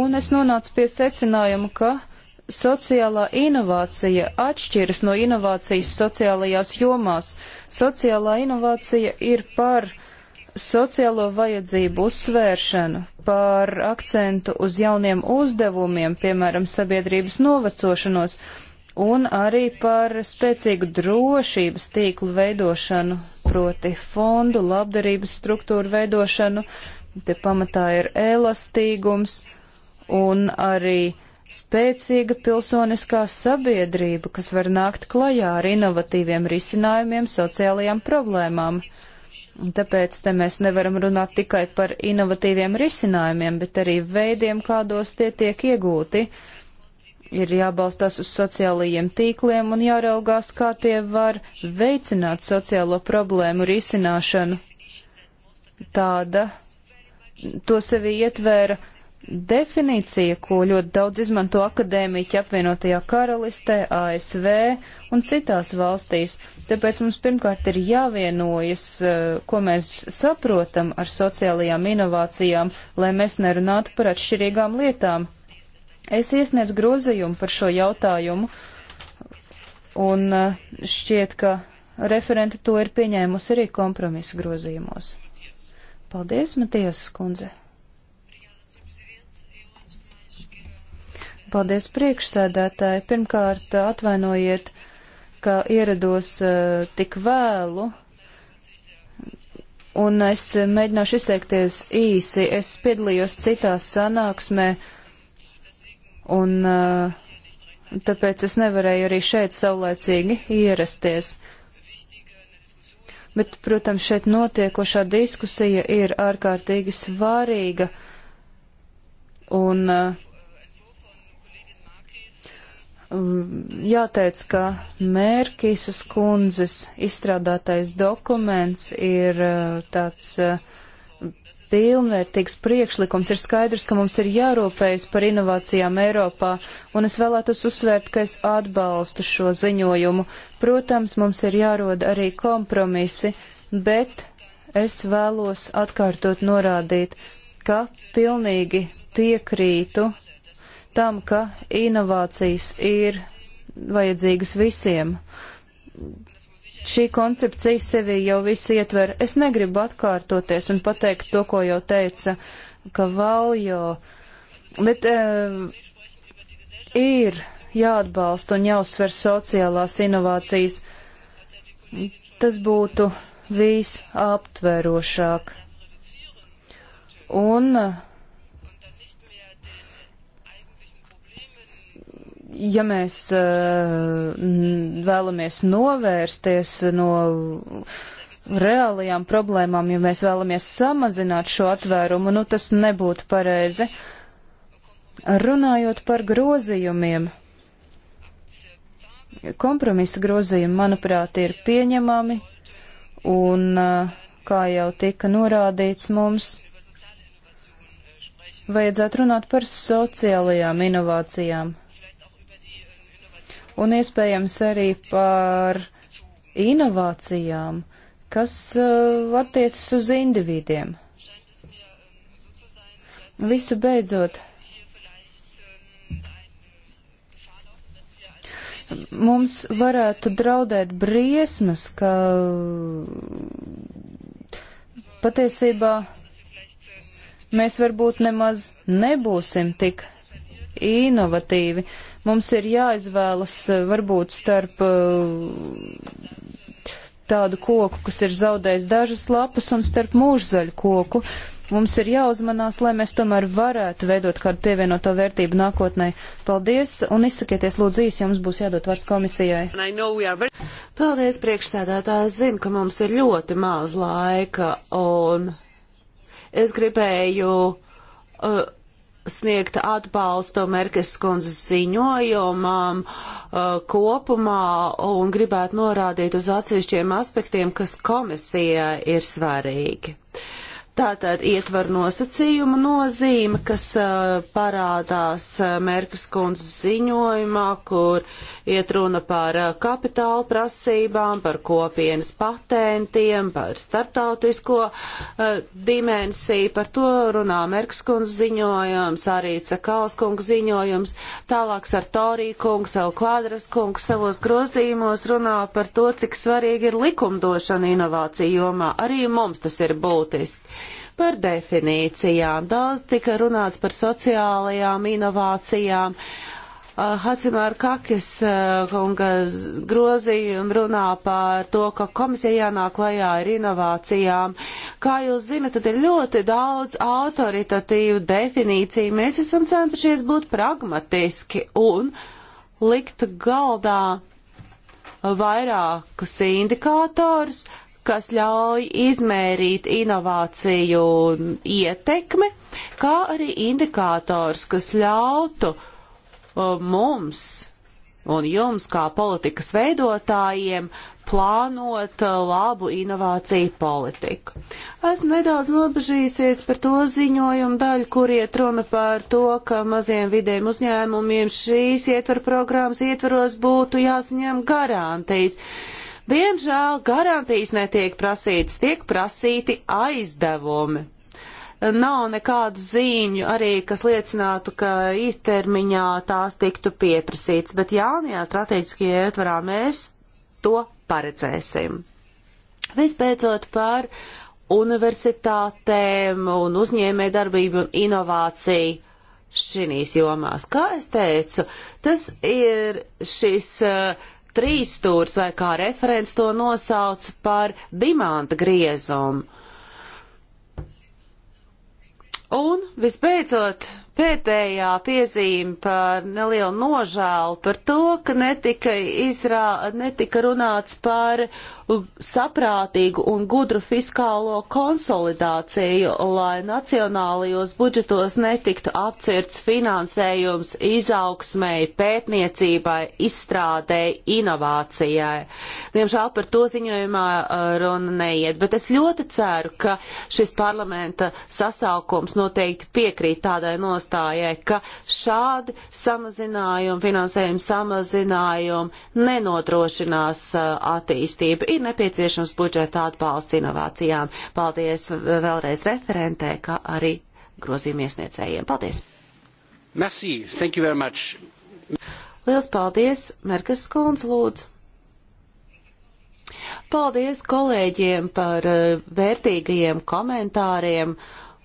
un es nonācu pie secinājuma, ka sociālā inovācija atšķiras no inovācijas sociālajās jomās. Sociālā inovācija ir par sociālo vajadzību uzsvēršanu, par akcentu uz jauniem uzdevumiem, piemēram, sabiedrības novecošanos, un arī par spēcīgu drošības tīklu veidošanu, proti fondu, labdarības struktūru veidošanu, te pamatā ir elastīgums un arī spēcīga pilsoniskā sabiedrība, kas var nākt klajā ar inovatīviem risinājumiem sociālajām problēmām. Un tāpēc te mēs nevaram runāt tikai par inovatīviem risinājumiem, bet arī veidiem, kādos tie tiek iegūti. Ir jābalstās uz sociālajiem tīkliem un jāraugās, kā tie var veicināt sociālo problēmu risināšanu. Tāda to sevi ietvēra definīcija, ko ļoti daudz izmanto akadēmiķi apvienotajā karalistē, ASV un citās valstīs. Tāpēc mums pirmkārt ir jāvienojas, eh, ko mēs saprotam ar sociālajām inovācijām, lai mēs nerunātu par atšķirīgām lietām. Es iesniedzu grozījumu par šo jautājumu, un eh, šķiet, ka referente to ir pieņēmusi arī kompromisa grozījumos. Paldies, Matijas skundze! Paldies priekšsēdētāji. Pirmkārt, atvainojiet, ka ierados uh, tik vēlu, un es mēģināšu izteikties īsi. Es piedalījos citā sanāksmē, un eh, tāpēc es nevarēju arī šeit saulēcīgi ierasties. Bet, protams, šeit notiekošā diskusija ir ārkārtīgi svarīga, un uh, Mm, jāteic, ka Mērkīsas kundzes izstrādātais dokuments ir uh, tāds uh, pilnvērtīgs priekšlikums. Ir skaidrs, ka mums ir jārūpējas par inovācijām Eiropā, un es vēlētos uzsvērt, ka es atbalstu šo ziņojumu. Protams, mums ir jāroda arī kompromisi, bet es vēlos atkārtot norādīt, ka pilnīgi piekrītu tam, ka inovācijas ir vajadzīgas visiem. Šī koncepcija sevī jau visu ietver. Es negribu atkārtoties un pateikt to, ko jau teica Kavaljo, bet e, ir jāatbalsta un jāuzsver sociālās inovācijas. Tas būtu visaptverošāk. Un uh, ja mēs eh, vēlamies novērsties no reālajām problēmām, ja mēs vēlamies samazināt šo atvērumu, nu tas nebūtu pareizi. Runājot par grozījumiem, kompromisa grozījumi, manuprāt, ir pieņemami, un, eh, kā jau tika norādīts mums, vajadzētu runāt par sociālajām inovācijām un iespējams arī par inovācijām, kas uh, attiecas uz individiem. Visu beidzot, mums varētu draudēt briesmas, ka patiesībā mēs varbūt nemaz nebūsim tik inovatīvi. Uh, Mums ir jāizvēlas eh, varbūt starp eh, tādu koku, kas ir zaudējis dažas lapas, un starp mūžzaļu koku. Mums ir jāuzmanās, lai mēs tomēr varētu veidot kādu pievienoto vērtību nākotnē. Paldies, un izsakieties lūdzu īsi, ja mums būs jādod vārds komisijai. Paldies, priekšsēdētāji, zinu, ka mums ir ļoti maz laika, un es gribēju. Uh, sniegt atbalstu Merkes kundzes ziņojumam uh, kopumā un gribētu norādīt uz atsevišķiem aspektiem, kas komisijai ir svarīgi. Uh, Tātad ietver nosacījuma nozīme, kas uh, parādās uh, Merkas kundzes ziņojumā, kur iet runa par uh, kapitāla prasībām, par kopienas patentiem, par starptautisko dimensiju, par to runā Merkas kundzes ziņojums, arī Cekals kungs ziņojums, tālāk ar Torī kungs, El Kvadras kungs savos grozījumos runā par to, cik svarīgi ir likumdošana inovāciju jomā. Arī mums tas ir būtiski. Par definīcijām daudz tika runāts par sociālajām inovācijām. Uh, Hacimāra Kakis uh, kunga grozījuma runā par to, ka komisija jānāk lajā ar inovācijām. Kā jūs zinat, tad ir ļoti daudz autoritatīvu definīciju. Mēs esam centušies būt pragmatiski un likt galdā vairākus indikātors, kas ļauj izmērīt inovāciju ietekmi, kā arī indikators, kas ļautu uh, mums un jums kā politikas veidotājiem plānot uh, labu inovāciju politiku. Esmu nedaudz nobežījusies par to ziņojumu daļu, kur iet runa par to, ka maziem vidiem uzņēmumiem šīs ietver programmas ietveros būtu jāsaņem garantijas. Diemžēl garantijas netiek prasītas, tiek prasīti aizdevumi. Nav nekādu zīmju arī, kas liecinātu, ka īstermiņā tās tiktu pieprasītas, bet jaunajā strateģiskajā ietvarā mēs to paredzēsim. Vispēcot par universitātēm un uzņēmē darbību un inovāciju šīs jomās. Kā es teicu, tas ir šis uh, trīs stūrs vai kā referents to nosauc par dimanta griezumu. Un visbeidzot, pēdējā piezīme par nelielu nožēlu par to, ka netika, izrā, netika runāts par saprātīgu un gudru fiskālo konsolidāciju, lai nacionālajos budžetos netiktu atcirts finansējums izaugsmēji, pētniecībai, izstrādēji, inovācijai. Diemžēl par to ziņojumā uh, runa neiet, bet es ļoti ceru, ka šis parlamenta sasaukums noteikti piekrīt tādai nostājai nostājai, ka šādi samazinājumi, finansējumi samazinājumi nenodrošinās uh, attīstību. Ir nepieciešams budžeta atbalsts inovācijām. Paldies vēlreiz referentē, kā arī grozījumu iesniedzējiem. Paldies! Merci, thank you very much. Liels paldies, Merkas skundz lūdzu. Paldies kolēģiem par uh, vērtīgajiem komentāriem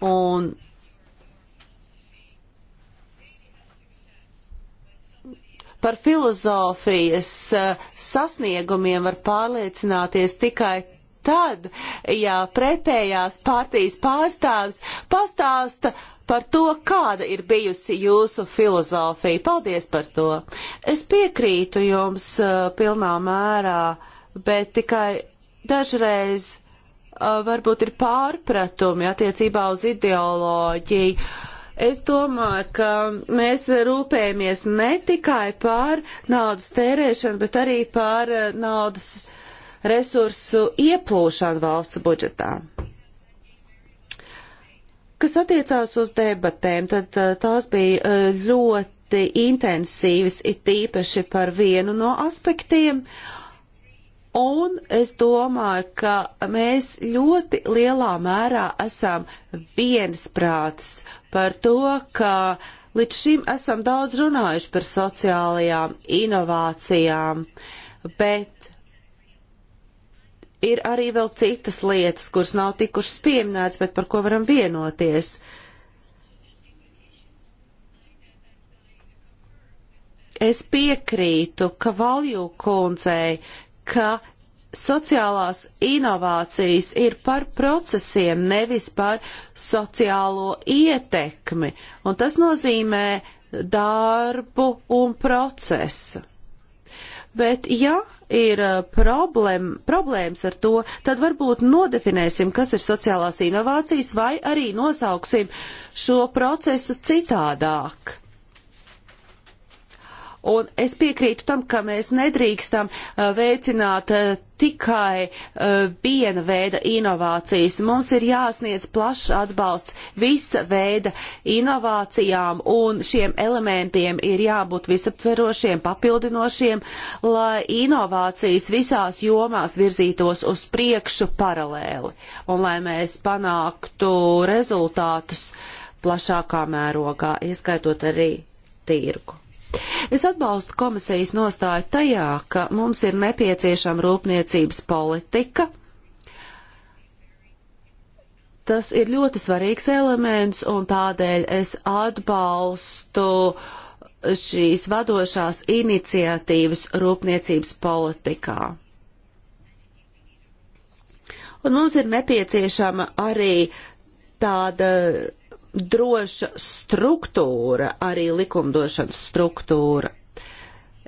un Par filozofijas eh, sasniegumiem var pārliecināties tikai tad, ja pretējās partijas pārstāvs pastāsta par to, kāda ir bijusi jūsu filozofija. Paldies par to. Es piekrītu jums uh, pilnā mērā, bet tikai dažreiz uh, varbūt ir pārpratumi attiecībā uz ideoloģiju. Es domāju, ka mēs rūpējamies ne tikai par naudas tērēšanu, bet arī par eh, naudas resursu ieplūšanu valsts budžetā. Kas attiecās uz debatēm, tad eh, tās bija eh, ļoti intensīvas, it īpaši par vienu no aspektiem. Uh, Un es domāju, ka mēs ļoti lielā mērā esam viensprāts par to, ka līdz šim esam daudz runājuši par sociālajām inovācijām, bet ir arī vēl citas lietas, kuras nav tikušas pieminētas, bet par ko varam vienoties. Es piekrītu, ka Valju kundzei, ka sociālās inovācijas ir par procesiem, nevis par sociālo ietekmi, un tas nozīmē darbu un procesu. Bet ja ir uh, problēm, problēmas ar to, tad varbūt nodefinēsim, kas ir sociālās inovācijas, vai arī nosauksim šo procesu citādāk. Un es piekrītu tam, ka mēs nedrīkstam uh, veicināt uh, tikai uh, viena veida inovācijas. Mums ir jāsniedz plašs atbalsts visa veida inovācijām, un šiem elementiem ir jābūt visaptverošiem, papildinošiem, lai inovācijas visās jomās virzītos uz priekšu paralēli, un lai mēs panāktu rezultātus plašākā mērogā, ieskaitot arī tirgu. Es atbalstu komisijas nostāju tajā, ka mums ir nepieciešama rūpniecības politika. Tas ir ļoti svarīgs elements, un tādēļ es atbalstu šīs vadošās iniciatīvas rūpniecības politikā. Un mums ir nepieciešama arī tāda droša struktūra, arī likumdošanas struktūra.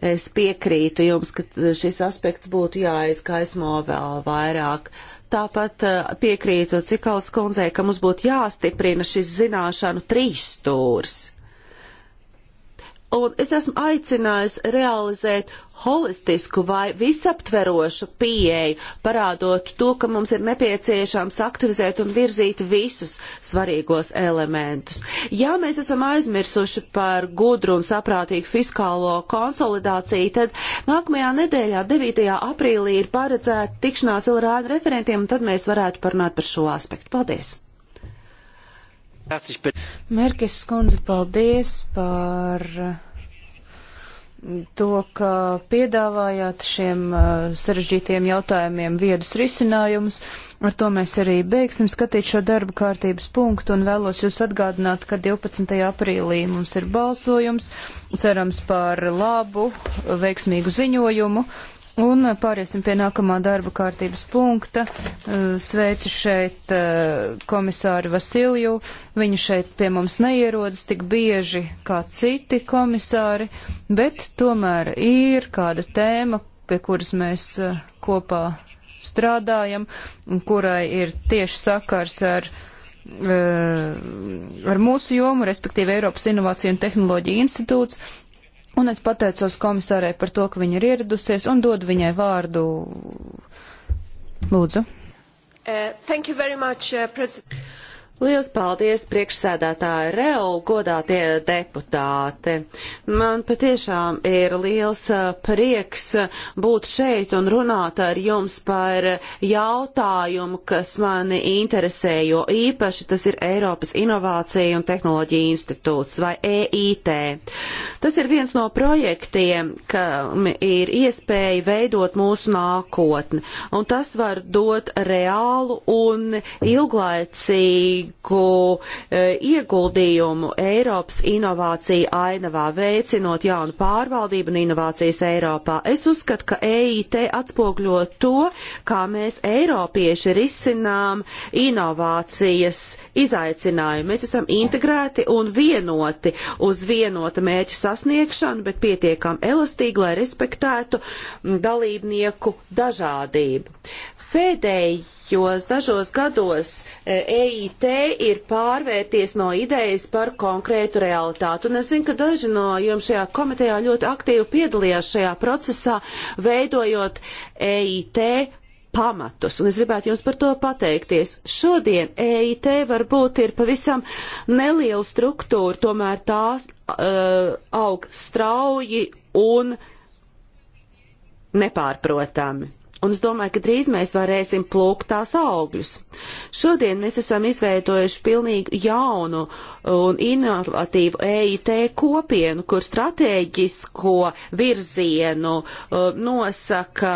Es piekrītu jums, ka šis aspekts būtu jāizgaismo vēl vairāk. Tāpat eh, piekrītu Cikals kundzei, ka mums būtu jāstiprina šis zināšanu trīsstūrs un es esmu aicinājusi realizēt holistisku vai visaptverošu pieeju, parādot to, ka mums ir nepieciešams aktivizēt un virzīt visus svarīgos elementus. Ja mēs esam aizmirsuši par gudru un saprātīgu fiskālo konsolidāciju, tad nākamajā nedēļā, 9. aprīlī, ir paredzēta tikšanās vēl ar referentiem, un tad mēs varētu parunāt par šo aspektu. Paldies! Merkis skundze, paldies par mm, to, ka piedāvājāt šiem uh, sarežģītiem jautājumiem viedus risinājumus. Ar to mēs arī beigsim skatīt šo darba kārtības punktu un vēlos jūs atgādināt, ka 12. aprīlī mums ir balsojums, cerams par labu, veiksmīgu ziņojumu. Un pāriesim pie nākamā darba kārtības punkta. Uh, sveicu šeit uh, komisāru Vasilju. Viņa šeit pie mums neierodas tik bieži kā citi komisāri, bet tomēr ir kāda tēma, pie kuras mēs uh, kopā strādājam un kurai ir tieši sakars ar ar mūsu jomu, respektīvi Eiropas Inovāciju un Tehnoloģiju institūts, Un es pateicos komisārei par to, ka viņa ir ieradusies un dod viņai vārdu. Lūdzu. Uh, thank you very much, uh, President. Liels paldies priekšsēdētāja Reola, godātie deputāti. Man patiešām ir liels uh, prieks uh, būt šeit un runāt ar jums par uh, jautājumu, kas mani interesē, jo īpaši tas ir Eiropas Inovācija un Tehnoloģija institūts vai EIT. Tas ir viens no projektiem, kam ir iespēja veidot mūsu nākotni, un tas var dot reālu un ilglaicīgu milzīgu e, ieguldījumu Eiropas inovāciju ainavā, veicinot jaunu pārvaldību un inovācijas Eiropā. Es uzskatu, ka EIT atspogļo to, kā mēs Eiropieši risinām inovācijas izaicinājumu. Mēs esam integrēti un vienoti uz vienota mērķa sasniegšanu, bet pietiekam elastīgi, lai respektētu dalībnieku dažādību. Pēdējos dažos gados EIT e ir pārvērties no idejas par konkrētu realitātu, un es zinu, ka daži no jums šajā komitejā ļoti aktīvi piedalījās šajā procesā, veidojot EIT pamatus, un es gribētu jums par to pateikties. Šodien EIT varbūt ir pavisam neliela struktūra, tomēr tās uh, aug strauji un nepārprotami un es domāju, ka drīz mēs varēsim plūkt tās augļus. Šodien mēs esam izveidojuši pilnīgi jaunu un inovatīvu EIT kopienu, kur strateģisko virzienu uh, nosaka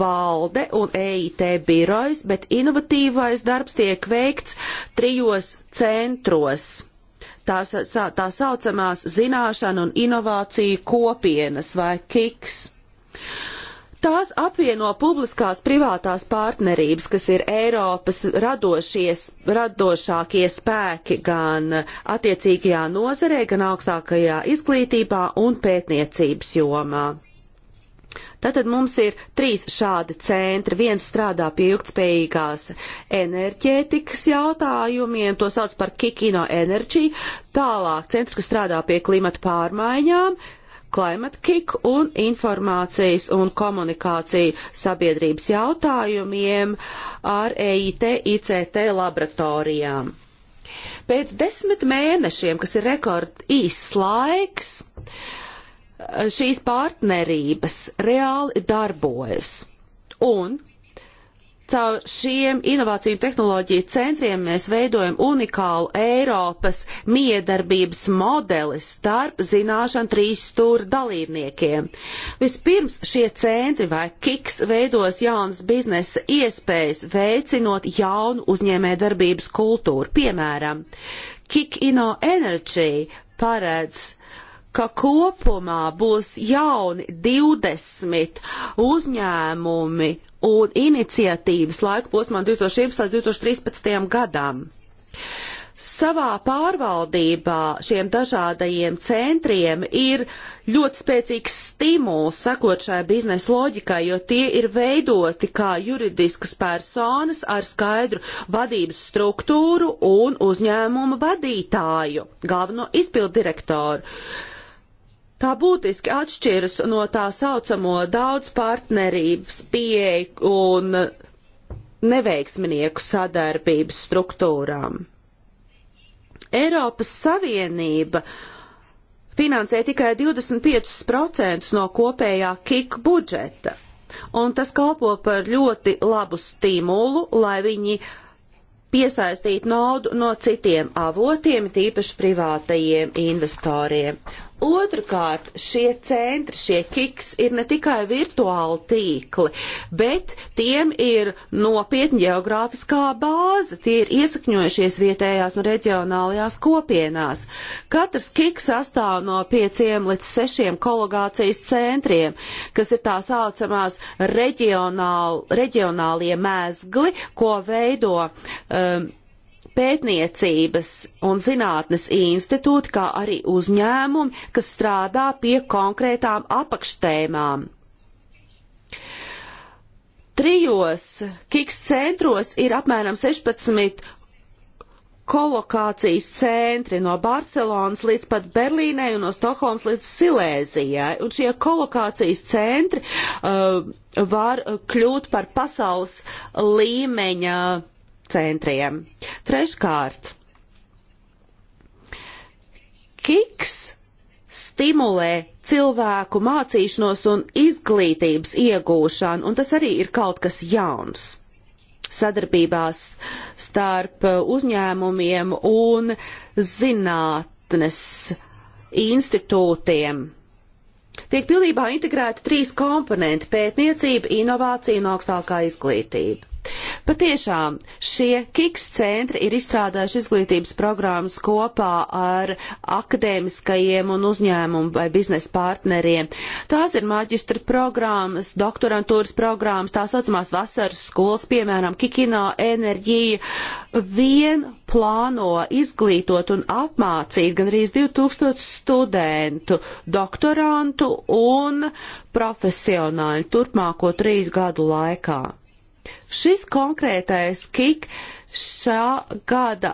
valde un EIT birojs, bet inovatīvais darbs tiek veikts trijos centros. Tās, tā saucamās zināšanu un inovāciju kopienas vai KIKS. Tās apvieno publiskās privātās partnerības, kas ir Eiropas radošies, radošākie spēki gan attiecīgajā nozarē, gan augstākajā izglītībā un pētniecības jomā. Tātad mums ir trīs šādi centri. Viens strādā pie ilgtspējīgās enerģētikas jautājumiem, to sauc par Kikino enerģiju. Tālāk centrs, kas strādā pie klimata pārmaiņām, Climate Kick un informācijas un komunikāciju sabiedrības jautājumiem ar EIT ICT laboratorijām. Pēc desmit mēnešiem, kas ir rekord īsts laiks, šīs partnerības reāli darbojas. Un Caur šiem inovāciju tehnoloģiju centriem mēs veidojam unikālu Eiropas miedarbības modeli starp zināšanu trīs stūra dalībniekiem. Vispirms šie centri vai kiks veidos jaunas biznesa iespējas, veicinot jaunu uzņēmē darbības kultūru. Piemēram, Kik Ino Energy paredz ka kopumā būs jauni 20 uzņēmumi un iniciatīvas laika posmā 2011. līdz 2013. gadam. Savā pārvaldībā šiem dažādajiem centriem ir ļoti spēcīgs stimuls sekot šai biznesa loģikai, jo tie ir veidoti kā juridiskas personas ar skaidru vadības struktūru un uzņēmumu vadītāju, galveno izpildu direktoru. Tā būtiski atšķiras no tā saucamo daudz partnerības pieeja un neveiksminieku sadarbības struktūrām. Eiropas Savienība finansē tikai 25% no kopējā KIK budžeta, un tas kalpo par ļoti labu stimulu, lai viņi piesaistīt naudu no citiem avotiem, tīpaši privātajiem investoriem. Otrakārt, šie centri, šie kiks ir ne tikai virtuāli tīkli, bet tiem ir nopietni geogrāfiskā bāze, tie ir iesakņojušies vietējās un reģionālajās kopienās. Katrs kiks sastāv no pieciem līdz sešiem kologācijas centriem, kas ir tā saucamās reģionāli, reģionālie mēzgli, ko veido um, pētniecības un zinātnes institūti, kā arī uzņēmumi, kas strādā pie konkrētām apakštēmām. Trijos Kiks centros ir apmēram 16 kolokācijas centri no Barcelonas līdz pat Berlīnai un no Stokholmas līdz Silēzijai. Un šie kolokācijas centri uh, var kļūt par pasaules līmeņa uh, centriem. Treškārt, kiks stimulē cilvēku mācīšanos un izglītības iegūšanu, un tas arī ir kaut kas jauns sadarbībās starp uzņēmumiem un zinātnes institūtiem. Tiek pilnībā integrēti trīs komponenti - pētniecība, inovācija un augstākā izglītība. Patiešām šie KIKS centri ir izstrādājuši izglītības programmas kopā ar akadēmiskajiem un uzņēmumu vai biznesa partneriem. Tās ir maģistra programmas, doktorantūras programmas, tā saucamās vasaras skolas, piemēram, Kikino enerģija. Vien plāno izglītot un apmācīt gan arī 2000 studentu, doktorantu un profesionāļu turpmāko trīs gadu laikā. Šis konkrētais kik šā gada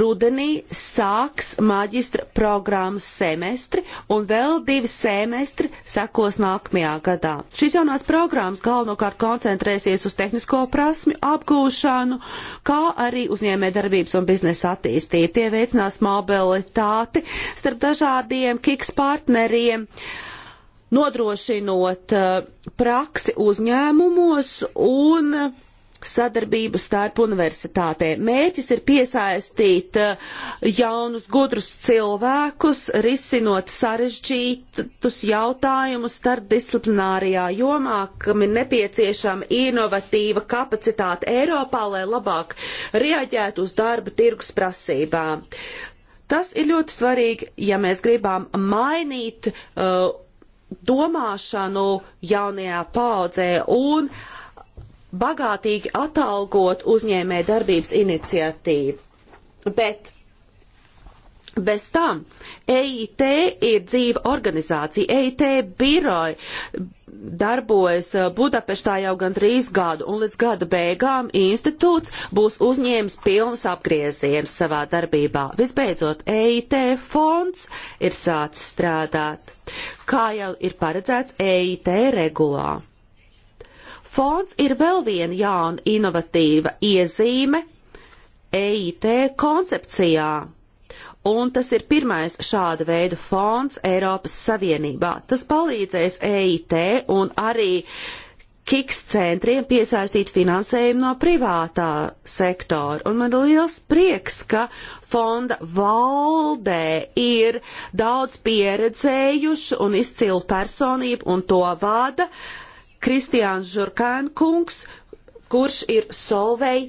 rudenī sāks maģistra programmas semestri un vēl divi semestri sekos nākamajā gadā. Šīs jaunās programmas galvenokārt koncentrēsies uz tehnisko prasmi apgūšanu, kā arī uzņēmē darbības un biznesa attīstību. Tie veicinās mobilitāti starp dažādiem kiks partneriem. Uh, nodrošinot eh, praksi uzņēmumos un sadarbību starp universitātēm. Mērķis ir piesaistīt eh, jaunus gudrus cilvēkus, risinot sarežģītus jautājumus starpdisciplinārijā jomā, kam ir nepieciešama inovatīva kapacitāte Eiropā, lai labāk reaģētu uz darba tirgus prasībām. Tas ir ļoti svarīgi, ja mēs gribam mainīt uh, domāšanu jaunajā paudzē un bagātīgi atalgot uzņēmē darbības iniciatīvu. Bet bez tam EIT ir dzīva organizācija, EIT biroja, darbojas eh, Budapeštā jau gandrīz gadu, un līdz gada beigām institūts būs uzņēmis pilnus apgriezienus savā darbībā. Visbeidzot, EIT fonds ir sācis strādāt, kā jau ir paredzēts EIT regulā. Fonds ir vēl viena jauna inovatīva iezīme EIT koncepcijā un tas ir pirmais šāda veida fonds Eiropas Savienībā. Tas palīdzēs EIT un arī KIKS centriem piesaistīt finansējumu no privātā sektora. Un man ir liels prieks, ka fonda valdē ir daudz pieredzējuši un izcilu personību, un to vada Kristiāns Žurkēnkungs, kurš ir Solvei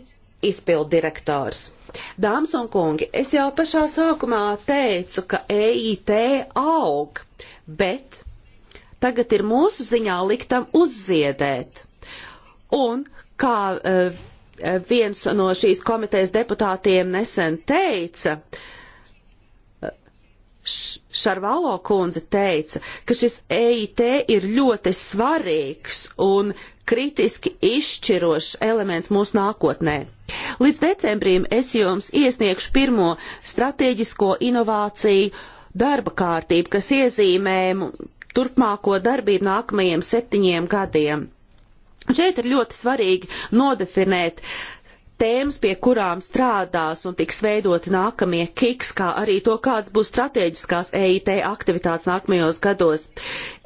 izpildirektors. Dāmas un kungi, es jau pašā sākumā teicu, ka EIT aug, bet tagad ir mūsu ziņā liktam uzziedēt. Un kā uh, viens no šīs komitejas deputātiem nesen teica, eh, Šarvalo kundze teica, ka šis EIT ir ļoti svarīgs un kritiski izšķirošs elements mūsu nākotnē. Līdz decembrim es jums iesniegšu pirmo strateģisko inovāciju darba kārtību, kas iezīmē turpmāko darbību nākamajiem septiņiem gadiem. Šeit ir ļoti svarīgi nodefinēt uh, tēmas, pie kurām strādās un tiks veidoti nākamie kiks, kā arī to, kāds būs strateģiskās EIT aktivitātes nākamajos gados.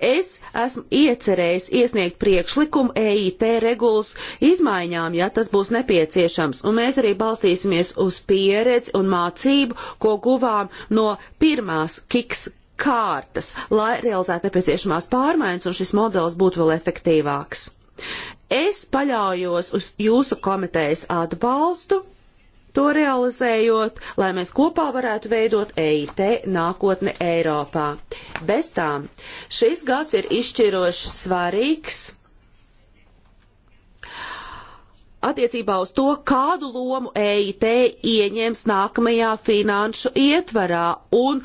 Es esmu iecerējis iesniegt priekšlikumu EIT regulas izmaiņām, ja tas būs nepieciešams, un mēs arī balstīsimies uz pieredzi un mācību, ko guvām no pirmās kiks kārtas, lai realizētu nepieciešamās pārmaiņas un šis modelis būtu vēl efektīvāks. Es paļaujos uz jūsu komitejas atbalstu, to realizējot, lai mēs kopā varētu veidot EIT nākotni Eiropā. Bez tām šis gads ir izšķiroši svarīgs attiecībā uz to, kādu lomu EIT ieņems nākamajā finanšu ietvarā un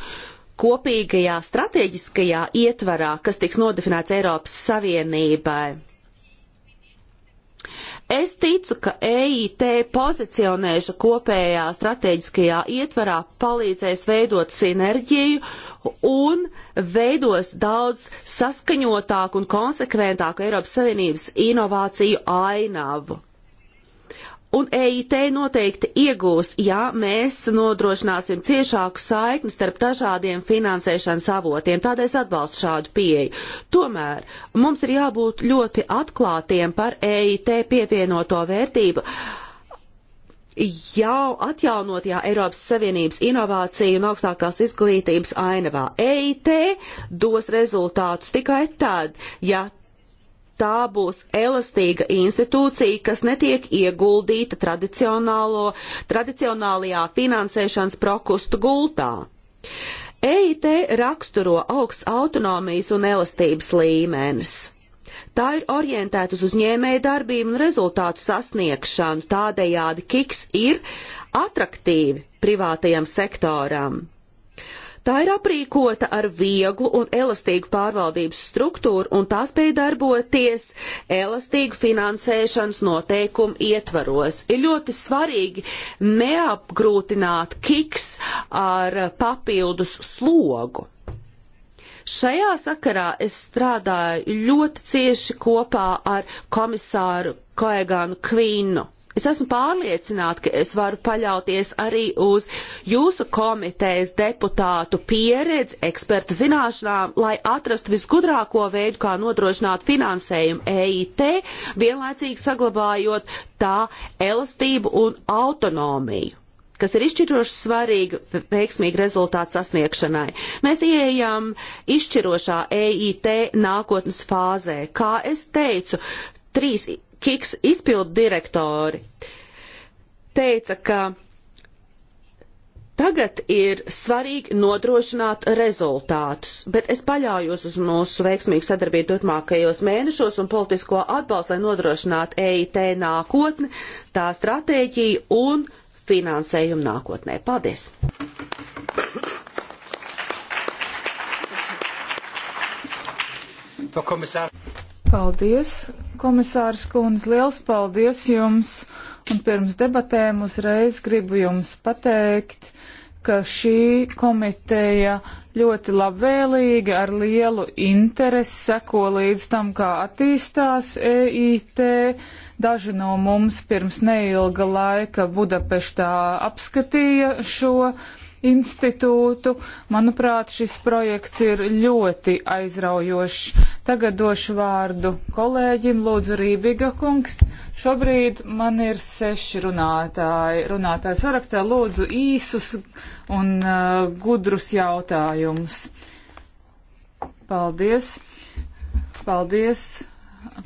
kopīgajā strateģiskajā ietvarā, kas tiks nodefinēts Eiropas Savienībai. Es ticu, ka EIT pozicionēša kopējā strateģiskajā ietvarā palīdzēs veidot sinerģiju un veidos daudz saskaņotāku un konsekventāku Eiropas Savienības inovāciju ainavu. Un EIT noteikti iegūs, ja mēs nodrošināsim ciešāku saikni starp dažādiem finansēšanas avotiem. Tādēļ es atbalstu šādu pieeju. Tomēr mums ir jābūt ļoti atklātiem par EIT pievienoto vērtību jau atjaunotajā Eiropas Savienības inovāciju un augstākās izglītības ainavā. EIT dos rezultātus tikai tad, ja tā būs elastīga institūcija, kas netiek ieguldīta tradicionālajā finansēšanas prokustu gultā. EIT raksturo augsts autonomijas un elastības līmenis. Tā ir orientēta uz uzņēmēju darbību un rezultātu sasniegšanu, tādējādi kiks ir atraktīvi privātajam sektoram. Tā ir aprīkota ar vieglu un elastīgu pārvaldības struktūru un tā spēj darboties elastīgu finansēšanas noteikumu ietvaros. Ir ļoti svarīgi neapgrūtināt kiks ar papildus slogu. Šajā sakarā es strādāju ļoti cieši kopā ar komisāru Koegānu Kvīnu. Es esmu pārliecināta, ka es varu paļauties arī uz jūsu komitejas deputātu pieredzi, eksperta zināšanām, lai atrastu visgudrāko veidu, kā nodrošināt finansējumu EIT, vienlaicīgi saglabājot tā elastību un autonomiju kas ir izšķiroši svarīga veiksmīga rezultāta sasniegšanai. Mēs ieejam izšķirošā EIT nākotnes fāzē. Kā es teicu, trīs KIKS izpildu direktori teica, ka tagad ir svarīgi nodrošināt rezultātus, bet es paļaujos uz mūsu veiksmīgu sadarbību turpmākajos mēnešos un politisko atbalstu, lai nodrošinātu EIT nākotni, tā stratēģiju un finansējumu nākotnē. Paldies! Paldies, Komisārs Kūns, liels paldies jums! Un pirms debatēm uzreiz gribu jums pateikt, ka šī komiteja ļoti labvēlīgi ar lielu interesi seko līdz tam, kā attīstās EIT. Daži no mums pirms neilga laika Budapeštā apskatīja šo institūtu. Manuprāt, šis projekts ir ļoti aizraujošs. Tagad došu vārdu kolēģim, lūdzu, Rībiga kungs. Šobrīd man ir seši runātāji. Runātāji sarakstā lūdzu īsus un uh, gudrus jautājumus. Paldies. Paldies.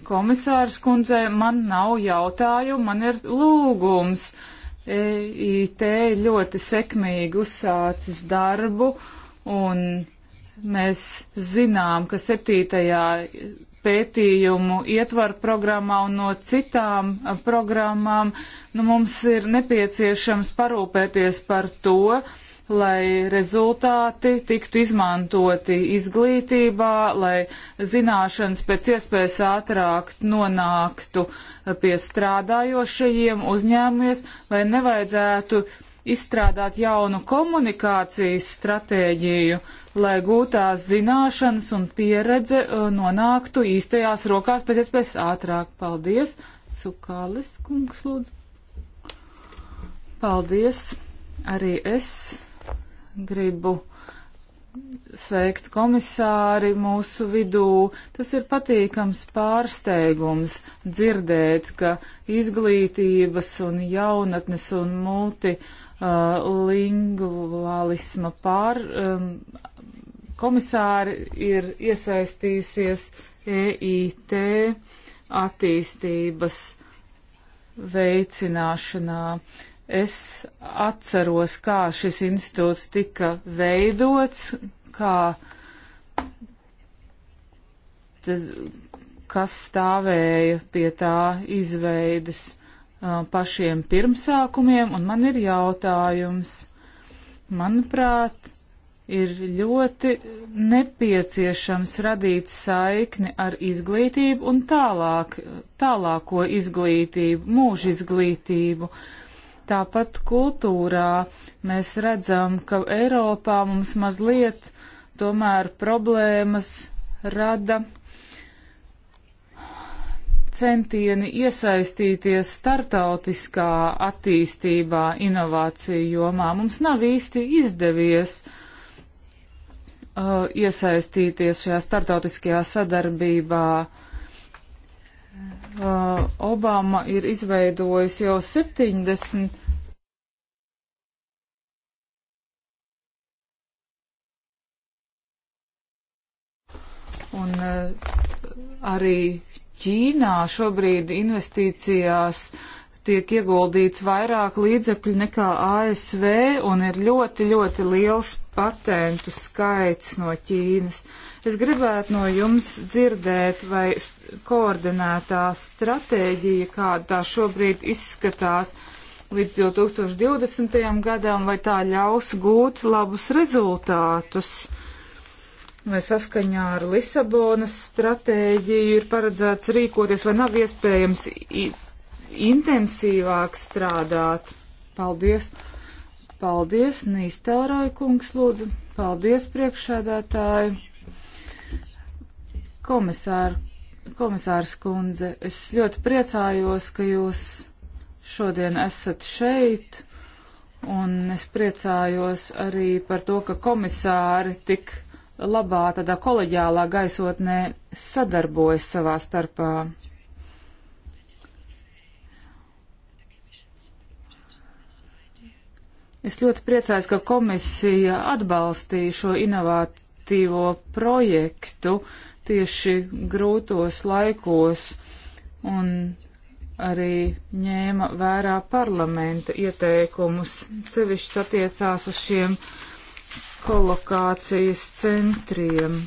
Komisārs kundzei, man nav jautājumu, man ir lūgums. Uh, EIT ļoti sekmīgi uzsācis darbu, un mēs zinām, ka septītajā pētījumu ietvaru programmā un no citām programmām nu, mums ir nepieciešams parūpēties par to, lai rezultāti tiktu izmantoti izglītībā, lai zināšanas pēc iespējas ātrāk nonāktu pie strādājošajiem uzņēmumies, vai nevajadzētu izstrādāt jaunu komunikācijas stratēģiju, lai gūtās zināšanas un pieredze uh, nonāktu īstajās rokās pēc iespējas ātrāk. Paldies! Cukālis kungs lūdzu. Paldies! Arī es gribu sveikt komisāri mūsu vidū. Tas ir patīkams pārsteigums dzirdēt, ka izglītības un jaunatnes un multilingvālisma uh, pār um, komisāri ir iesaistījusies EIT attīstības veicināšanā. Uh, Es atceros, kā šis institūts tika veidots, kā kas stāvēja pie tā izveides pašiem pirmsākumiem, un man ir jautājums. Manuprāt, ir ļoti nepieciešams radīt saikni ar izglītību un tālāk, tālāko izglītību, mūža izglītību. Uh, Tāpat kultūrā mēs redzam, ka Eiropā mums mazliet tomēr problēmas rada centieni iesaistīties startautiskā attīstībā, inovāciju jomā. Mums nav īsti izdevies uh, iesaistīties šajā startautiskajā sadarbībā. Uh, uh, Obama ir izveidojis jau 70. Un uh, arī Ķīnā šobrīd investīcijās tiek ieguldīts vairāk līdzekļu nekā ASV un ir ļoti, ļoti liels patentu skaits no Ķīnas. Es gribētu no jums dzirdēt, vai koordinētā stratēģija, kāda tā šobrīd izskatās līdz 2020. gadam, vai tā ļaus gūt labus rezultātus? Vai saskaņā ar Lisabonas stratēģiju ir paredzēts rīkoties, vai nav iespējams intensīvāk strādāt? Paldies! Paldies, Nīstēroja kungs, lūdzu! Paldies, priekšsēdētāji! Komisāra Komisārs kundze, es ļoti priecājos, ka jūs šodien esat šeit, un es priecājos arī par to, ka komisāri tik labā, tādā koleģiālā gaisotnē sadarbojas savā starpā. Es ļoti priecājos, ka komisija atbalstīja šo inovatīvo projektu, tieši grūtos laikos un arī ņēma vērā parlamenta ieteikumus, sevišķi attiecās uz šiem kolokācijas centriem.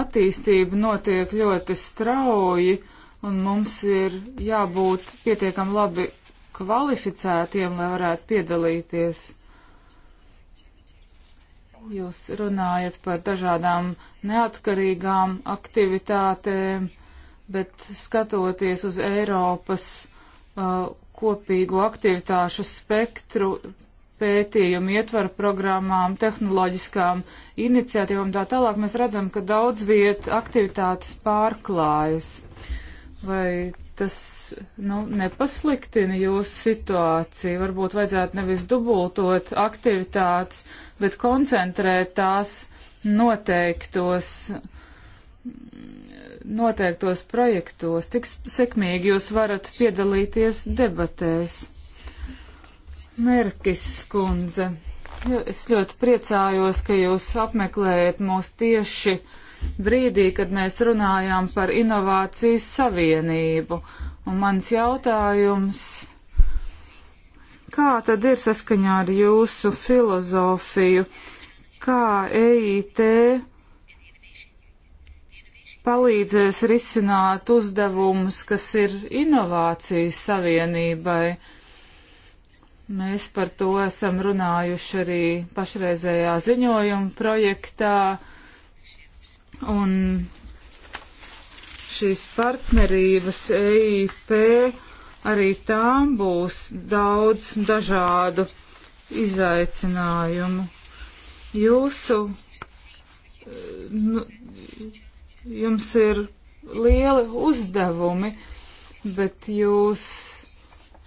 attīstība notiek ļoti strauji, un mums ir jābūt pietiekami labi kvalificētiem, lai varētu piedalīties. Jūs runājat par dažādām neatkarīgām aktivitātēm, bet skatoties uz Eiropas uh, kopīgo aktivitāšu spektru, pētījumu, ietvaru programmām, tehnoloģiskām iniciatīvām tā tālāk, mēs redzam, ka daudz viet aktivitātes pārklājas. Vai tas nu, nepasliktina jūsu situāciju. Varbūt vajadzētu nevis dubultot aktivitātes, bet koncentrēt tās noteiktos, noteiktos projektos. Tik sekmīgi jūs varat piedalīties debatēs. Merkis skundze, es ļoti priecājos, ka jūs apmeklējat mūs tieši brīdī, kad mēs runājām par inovācijas savienību. Un mans jautājums, kā tad ir saskaņā ar jūsu filozofiju, kā EIT palīdzēs risināt uzdevumus, kas ir inovācijas savienībai? Mēs par to esam runājuši arī pašreizējā ziņojuma projektā. Un šīs partnerības EIP arī tām būs daudz dažādu izaicinājumu. Jūsu, nu, jums ir lieli uzdevumi, bet jūs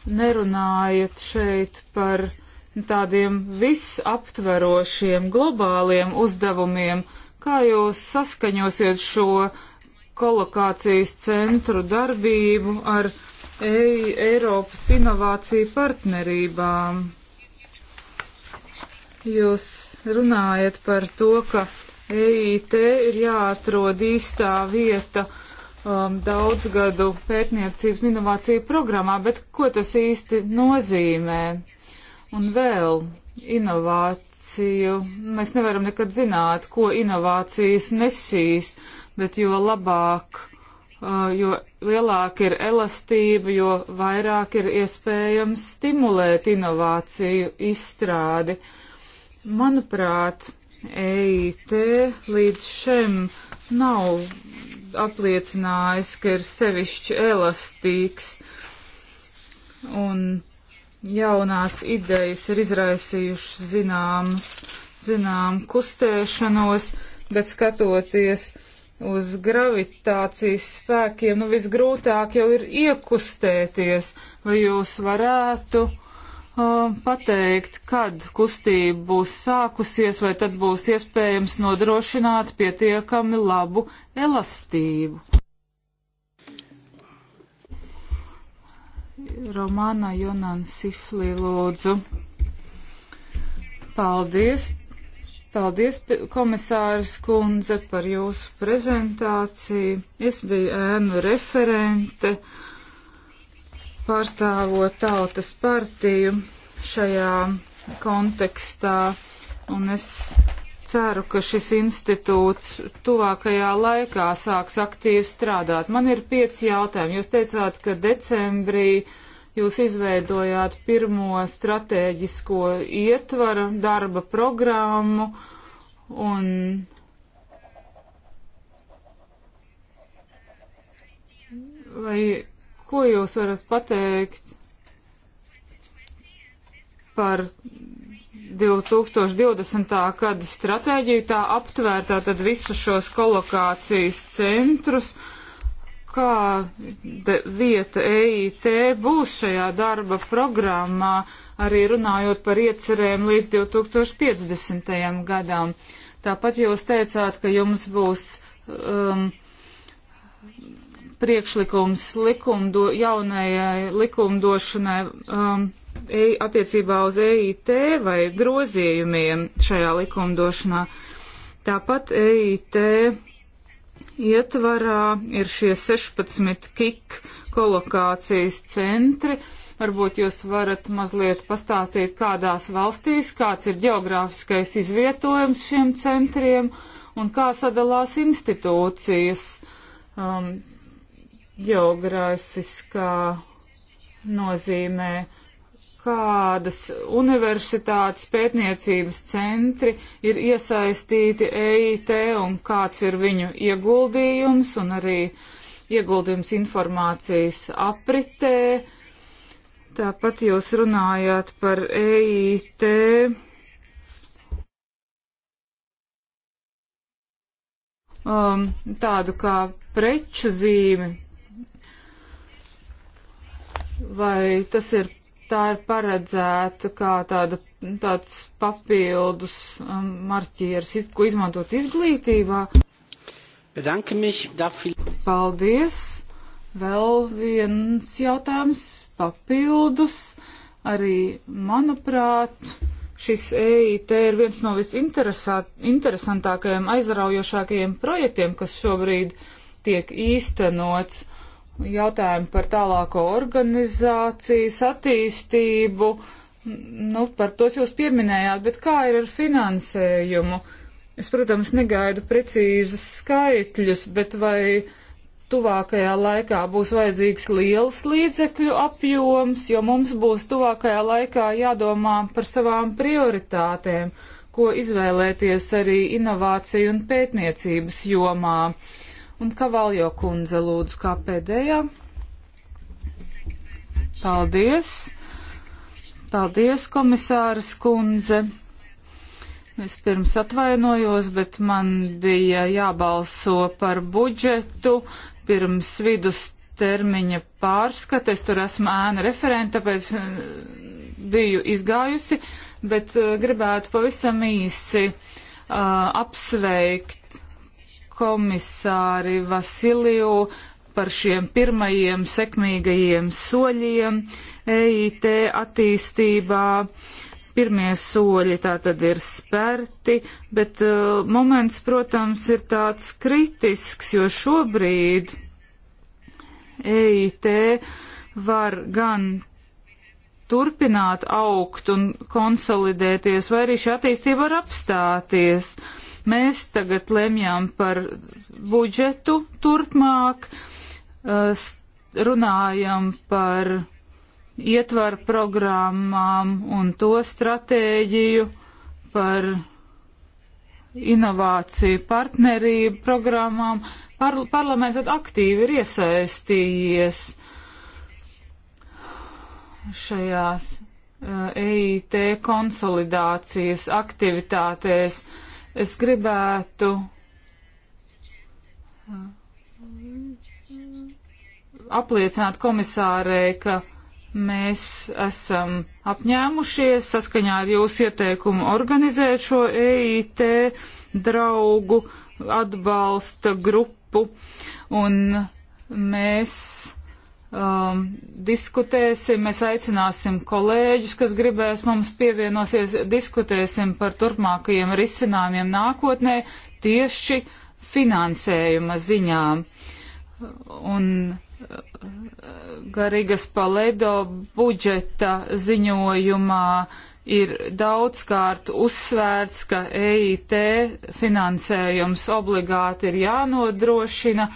nerunājat šeit par tādiem visaptverošiem globāliem uzdevumiem, Kā jūs saskaņosiet šo kolokācijas centru darbību ar Ei, Eiropas inovāciju partnerībām? Jūs runājat par to, ka EIT ir jāatrod īstā vieta um, daudzgadu pētniecības un inovāciju programmā, bet ko tas īsti nozīmē? Un vēl inovāt, inovāciju. Mēs nevaram nekad zināt, ko inovācijas nesīs, bet jo labāk, uh, jo lielāka ir elastība, jo vairāk ir iespējams stimulēt inovāciju izstrādi. Manuprāt, EIT līdz šim nav apliecinājis, ka ir sevišķi elastīgs. Un jaunās idejas ir izraisījušas zināmas, zinām kustēšanos, bet skatoties uz gravitācijas spēkiem, nu visgrūtāk jau ir iekustēties, vai jūs varētu pateikt, kad kustība būs sākusies, vai tad būs iespējams nodrošināt pietiekami labu elastību. Romāna Jonan Sifli lūdzu. Paldies, paldies komisārs kundze par jūsu prezentāciju. Es biju ēnu referente pārstāvot tautas partiju šajā kontekstā, un es ceru, ka šis institūts tuvākajā laikā sāks aktīvi strādāt. Man ir pieci jautājumi. Jūs teicāt, ka decembrī jūs izveidojāt pirmo strateģisko ietvara darba programmu un. Vai ko jūs varat pateikt par 2020. gada stratēģiju tā aptvērtā tad visus šos kolokācijas centrus, kā vieta EIT būs šajā darba programmā, arī runājot par iecerēm līdz 2050. gadam. Tāpat jūs teicāt, ka jums būs um, priekšlikums likumdo, jaunajai likumdošanai. Um, E, attiecībā uz EIT vai grozījumiem šajā likumdošanā. Tāpat EIT ietvarā ir šie 16 kik kolokācijas centri. Varbūt jūs varat mazliet pastāstīt, kādās valstīs, kāds ir geogrāfiskais izvietojums šiem centriem un kā sadalās institūcijas um, geogrāfiskā nozīmē. Uh, kādas universitātes pētniecības centri ir iesaistīti EIT un kāds ir viņu ieguldījums un arī ieguldījums informācijas apritē. Tāpat jūs runājāt par EIT. Um, tādu kā preču zīmi, vai tas ir tā ir paredzēta kā tāda, tāds papildus um, marķieris, iz, ko izmantot izglītībā. Paldies! Vēl viens jautājums papildus. Arī, manuprāt, šis EIT ir viens no visinteresantākajiem, aizraujošākajiem projektiem, kas šobrīd tiek īstenots jautājumu par tālāko organizācijas attīstību. Nu, par tos jūs pieminējāt, bet kā ir ar finansējumu? Es, protams, negaidu precīzus skaitļus, bet vai tuvākajā laikā būs vajadzīgs liels līdzekļu apjoms, jo mums būs tuvākajā laikā jādomā par savām prioritātēm, ko izvēlēties arī inovāciju un pētniecības jomā. Uh, Un Kavaljo kundze lūdzu kā pēdējā. Paldies. Paldies, komisāras kundze. Es pirms atvainojos, bet man bija jābalso par budžetu pirms vidus termiņa pārskata. Es tur esmu ēna referenta, tāpēc eh, biju izgājusi, bet eh, gribētu pavisam īsi uh, apsveikt komisāri Vasiliju par šiem pirmajiem sekmīgajiem soļiem EIT attīstībā. Pirmie soļi tā tad ir spērti, bet uh, moments, protams, ir tāds kritisks, jo šobrīd EIT var gan turpināt augt un konsolidēties, vai arī šī attīstība var apstāties. Uh, Mēs tagad lemjam par budžetu turpmāk, eh, runājam par ietvaru programmām un to stratēģiju, par inovāciju partnerību programmām. Par, parlaments aktīvi ir iesaistījies šajās EIT eh, e konsolidācijas aktivitātēs. Uh, Es gribētu uh, apliecināt komisārei, ka mēs esam apņēmušies saskaņā ar jūsu ieteikumu organizēt šo EIT draugu atbalsta grupu, un mēs um, diskutēsim, mēs aicināsim kolēģus, kas gribēs mums pievienosies, diskutēsim par turpmākajiem risinājumiem nākotnē tieši finansējuma ziņā. Un uh, Garīgas Paledo budžeta ziņojumā ir daudzkārt uzsvērts, ka EIT finansējums obligāti ir jānodrošina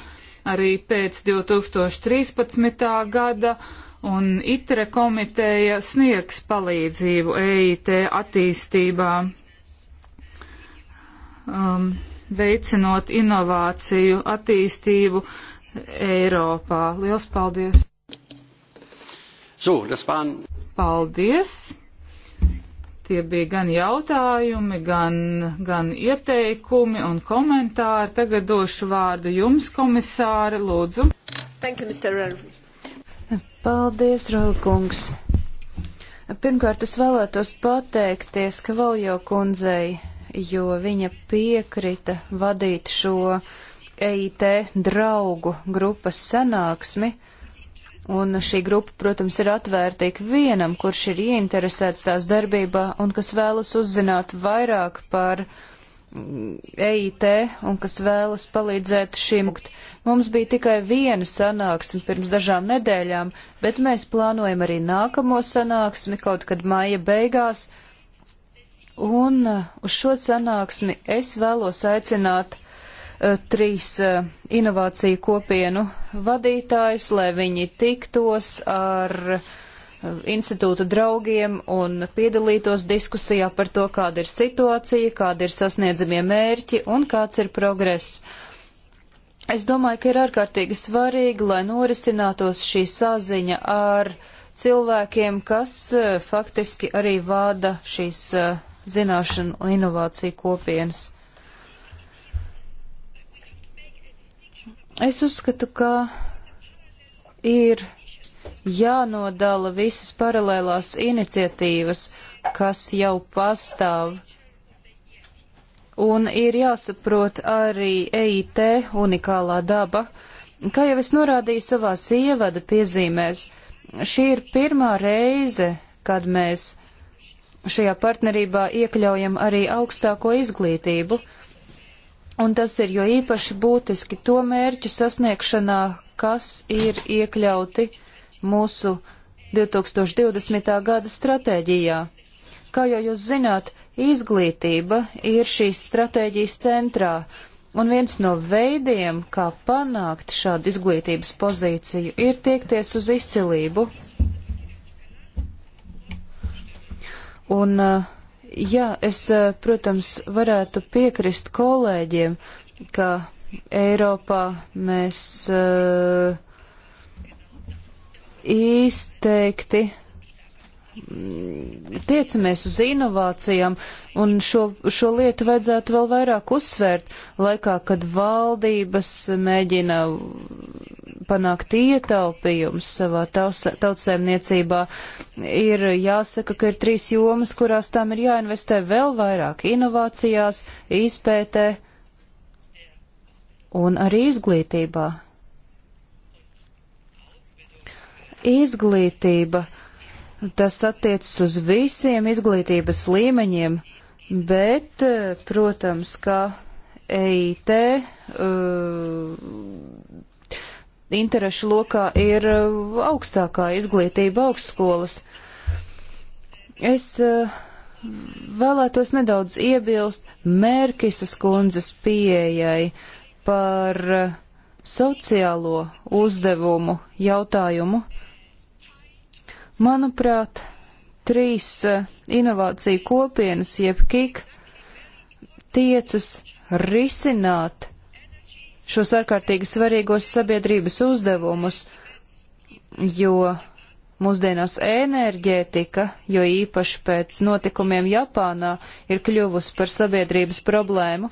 arī pēc 2013. gada, un ITRE komiteja sniegs palīdzību EIT attīstībā, um, veicinot inovāciju attīstību Eiropā. Liels paldies! So, das waren... Paldies! Tie bija gan jautājumi, gan, gan ieteikumi un komentāri. Tagad došu vārdu jums, komisāri, lūdzu. Thank you, Mr. Rell. Paldies, Rolkungs. Pirmkārt, es vēlētos pateikties Kavaljo kundzei, jo viņa piekrita vadīt šo EIT draugu grupas sanāksmi. Un šī grupa, protams, ir atvērta ik vienam, kurš ir ieinteresēts tās darbībā un kas vēlas uzzināt vairāk par mm, EIT un kas vēlas palīdzēt šim. Mums bija tikai viena sanāksme pirms dažām nedēļām, bet mēs plānojam arī nākamo sanāksmi kaut kad māja beigās. Un uh, uz šo sanāksmi es vēlos aicināt Eh, trīs eh, inovāciju kopienu vadītājus, lai viņi tiktos ar eh, institūta draugiem un piedalītos diskusijā par to, kāda ir situācija, kāda ir sasniedzamie mērķi un kāds ir progress. Es domāju, ka ir ārkārtīgi svarīgi, lai norisinātos šī saziņa ar cilvēkiem, kas faktiski arī vāda šīs zināšanu un inovāciju kopienas. Es uzskatu, ka ir jānodala visas paralēlās iniciatīvas, kas jau pastāv. Un ir jāsaprot arī EIT unikālā daba. Kā jau es norādīju savās ievada piezīmēs, šī ir pirmā reize, kad mēs šajā partnerībā iekļaujam arī augstāko izglītību. Un tas ir jo īpaši būtiski to mērķu sasniegšanā, kas ir iekļauti mūsu 2020. gada stratēģijā. Kā jau jūs zināt, izglītība ir šīs stratēģijas centrā, un viens no veidiem, kā panākt šādu izglītības pozīciju, ir tiekties uz izcilību. Un uh, Jā, es, eh, protams, varētu piekrist kolēģiem, ka Eiropā mēs izteikti eh, mm, tiecamies uz inovācijām, un šo, šo lietu vajadzētu vēl vairāk uzsvērt laikā, kad valdības mēģina panākt ietaupījums savā tautsēmniecībā, ir jāsaka, ka ir trīs jomas, kurās tām ir jāinvestē vēl vairāk - inovācijās, izpētē un arī izglītībā. Izglītība. Tas attiecas uz visiem izglītības līmeņiem, bet, eh, protams, ka EIT uh, eh, interešu lokā ir uh, augstākā izglītība, augstskolas. Es uh, vēlētos nedaudz iebilst Mērkisas kundzes pieejai par uh, sociālo uzdevumu jautājumu. Manuprāt, trīs inovāciju kopienas, jeb kik, tiecas risināt šos ārkārtīgi svarīgos sabiedrības uzdevumus, jo mūsdienās enerģētika, jo īpaši pēc notikumiem Japānā, ir kļuvusi par sabiedrības problēmu.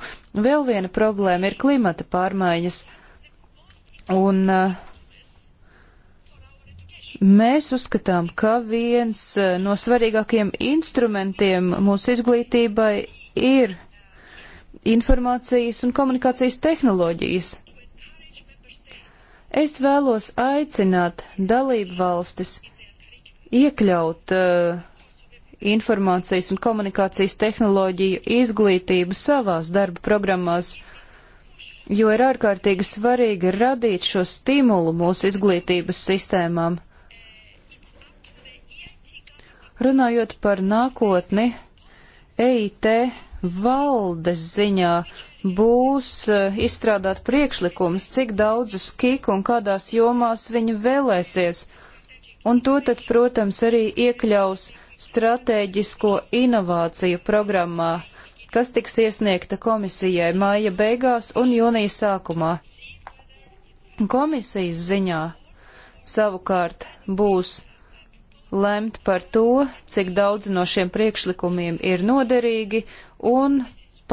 Vēl viena problēma ir klimata pārmaiņas. Un uh, Mēs uzskatām, ka viens uh, no svarīgākajiem instrumentiem mūsu izglītībai ir informācijas un komunikācijas tehnoloģijas. Es vēlos aicināt dalību valstis iekļaut uh, informācijas un komunikācijas tehnoloģiju izglītību savās darba programmās, jo ir ārkārtīgi svarīgi radīt šo stimulu mūsu izglītības sistēmām. Runājot par nākotni, EIT valdes ziņā būs eh, izstrādāt priekšlikums, cik daudzus kik un kādās jomās viņi vēlēsies, un to tad, protams, arī iekļaus stratēģisko inovāciju programmā, kas tiks iesniegta komisijai māja beigās un jūnija sākumā. Komisijas ziņā savukārt būs lemt par to, cik daudz no šiem priekšlikumiem ir noderīgi un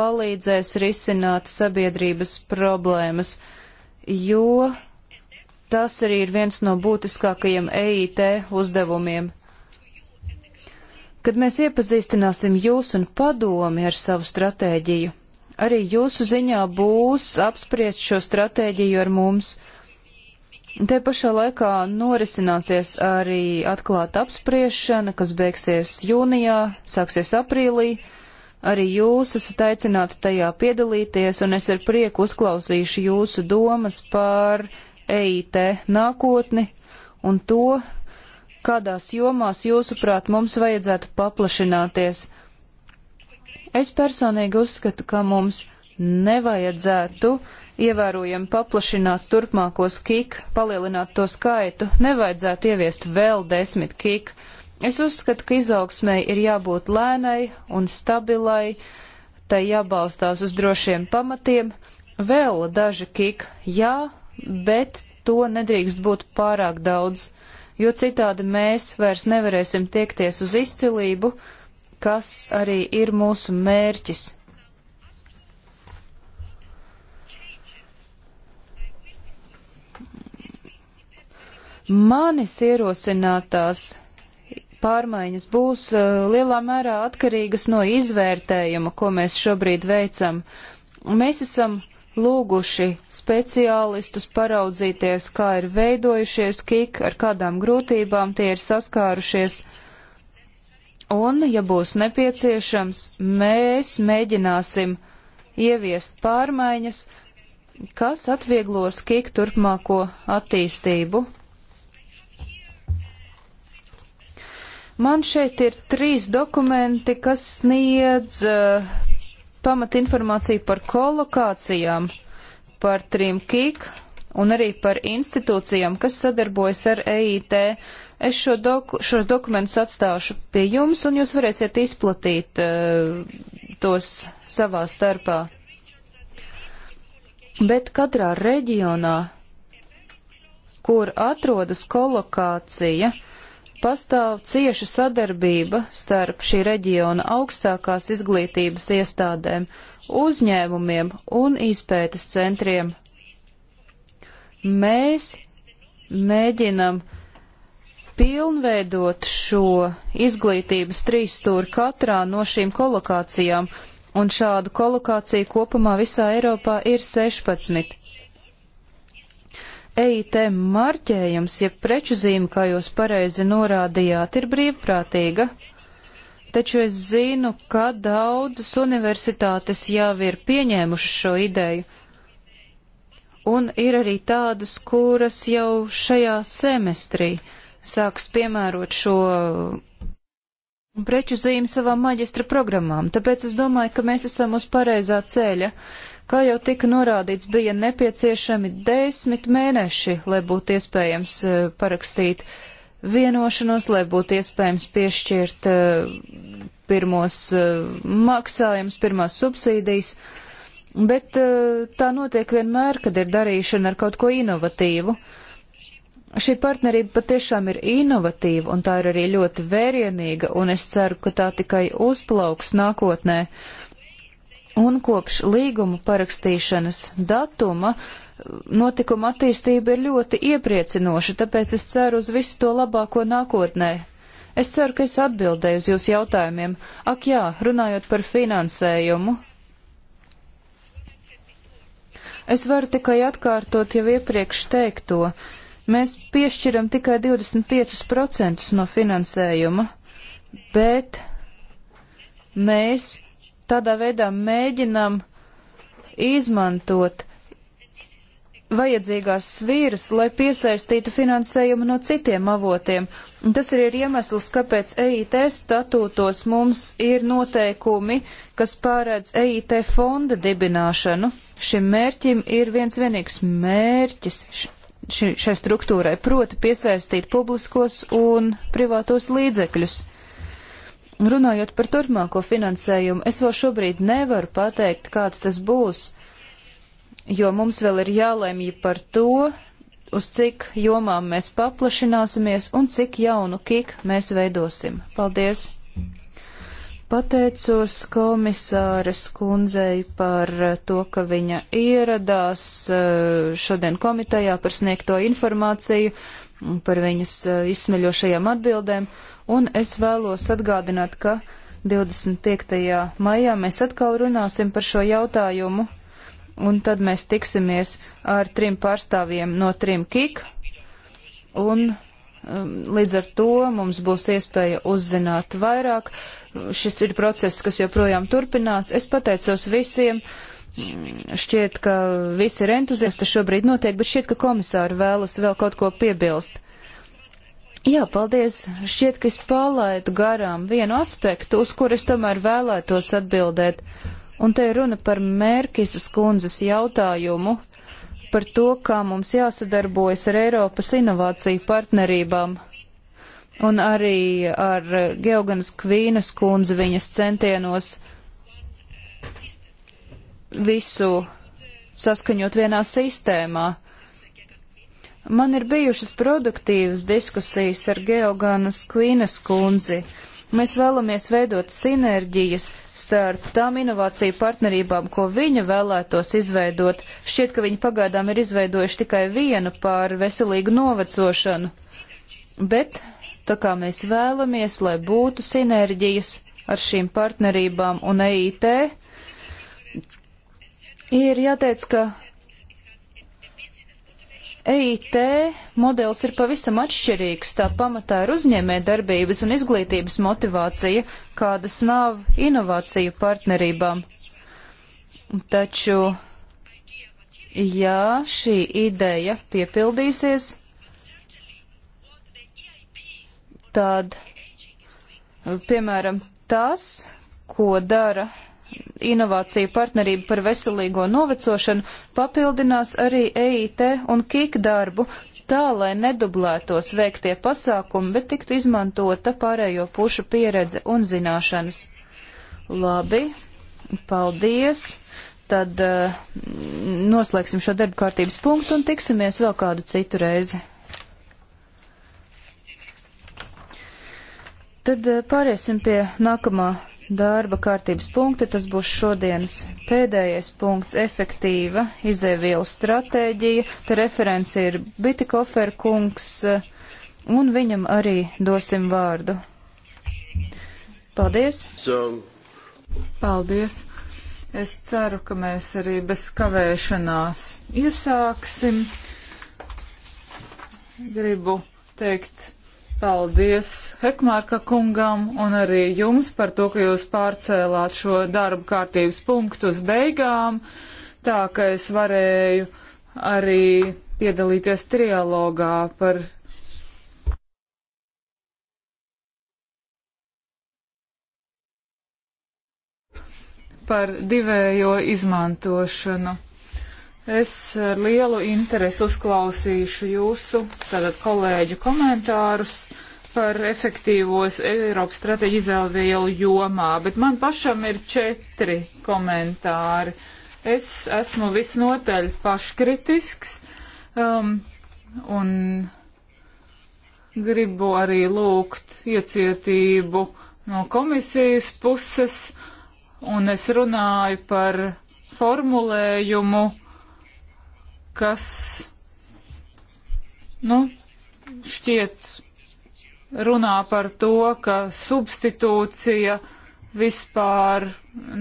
palīdzēs risināt sabiedrības problēmas, jo tas arī ir viens no būtiskākajiem EIT uzdevumiem. Kad mēs iepazīstināsim jūs un padomi ar savu stratēģiju, arī jūsu ziņā būs apspriest šo stratēģiju ar mums. Te pašā laikā norisināsies arī atklāta apspriešana, kas beigsies jūnijā, sāksies aprīlī. Arī jūs esat aicināti tajā piedalīties, un es ar prieku uzklausīšu jūsu domas par EIT nākotni un to, kādās jomās jūsuprāt mums vajadzētu paplašināties. Es personīgi uzskatu, ka mums nevajadzētu uh, ievērojami paplašināt turpmākos kik, palielināt to skaitu, nevajadzētu ieviest vēl desmit kik. Es uzskatu, ka izaugsmai ir jābūt lēnai un stabilai, tai jābalstās uz drošiem pamatiem, vēl daži kik, jā, bet to nedrīkst būt pārāk daudz, jo citādi mēs vairs nevarēsim tiekties uz izcilību, kas arī ir mūsu mērķis Manis ierosinātās pārmaiņas būs eh, lielā mērā atkarīgas no izvērtējuma, ko mēs šobrīd veicam. Mēs esam lūguši speciālistus paraudzīties, kā ir veidojušies kik, ar kādām grūtībām tie ir saskārušies. Un, ja būs nepieciešams, mēs mēģināsim ieviest pārmaiņas, kas atvieglos kik turpmāko attīstību. Man šeit ir trīs dokumenti, kas sniedz uh, eh, pamat informāciju par kolokācijām, par trim kīk un arī par institūcijām, kas sadarbojas ar EIT. Es šo doku, šos dokumentus atstāšu pie jums, un jūs varēsiet izplatīt uh, tos savā starpā. Bet katrā reģionā, kur atrodas kolokācija, uh, Pastāv cieša sadarbība starp šī reģiona augstākās izglītības iestādēm, uzņēmumiem un izpētes centriem. Mēs mēģinam pilnveidot šo izglītības trīsstūri katrā no šīm kolokācijām, un šādu kolokāciju kopumā visā Eiropā ir 16. EIT marķējums, jeb ja preču zīme, kā jūs pareizi norādījāt, ir brīvprātīga, taču es zinu, ka daudzas universitātes jau ir pieņēmušas šo ideju, un ir arī tādas, kuras jau šajā semestrī sāks piemērot šo preču zīmi savām maģistra programmām, tāpēc es domāju, ka mēs esam uz pareizā ceļa. Uh, Kā jau tika norādīts, bija nepieciešami desmit mēneši, lai būtu iespējams eh, parakstīt vienošanos, lai būtu iespējams piešķirt eh, pirmos eh, maksājumus, pirmās subsīdijas, bet tā notiek vienmēr, kad ir darīšana ar kaut ko inovatīvu. Šī partnerība patiešām ir inovatīva un tā ir arī ļoti vērienīga, un es ceru, ka tā tikai uzplauks nākotnē. Uh, un kopš līguma parakstīšanas datuma eh, notikuma attīstība ir ļoti iepriecinoša, tāpēc es ceru uz visu to labāko nākotnē. Es ceru, ka es atbildēju uz jūsu jautājumiem. Ak jā, runājot par finansējumu. Es varu tikai atkārtot jau iepriekš teikto. Mēs piešķiram tikai 25% no finansējuma, bet mēs tādā veidā mēģinam izmantot vajadzīgās svīras, lai piesaistītu finansējumu no citiem avotiem. Un tas ir iemesls, kāpēc EIT statūtos mums ir noteikumi, kas pārēdz EIT fonda dibināšanu. Šim mērķim ir viens vienīgs mērķis šai struktūrai, proti piesaistīt publiskos un privātos līdzekļus. Runājot par turpmāko finansējumu, es vēl šobrīd nevaru pateikt, kāds tas būs, jo mums vēl ir jālēmj par to, uz cik jomām mēs paplašināsimies un cik jaunu kik mēs veidosim. Paldies! Pateicos komisāres kundzei par to, ka viņa ieradās eh, šodien komitejā par sniegto informāciju, par viņas eh, izsmeļošajām atbildēm un es vēlos atgādināt, ka 25. maijā mēs atkal runāsim par šo jautājumu, un tad mēs tiksimies ar trim pārstāvjiem no trim KIK, un um, līdz ar to mums būs iespēja uzzināt vairāk. Šis ir process, kas joprojām turpinās. Es pateicos visiem. Šķiet, ka visi ir entuziasti šobrīd notiek, bet šķiet, ka komisāri vēlas vēl kaut ko piebilst. Jā, paldies. Šķiet, ka es palaidu garām vienu aspektu, uz kur es tomēr vēlētos atbildēt. Un te ir runa par Mērkisas kundzes jautājumu par to, kā mums jāsadarbojas ar Eiropas inovāciju partnerībām. Un arī ar Geoganas Kvīnas kundzi viņas centienos visu saskaņot vienā sistēmā. Man ir bijušas produktīvas diskusijas ar Geogānas Kvīnas kundzi. Mēs vēlamies veidot sinerģijas starp tām inovāciju partnerībām, ko viņa vēlētos izveidot. Šķiet, ka viņi pagaidām ir izveidojuši tikai vienu pār veselīgu novecošanu. Bet, tā kā mēs vēlamies, lai būtu sinerģijas ar šīm partnerībām un EIT, ir jāteic, ka EIT modelis ir pavisam atšķirīgs, tā pamatā ir uzņēmē darbības un izglītības motivācija, kādas nav inovāciju partnerībām. Taču, ja šī ideja piepildīsies, tad, piemēram, tas, ko dara inovāciju partnerību par veselīgo novecošanu papildinās arī EIT un KIK darbu, tā lai nedublētos veiktie pasākumi, bet tiktu izmantota pārējo pušu pieredze un zināšanas. Labi, paldies! Tad uh, noslēgsim šo darbu kārtības punktu un tiksimies vēl kādu citu reizi. Tad eh, pāriesim pie nākamā darba kārtības punkti. Tas būs šodienas pēdējais punkts - efektīva izēvielu stratēģija. Te referents ir Bitikofer kungs, un viņam arī dosim vārdu. Paldies! So. Paldies! Es ceru, ka mēs arī bez kavēšanās iesāksim. Gribu teikt Paldies Hekmārka kungam un arī jums par to, ka jūs pārcēlāt šo darbu kārtības punktu uz beigām, tā ka es varēju arī piedalīties trialogā par. par divējo izmantošanu. Es ar lielu interesi uzklausīšu jūsu, tātad kolēģu komentārus par efektīvos Eiropas stratēģiju izvēlvielu jomā, bet man pašam ir četri komentāri. Es esmu visnotaļ paškritisks um, un gribu arī lūgt iecietību no komisijas puses, un es runāju par formulējumu kas, nu, šķiet runā par to, ka substitūcija vispār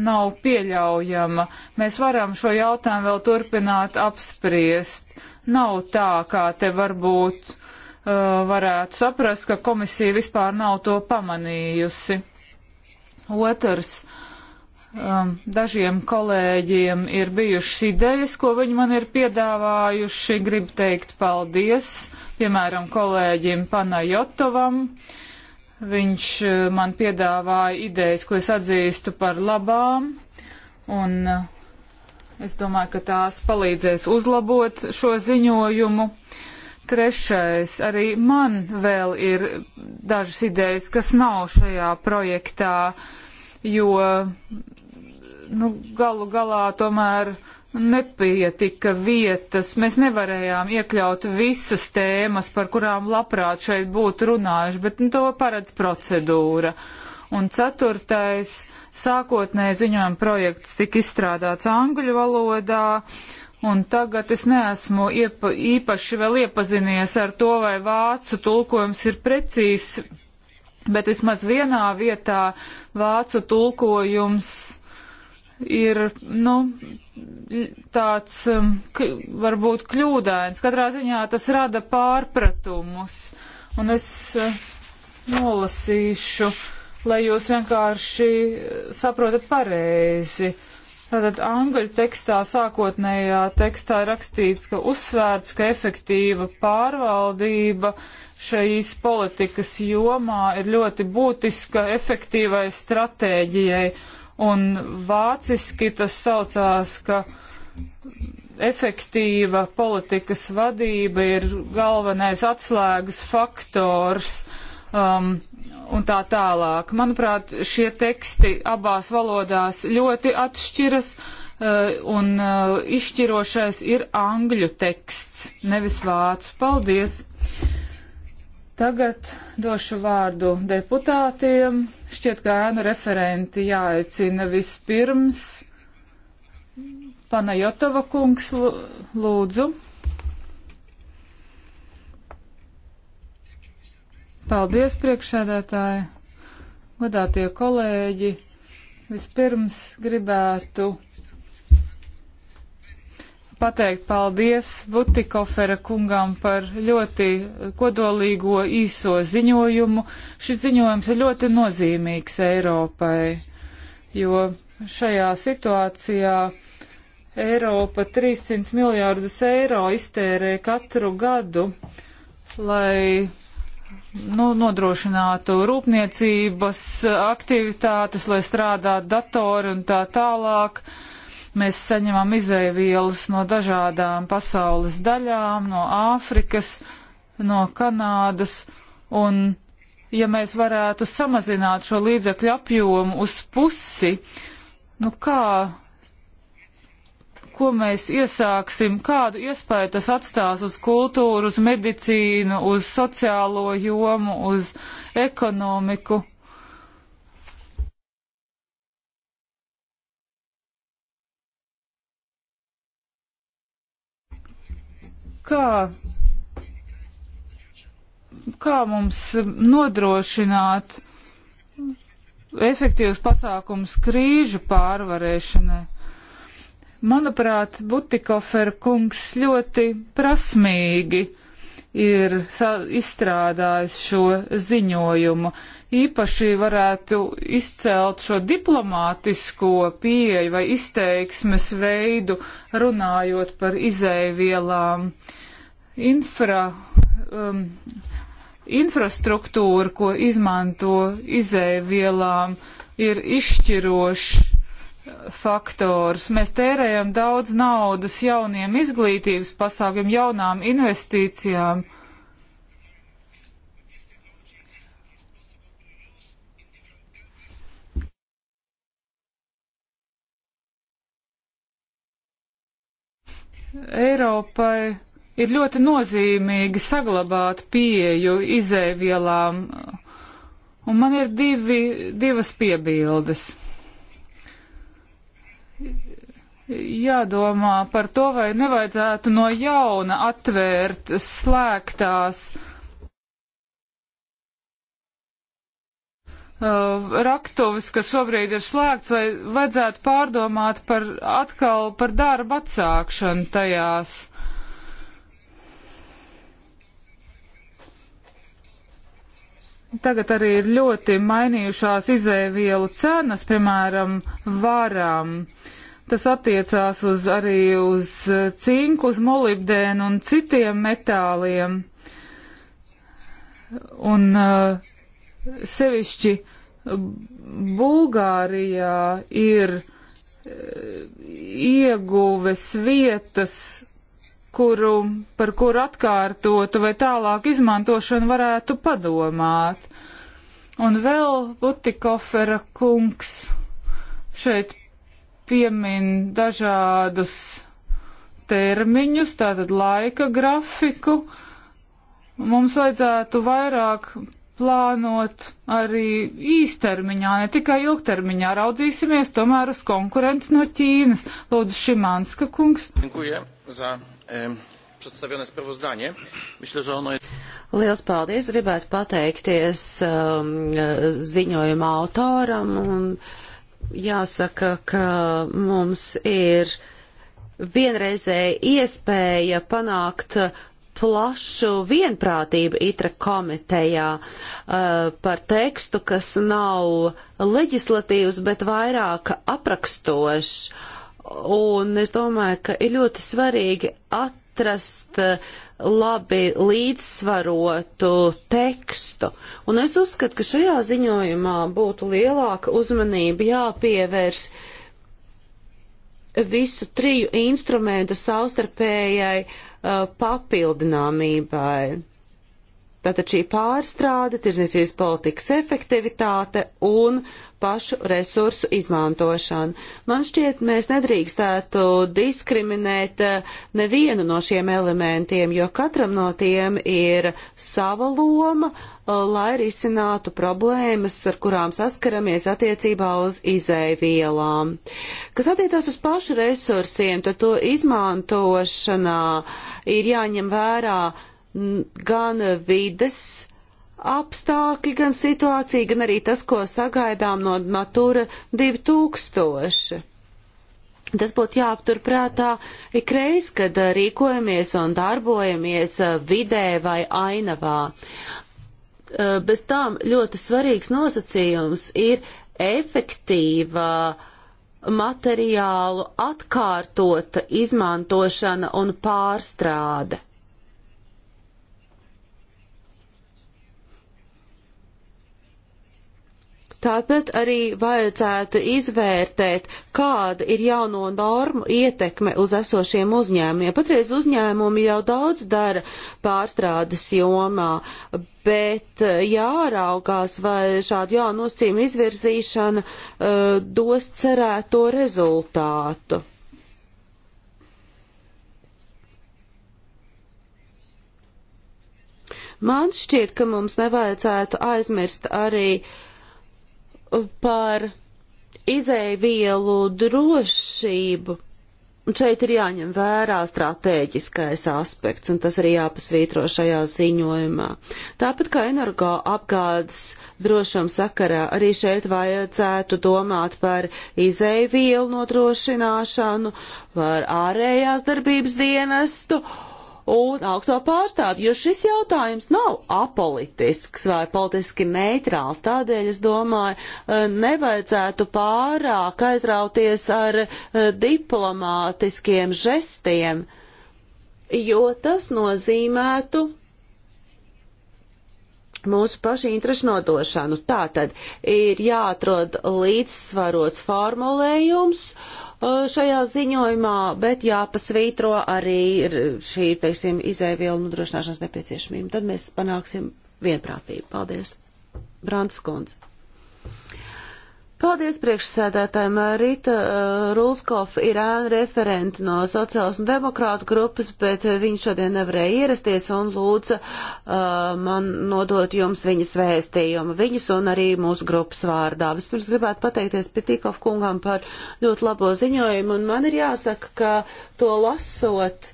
nav pieļaujama. Mēs varam šo jautājumu vēl turpināt apspriest. Nav tā, kā te varbūt uh, varētu saprast, ka komisija vispār nav to pamanījusi. Otrs. Uh, um, dažiem kolēģiem ir bijušas idejas, ko viņi man ir piedāvājuši. Gribu teikt paldies, piemēram, kolēģim Panajotovam. Viņš uh, man piedāvāja idejas, ko es atzīstu par labām, un uh, es domāju, ka tās palīdzēs uzlabot šo ziņojumu. Trešais, arī man vēl ir dažas idejas, kas nav šajā projektā, jo nu, galu galā tomēr nepietika vietas. Mēs nevarējām iekļaut visas tēmas, par kurām labprāt šeit būtu runājuši, bet nu, to paredz procedūra. Un ceturtais sākotnēji ziņojuma projekts tika izstrādāts angļu valodā, un tagad es neesmu iepa, īpaši vēl iepazinies ar to, vai vācu tulkojums ir precīzs, bet vismaz vienā vietā vācu tulkojums ir, nu, tāds um, varbūt kļūdains. Katrā ziņā tas rada pārpratumus. Un es uh, nolasīšu, lai jūs vienkārši uh, saprotat pareizi. Tātad angļu tekstā sākotnējā tekstā rakstīts, ka uzsvērts, ka efektīva pārvaldība šīs politikas jomā ir ļoti būtiska efektīvai stratēģijai un vāciski tas saucās, ka efektīva politikas vadība ir galvenais atslēgas faktors um, un tā tālāk. Manuprāt, šie teksti abās valodās ļoti atšķiras uh, un uh, izšķirošais ir angļu teksts, nevis vācu. Paldies! Tagad došu vārdu deputātiem. Šķiet, ka ēnu referenti jāaicina vispirms. Pana Jotova kungs, lūdzu. Paldies, priekšsēdētāji, godātie kolēģi. Vispirms gribētu pateikt paldies Butikofera kungam par ļoti kodolīgo īso ziņojumu. Šis ziņojums ir ļoti nozīmīgs Eiropai, jo šajā situācijā Eiropa 300 miljārdus eiro iztērē katru gadu, lai nu, nodrošinātu rūpniecības aktivitātes, lai strādātu datori un tā tālāk. Uh, Mēs saņemam izēvielas no dažādām pasaules daļām, no Āfrikas, no Kanādas, un ja mēs varētu samazināt šo līdzekļu apjomu uz pusi, nu kā, ko mēs iesāksim, kādu iespēju tas atstās uz kultūru, uz medicīnu, uz sociālo jomu, uz ekonomiku? kā, kā mums nodrošināt efektīvus pasākums krīžu pārvarēšanai. Manuprāt, Butikofer kungs ļoti prasmīgi uh, ir izstrādājis šo ziņojumu. Īpaši varētu izcelt šo diplomātisko pieeju vai izteiksmes veidu, runājot par izēvielām. Infra, um, infrastruktūra, ko izmanto izēvielām, ir izšķirošs faktors. Mēs tērējam daudz naudas jauniem izglītības pasākumiem, jaunām investīcijām. Eiropai ir ļoti nozīmīgi saglabāt pieju izēvielām, un man ir divi, divas piebildes. jādomā par to, vai nevajadzētu no jauna atvērt slēgtās uh, raktuvis, kas šobrīd ir slēgts, vai vajadzētu pārdomāt par atkal par darbu atsākšanu tajās. Tagad arī ir ļoti mainījušās izēvielu cenas, piemēram, varam. Uh, Tas attiecās uz, arī uz eh, cinku, uz molibdēnu un citiem metāliem. Un eh, sevišķi eh, Bulgārijā ir ieguves vietas, kuru, par kuru atkārtotu vai tālāk izmantošanu varētu padomāt. Un vēl Butikofera kungs šeit piemin dažādus termiņus, tātad laika grafiku. Mums vajadzētu vairāk plānot arī īstermiņā, ne tikai ilgtermiņā. Raudzīsimies tomēr uz konkurenci no Ķīnas. Lūdzu, Šimanska kungs. E, Liels paldies! Gribētu pateikties um, ziņojuma autoram. Un, uh, jāsaka, ka mums ir vienreizēja iespēja panākt plašu vienprātību itra komitejā uh, par tekstu, kas nav leģislatīvs, bet vairāk aprakstošs. Un es domāju, ka ir ļoti svarīgi at atrast eh, labi līdzsvarotu tekstu. Un es uzskatu, ka šajā ziņojumā būtu lielāka uzmanība jāpievērš visu triju instrumentu savstarpējai uh, papildināmībai. Tātad šī pārstrāde, tirdzniecības politikas efektivitāte un pašu resursu izmantošanu. Man šķiet, mēs nedrīkstētu diskriminēt eh, nevienu no šiem elementiem, jo katram no tiem ir sava loma, eh, lai risinātu problēmas, ar kurām saskaramies attiecībā uz izēvielām. Kas attiecās uz pašu resursiem, tad to izmantošanā ir jāņem vērā gan vides apstākļi, gan situācija, gan arī tas, ko sagaidām no Natūra 2000. Tas būtu jāaptur prātā ikreiz, kad uh, rīkojamies un darbojamies uh, vidē vai ainavā. Uh, bez tām ļoti svarīgs nosacījums ir efektīva materiālu atkārtota izmantošana un pārstrāde. Tāpat arī vajadzētu izvērtēt, kāda ir jauno normu ietekme uz esošiem uzņēmumiem. Patreiz uzņēmumi jau daudz dara pārstrādes jomā, bet eh, jāraugās, vai šādu jaunu nosacījumu izvirzīšana uh, dos cerēto rezultātu. Man šķiet, ka mums nevajadzētu aizmirst arī uh, par izēvielu drošību. Un šeit ir jāņem vērā strateģiskais aspekts, un tas arī jāpasvītro šajā ziņojumā. Tāpat kā energo apgādes drošuma sakarā, arī šeit vajadzētu domāt par izēvielu nodrošināšanu, par ārējās darbības dienestu un augsto pārstāvju, jo šis jautājums nav apolitisks vai politiski neitrāls. Tādēļ, es domāju, e, nevajadzētu pārāk aizrauties ar e, diplomātiskiem žestiem, jo tas nozīmētu mūsu pašu interešu nodošanu. Tātad ir jāatrod līdzsvarots formulējums. Uh, šajā ziņojumā, bet jāpasvītro arī šī, teiksim, izēvielu nodrošināšanas nepieciešamība. Tad mēs panāksim vienprātību. Paldies! Brants Kundze. Paldies priekšsēdētājiem. Rita uh, eh, Rulskov ir ēna referenti no sociālas un demokrātu grupas, bet eh, viņa šodien nevarēja ierasties un lūdza uh, man nodot jums viņas vēstījumu, viņas un arī mūsu grupas vārdā. Vispirms gribētu pateikties Pitīkov kungam par ļoti labo ziņojumu, un man ir jāsaka, ka to lasot.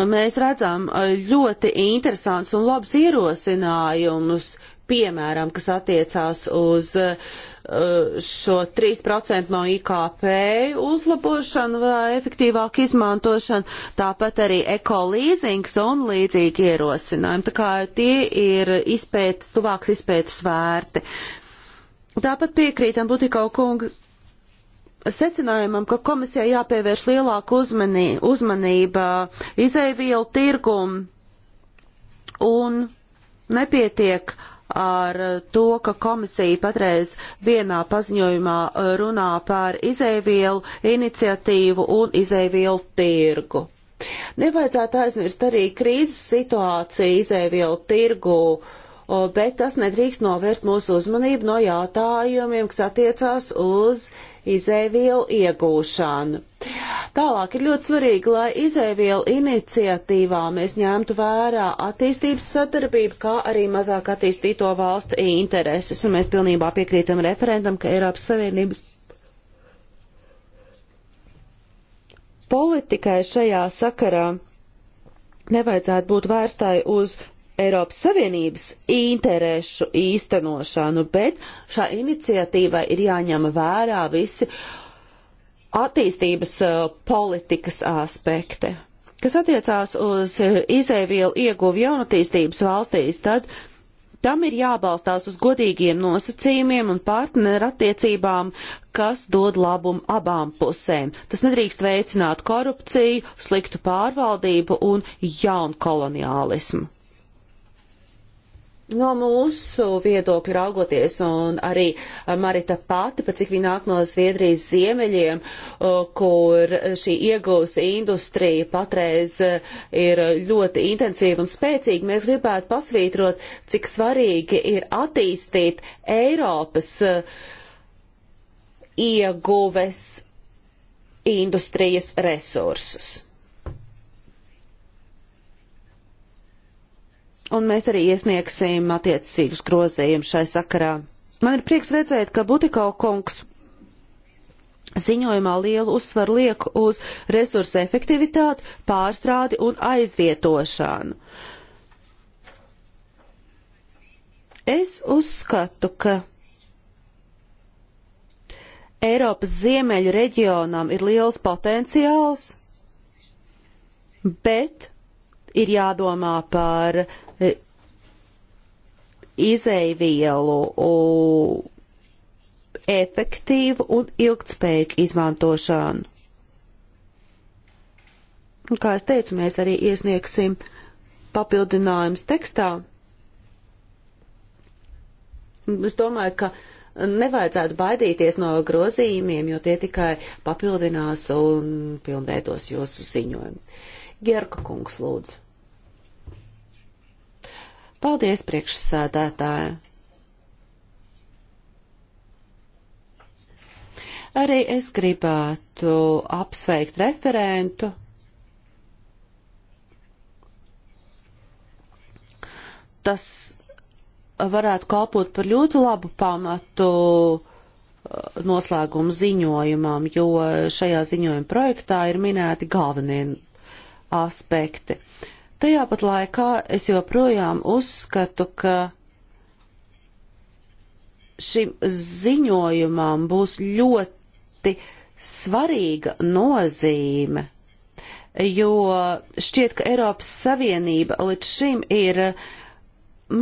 Mēs redzam ļoti interesants un labs ierosinājumus, piemēram, kas attiecās uz uh, šo 3% no IKP uzlabošanu vai efektīvāku izmantošanu, tāpat arī ekolīzings un līdzīgi ierosinājumi. Tā kā tie ir izpētes, tuvāks izpētes vērti. Tāpat piekrītam Butikau kungu secinājumam, ka komisijai jāpievērš lielāka uzmanī, uzmanība izēvielu tirgumu un nepietiek ar eh, to, ka komisija patreiz vienā paziņojumā eh, runā par izēvielu iniciatīvu un izēvielu tirgu. Nevajadzētu aizmirst arī krīzes situāciju izēvielu tirgu uh, bet tas nedrīkst novērst mūsu uzmanību no jautājumiem, kas attiecās uz izēvielu iegūšanu. Tālāk ir ļoti svarīgi, lai izēvielu iniciatīvā mēs ņemtu vērā attīstības sadarbību, kā arī mazāk attīstīto valstu intereses, un mēs pilnībā piekrītam referentam, ka Eiropas Savienības politikai šajā sakarā nevajadzētu būt vērstai uz Eiropas Savienības interešu īstenošanu, bet šā iniciatīva ir jāņem vērā visi attīstības uh, politikas aspekti. Kas attiecās uz uh, izēvielu ieguvu jaunatīstības valstīs, tad tam ir jābalstās uz godīgiem nosacījumiem un partnerattiecībām, kas dod labumu abām pusēm. Tas nedrīkst veicināt korupciju, sliktu pārvaldību un jaunkoloniālismu. No mūsu viedokļa raugoties, un arī Marita pati, pat cik viņa nāk no Zviedrijas ziemeļiem, kur šī iegūs industrija patreiz e, ir ļoti intensīva un spēcīga, mēs gribētu pasvītrot, cik svarīgi ir attīstīt Eiropas e, ieguves industrijas resursus. un mēs arī iesniegsim attiecīgus grozījumus šai sakarā. Man ir prieks redzēt, ka Butikau kungs ziņojumā lielu uzsvaru liek uz resursu efektivitāti, pārstrādi un aizvietošanu. Es uzskatu, ka Eiropas ziemeļu reģionam ir liels potenciāls, bet ir jādomā par izēvielu efektīvu un ilgtspējīgu izmantošanu. Un, kā es teicu, mēs arī iesniegsim papildinājumus tekstā. Es domāju, ka nevajadzētu baidīties no grozījumiem, jo tie tikai papildinās un pilnveidos jūsu ziņojumu. Gerka kungs, lūdzu. Paldies, priekšsēdētāji! Arī es gribētu apsveikt referentu. Tas varētu kalpot par ļoti labu pamatu uh, noslēgumu ziņojumam, jo šajā ziņojuma projektā ir minēti galvenie aspekti. Uh, Tajā pat laikā es joprojām uzskatu, ka šim ziņojumam būs ļoti svarīga nozīme, jo šķiet, ka Eiropas Savienība līdz šim ir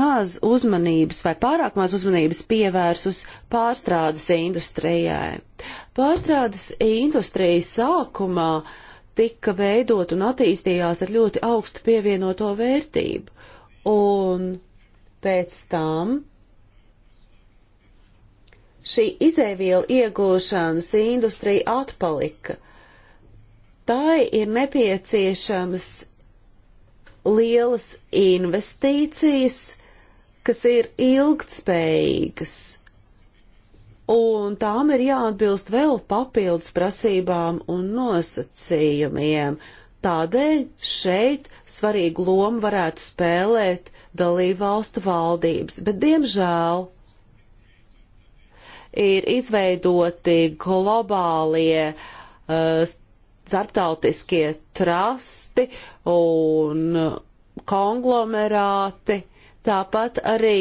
maz uzmanības vai pārāk maz uzmanības pievērsus pārstrādes industrijai. Pārstrādes industrijas sākumā uh, tika veidot un attīstījās ar ļoti augstu pievienoto vērtību. Un pēc tam šī izēvielu iegūšanas industrija atpalika. Tai ir nepieciešamas lielas investīcijas, kas ir ilgtspējīgas un tām ir jāatbilst vēl papildus prasībām un nosacījumiem. Tādēļ šeit svarīgu lomu varētu spēlēt dalību valstu valdības, bet diemžēl ir izveidoti globālie uh, starptautiskie trasti un konglomerāti, Tāpat arī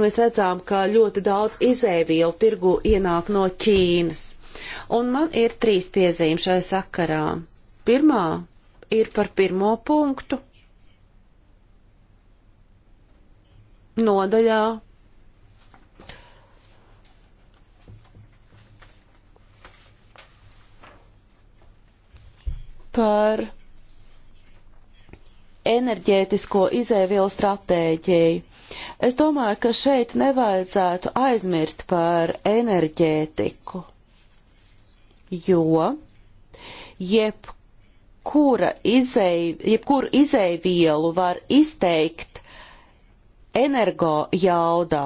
mēs redzām, ka ļoti daudz izēvielu tirgu ienāk no Ķīnas. Un man ir trīs piezīmes šai sakarā. Pirmā ir par pirmo punktu nodaļā. Par enerģētisko izēvielu stratēģiju. Es domāju, ka šeit nevajadzētu aizmirst par enerģētiku, jo jebkura izēj, jebkuru izēvielu var izteikt energo jaudā.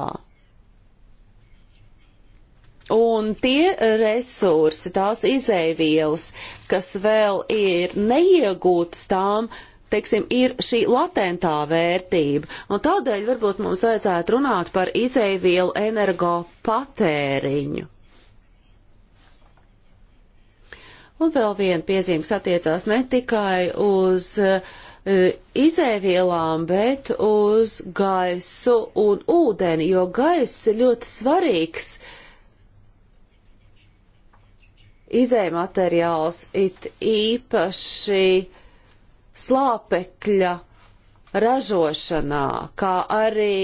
Un tie resursi, tās izēvielas, kas vēl ir neiegūtas tām, uh, teiksim, ir šī latentā vērtība. Un tādēļ varbūt mums vajadzētu runāt par izēvielu energo patēriņu. Un vēl viena piezīme, kas attiecās ne tikai uz uh, izēvielām, bet uz gaisu un ūdeni, jo gaiss ir ļoti svarīgs izēmateriāls, it īpaši uh, slāpekļa ražošanā, kā arī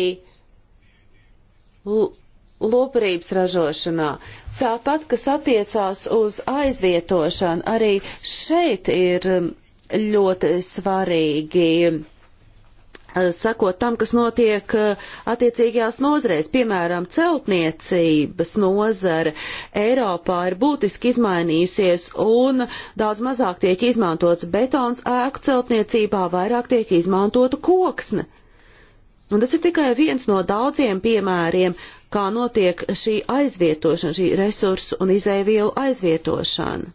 loprības ražošanā. Tāpat, kas attiecās uz aizvietošanu, arī šeit ir ļoti svarīgi Eh, sekot tam, kas notiek eh, attiecīgajās nozarēs. Piemēram, celtniecības nozare Eiropā ir būtiski izmainījusies un daudz mazāk tiek izmantots betons ēku celtniecībā, vairāk tiek izmantota koksne. Un tas ir tikai viens no daudziem piemēriem, kā notiek šī aizvietošana, šī resursu un izēvielu aizvietošana.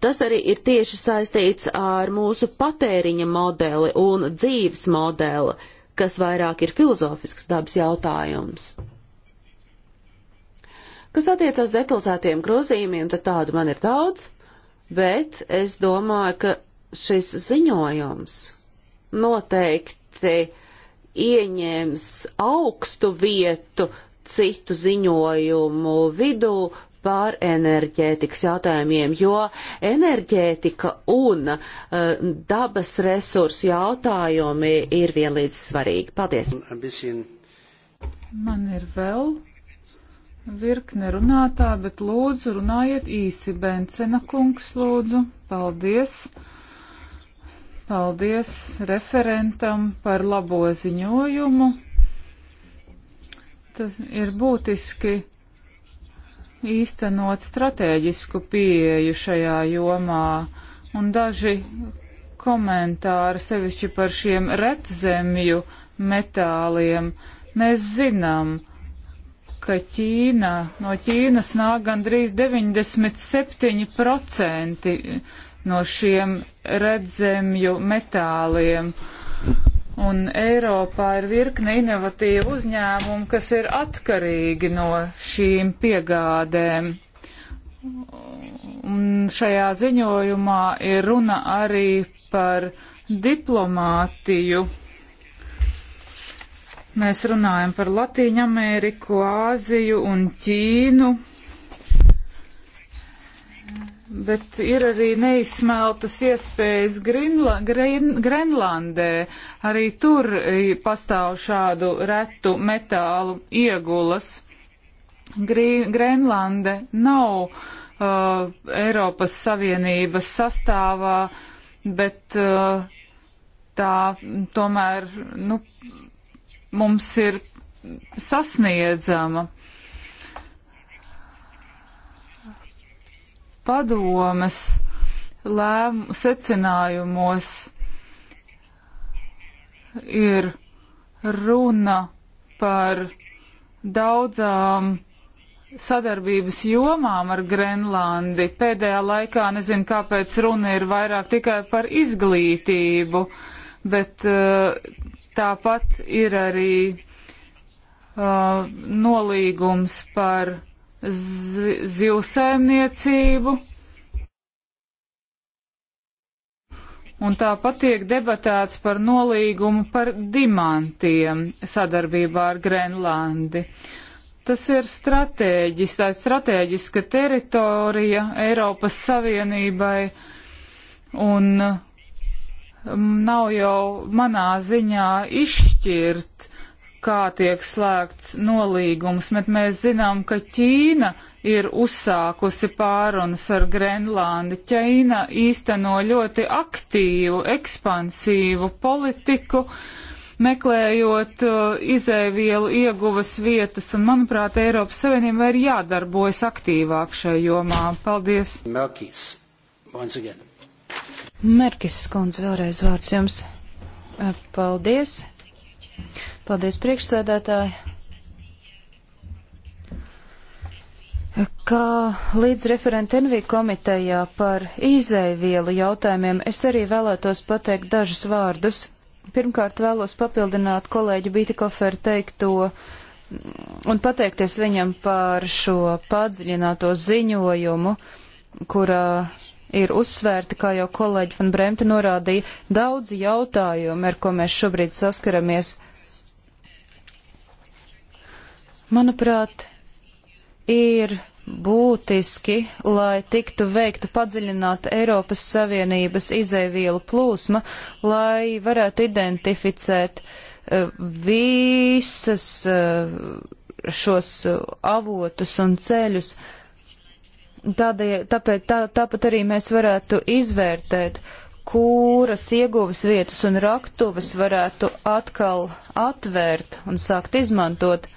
Tas arī ir tieši saistīts ar mūsu patēriņa modeli un dzīves modeli, kas vairāk ir filozofisks dabas jautājums. Kas attiecas detalizētiem grozījumiem, tad tādu man ir daudz, bet es domāju, ka šis ziņojums noteikti ieņems augstu vietu citu ziņojumu vidū, pār enerģētikas jautājumiem, jo enerģētika un uh, dabas resursu jautājumi ir vienlīdz svarīgi. Paldies! Man ir vēl virkne runātā, bet lūdzu runājiet īsi, Bencena kungs, lūdzu. Paldies! Paldies referentam par labo ziņojumu. Tas ir būtiski īstenot stratēģisku pieeju šajā jomā, un daži komentāri sevišķi par šiem retzemju metāliem. Mēs zinām, ka Ķīna, no Ķīnas nāk gandrīz 97% no šiem redzemju metāliem. Un Eiropā ir virkne inovatīvu uzņēmumu, kas ir atkarīgi no šīm piegādēm. Un šajā ziņojumā ir runa arī par diplomātiju. Mēs runājam par Latīņu Ameriku, Āziju un Ķīnu, Bet ir arī neizsmeltas iespējas Grinla, Grin, Grenlandē. Arī tur pastāv šādu retu metālu iegulas. Grīn, Grenlande nav uh, Eiropas Savienības sastāvā, bet uh, tā tomēr nu, mums ir sasniedzama. padomes lēm, secinājumos ir runa par daudzām sadarbības jomām ar Grenlandi. Pēdējā laikā nezinu, kāpēc runa ir vairāk tikai par izglītību, bet uh, tāpat ir arī uh, nolīgums par zivsaimniecību. Un tāpat tiek debatēts par nolīgumu par dimantiem sadarbībā ar Grenlandi. Tas ir stratēģis, tā ir stratēģiska teritorija Eiropas Savienībai un mm, nav jau manā ziņā izšķirt kā tiek slēgts nolīgums, bet mēs zinām, ka Ķīna ir uzsākusi pārunas ar Grenlandi. Ķīna īsteno ļoti aktīvu, ekspansīvu politiku, meklējot uh, izēvielu ieguvas vietas, un, manuprāt, Eiropas Savienībai ir jādarbojas aktīvāk šajā jomā. Paldies! Merkis, once again. Merkis, skundze, vēlreiz vārds jums. Uh, paldies! Paldies, priekšsēdētāji. Kā līdz referenta NV komitejā par izēvielu jautājumiem, es arī vēlētos pateikt dažus vārdus. Pirmkārt vēlos papildināt kolēģi Bītikoferu teikto un pateikties viņam par šo padziļināto ziņojumu, kurā ir uzsvērti, kā jau kolēģi Fan Bremte norādīja, daudzi jautājumi, ar ko mēs šobrīd saskaramies. Manuprāt, ir būtiski, lai tiktu veikta padziļināta Eiropas Savienības izēvielu plūsma, lai varētu identificēt uh, visas uh, šos uh, avotus un ceļus. Tādēļ, tāpēc, tā, tāpat arī mēs varētu izvērtēt, kuras ieguves vietas un raktuves varētu atkal atvērt un sākt izmantot. Uh,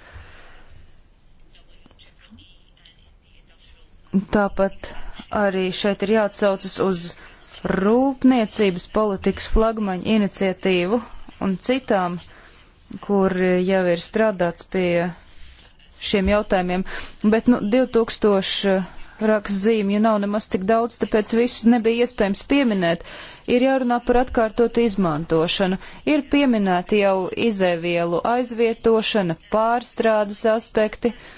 Tāpat arī šeit ir jāatsaucas uz rūpniecības politikas flagmaņu iniciatīvu un citām, kur jau ir strādāts pie šiem jautājumiem. Bet nu, 2000 rakstzīmju nav nemaz tik daudz, tāpēc visu nebija iespējams pieminēt. Ir jārunā par atkārtotu izmantošanu. Ir pieminēti jau izēvielu aizvietošana, pārstrādes aspekti. Uh,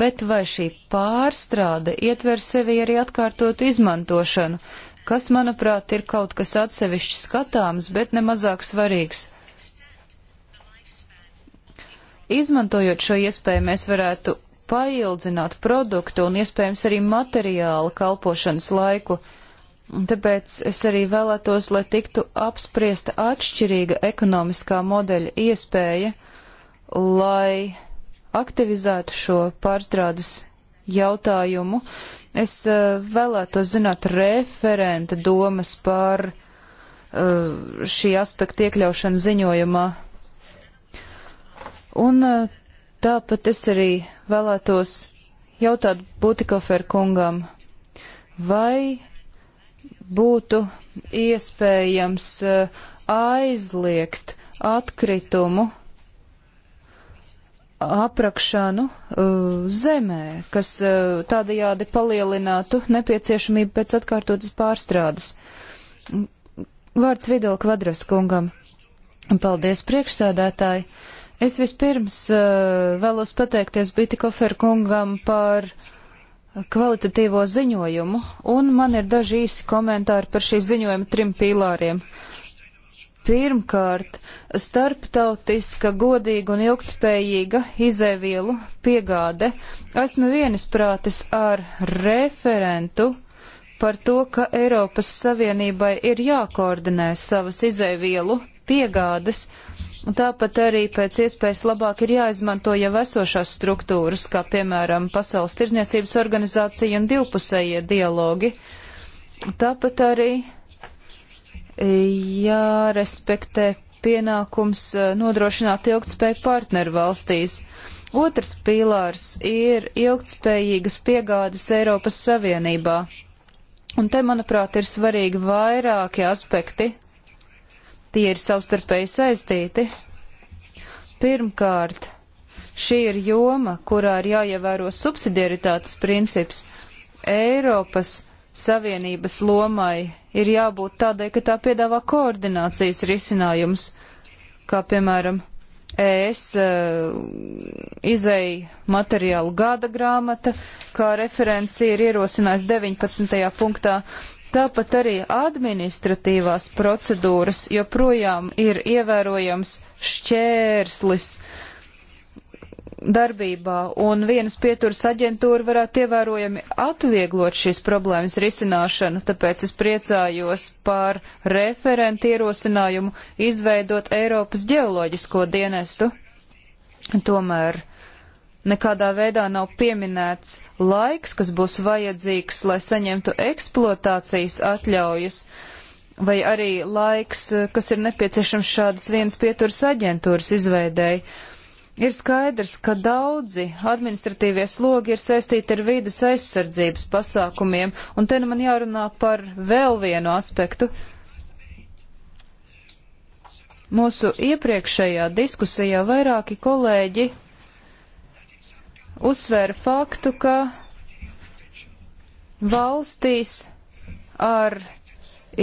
Bet vai šī pārstrāde ietver sevi arī atkārtotu izmantošanu, kas, manuprāt, ir kaut kas atsevišķi skatāms, bet nemazāk svarīgs? Izmantojot šo iespēju, mēs varētu paildzināt produktu un iespējams arī materiāla kalpošanas laiku. Tāpēc es arī vēlētos, lai tiktu apspriesta atšķirīga ekonomiskā modeļa iespēja, lai aktivizētu šo pārstrādes jautājumu. Es eh, vēlētos zināt referenta domas par eh, šī aspekta iekļaušanu ziņojumā. Un eh, tāpat es arī vēlētos jautāt Būtikofer kungam, vai būtu iespējams aizliegt atkritumu aprakšanu uh, eh, zemē, kas uh, tādajādi palielinātu nepieciešamību pēc atkārtotas pārstrādes. Vārds Vidal Kvadras kungam. Paldies, priekšsēdētāji. Es vispirms uh, vēlos pateikties Bitikofer kungam par kvalitatīvo ziņojumu, un man ir daži īsi komentāri par šī ziņojuma trim pīlāriem. Uh, Pirmkārt, starptautiska, godīga un ilgtspējīga izēvielu piegāde. Esmu vienisprātis ar referentu par to, ka Eiropas Savienībai ir jākoordinē savas izēvielu piegādes, Tāpat arī pēc iespējas labāk ir jāizmanto jau esošās struktūras, kā piemēram Pasaules tirzniecības organizācija un divpusējie dialogi. Tāpat arī jārespektē pienākums eh, nodrošināt ilgtspēju partneru valstīs. Otrs pīlārs ir ilgtspējīgas piegādes Eiropas Savienībā. Un te, manuprāt, ir svarīgi vairāki aspekti. Tie ir savstarpēji saistīti. Pirmkārt, šī ir joma, kurā ir jāievēro subsidiaritātes princips Eiropas Savienības lomai ir jābūt tādai, ka tā piedāvā koordinācijas risinājums, kā piemēram ES eh, izēja materiālu gada grāmata, kā referenci ir ierosinājis 19. punktā. Tāpat arī administratīvās procedūras joprojām ir ievērojams šķērslis uh, darbībā, un vienas pieturas aģentūra varētu ievērojami atvieglot šīs problēmas risināšanu, tāpēc es priecājos par referentu ierosinājumu izveidot Eiropas ģeoloģisko dienestu. Tomēr nekādā veidā nav pieminēts laiks, kas būs vajadzīgs, lai saņemtu eksploatācijas atļaujas vai arī laiks, kas ir nepieciešams šādas vienas pieturas aģentūras izveidēji. Ir skaidrs, ka daudzi administratīvie slogi ir saistīti ar vīdas aizsardzības pasākumiem, un te nu man jārunā par vēl vienu aspektu. Mūsu iepriekšējā diskusijā vairāki kolēģi uzsvēra faktu, ka valstīs ar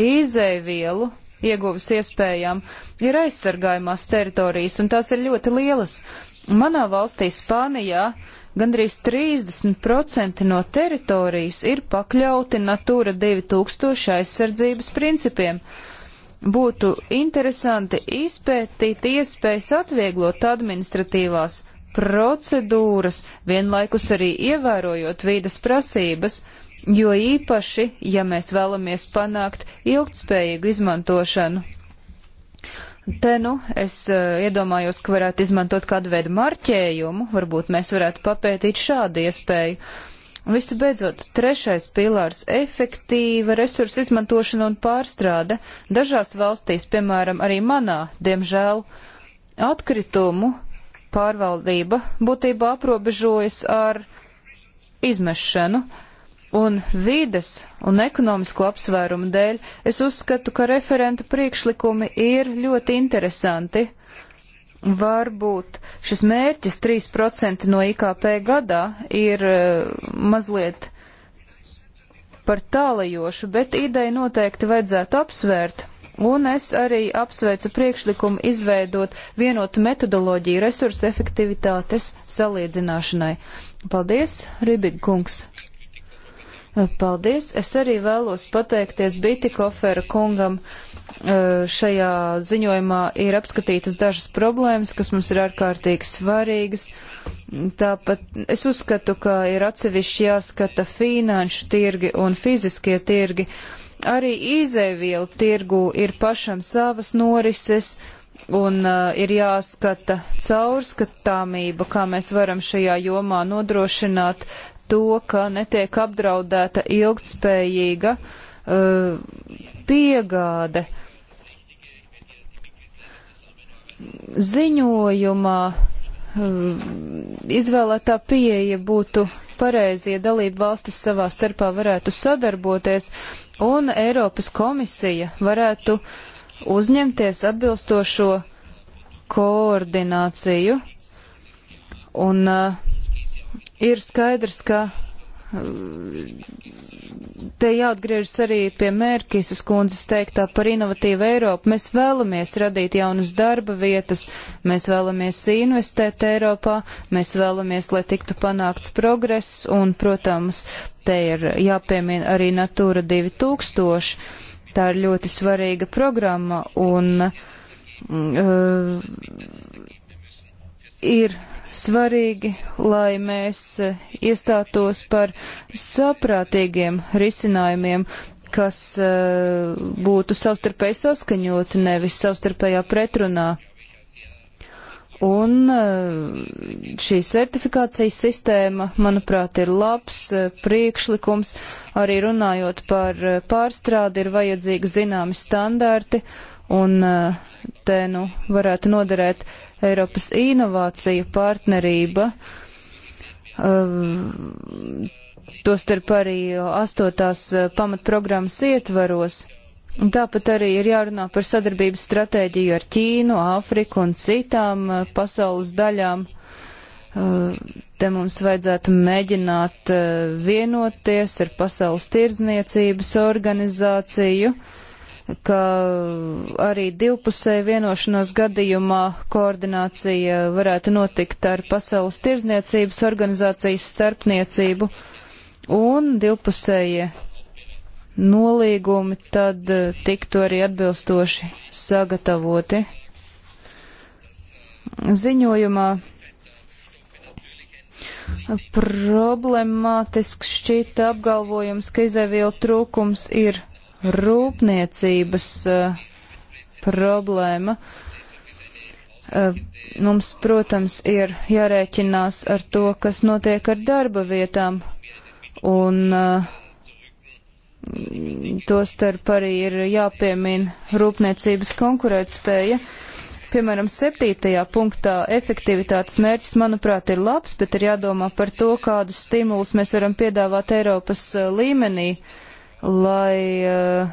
izēvielu ieguvis iespējām, ir aizsargājumās teritorijas, un tās ir ļoti lielas. Manā valstī, Spānijā, gandrīz 30% no teritorijas ir pakļauti Natūra 2000 aizsardzības principiem. Būtu interesanti izpētīt iespējas atvieglot administratīvās procedūras, vienlaikus arī ievērojot vīdas prasības jo īpaši, ja mēs vēlamies panākt ilgtspējīgu izmantošanu. Te nu es uh, iedomājos, ka varētu izmantot kādu veidu marķējumu, varbūt mēs varētu papētīt šādu iespēju. Visu beidzot, trešais pilārs - efektīva resursu izmantošana un pārstrāde. Dažās valstīs, piemēram, arī manā, diemžēl, atkritumu pārvaldība būtībā aprobežojas ar izmešanu. Uh, un vides un ekonomisko apsvērumu dēļ es uzskatu, ka referenta priekšlikumi ir ļoti interesanti. Varbūt šis mērķis 3% no IKP gadā ir e, mazliet par tālajošu, bet ideju noteikti vajadzētu apsvērt. Un es arī apsveicu priekšlikumu izveidot vienotu metodoloģiju resursu efektivitātes salīdzināšanai. Paldies, Ribig kungs! Paldies! Es arī vēlos pateikties Bitikofera kungam. Eh, šajā ziņojumā ir apskatītas dažas problēmas, kas mums ir ārkārtīgi svarīgas. Tāpat es uzskatu, ka ir atsevišķi jāskata finanšu tirgi un fiziskie tirgi. Arī izēvielu tirgu ir pašam savas norises un uh, ir jāskata caurskatāmība, kā mēs varam šajā jomā nodrošināt to, ka netiek apdraudēta ilgtspējīga uh, piegāde. Ziņojumā uh, izvēlētā pieeja būtu pareizie dalību valstis savā starpā varētu sadarboties un Eiropas komisija varētu uzņemties atbilstošo koordināciju. Un uh, ir skaidrs, ka mm, te jāatgriežas arī pie Mērkīsas kundzes teiktā par inovatīvu Eiropu. Mēs vēlamies radīt jaunas darba vietas, mēs vēlamies investēt Eiropā, mēs vēlamies, lai tiktu panākts progress, un, protams, te ir jāpiemina arī Natūra 2000. Tā ir ļoti svarīga programma, un uh, ir svarīgi, lai mēs eh, iestātos par saprātīgiem risinājumiem, kas eh, būtu savstarpēji saskaņoti, nevis savstarpējā pretrunā. Un eh, šī certifikācijas sistēma, manuprāt, ir labs priekšlikums. Arī runājot par pārstrādi, ir vajadzīgi zināmi standarti, un te nu varētu noderēt uh, Eiropas inovāciju partnerība, eh, tostarp arī astotās eh, pamatprogrammas ietvaros. Un tāpat arī ir jārunā par sadarbības stratēģiju ar Ķīnu, Āfriku un citām eh, pasaules daļām. Te mums vajadzētu mēģināt vienoties ar Pasaules tirdzniecības organizāciju. Uh, ka arī divpusēja vienošanās gadījumā koordinācija varētu notikt ar Pasaules tirzniecības organizācijas starpniecību un divpusējie nolīgumi tad eh, tiktu arī atbilstoši sagatavoti. Ziņojumā problemātisks šķita apgalvojums, ka izēvielu trūkums ir rūpniecības uh, problēma. Uh, mums, protams, ir jārēķinās ar to, kas notiek ar darba vietām, un uh, eh, to starp arī ir jāpiemina rūpniecības konkurētspēja. Piemēram, septītajā punktā efektivitātes mērķis, manuprāt, ir labs, bet ir jādomā par to, kādus stimulus mēs varam piedāvāt Eiropas līmenī. Uh, lai eh,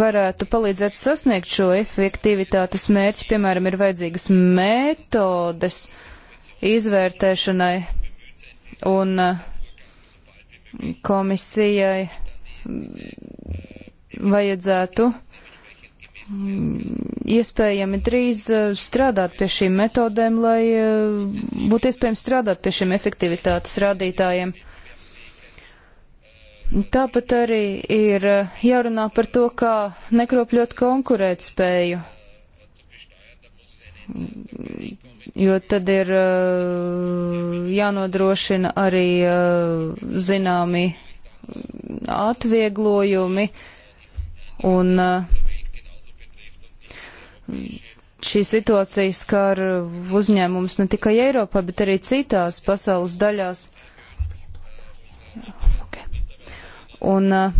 varētu palīdzēt sasniegt šo efektivitātes mērķi, piemēram, ir vajadzīgas metodes izvērtēšanai un eh, komisijai vajadzētu mm, iespējami drīz eh, strādāt pie šīm metodēm, lai būtu iespējams strādāt pie šiem efektivitātes rādītājiem. Tāpat arī ir jārunā par to, kā nekropļot konkurētspēju. Jo tad ir uh, jānodrošina arī uh, zināmi atvieglojumi un uh, šī situācija skar uzņēmums ne tikai Eiropā, bet arī citās pasaules daļās. Un, eh,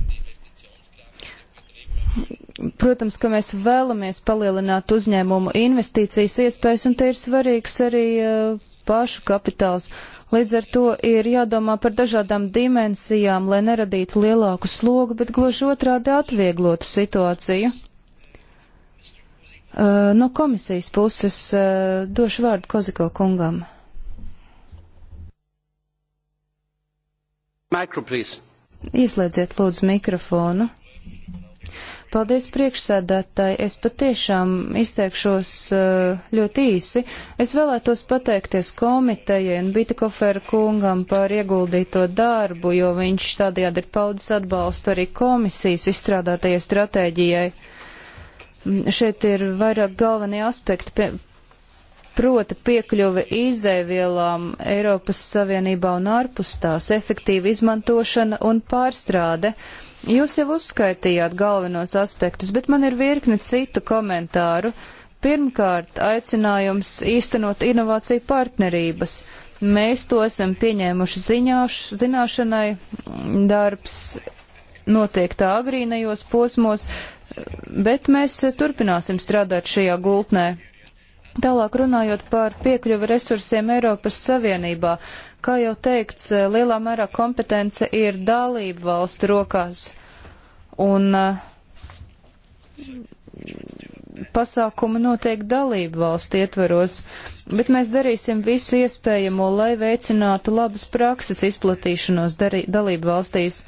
protams, ka mēs vēlamies palielināt uzņēmumu investīcijas iespējas, un te ir svarīgs arī eh, pašu kapitāls. Līdz ar to ir jādomā par dažādām dimensijām, lai neradītu lielāku slogu, bet gluži otrādi atvieglotu situāciju. Eh, no komisijas puses došu vārdu Koziko kungam. Micro, please. Ieslēdziet lūdzu mikrofonu. Paldies priekšsēdētāji, es patiešām izteikšos eh, ļoti īsi. Es vēlētos pateikties komitejai un Bitekofera kungam par ieguldīto darbu, jo viņš tādējādi ir paudzis atbalstu arī komisijas izstrādātajai stratēģijai. Mm, šeit ir vairāk galvenie aspekti, proti piekļuve izēvielām Eiropas Savienībā un ārpus tās, efektīva izmantošana un pārstrāde. Jūs jau uzskaitījāt galvenos aspektus, bet man ir virkne citu komentāru. Pirmkārt, aicinājums īstenot inovāciju partnerības. Mēs to esam pieņēmuši ziņāš, zināšanai. Darbs notiek tā agrīnajos posmos, bet mēs turpināsim strādāt šajā gultnē. Tālāk runājot par piekļuvu resursiem Eiropas Savienībā, kā jau teikts, eh, lielā mērā kompetence ir dalību valstu rokās. Un eh, pasākumi notiek dalību valstu ietveros, bet mēs darīsim visu iespējamo, lai veicinātu labas prakses izplatīšanos dalību valstīs.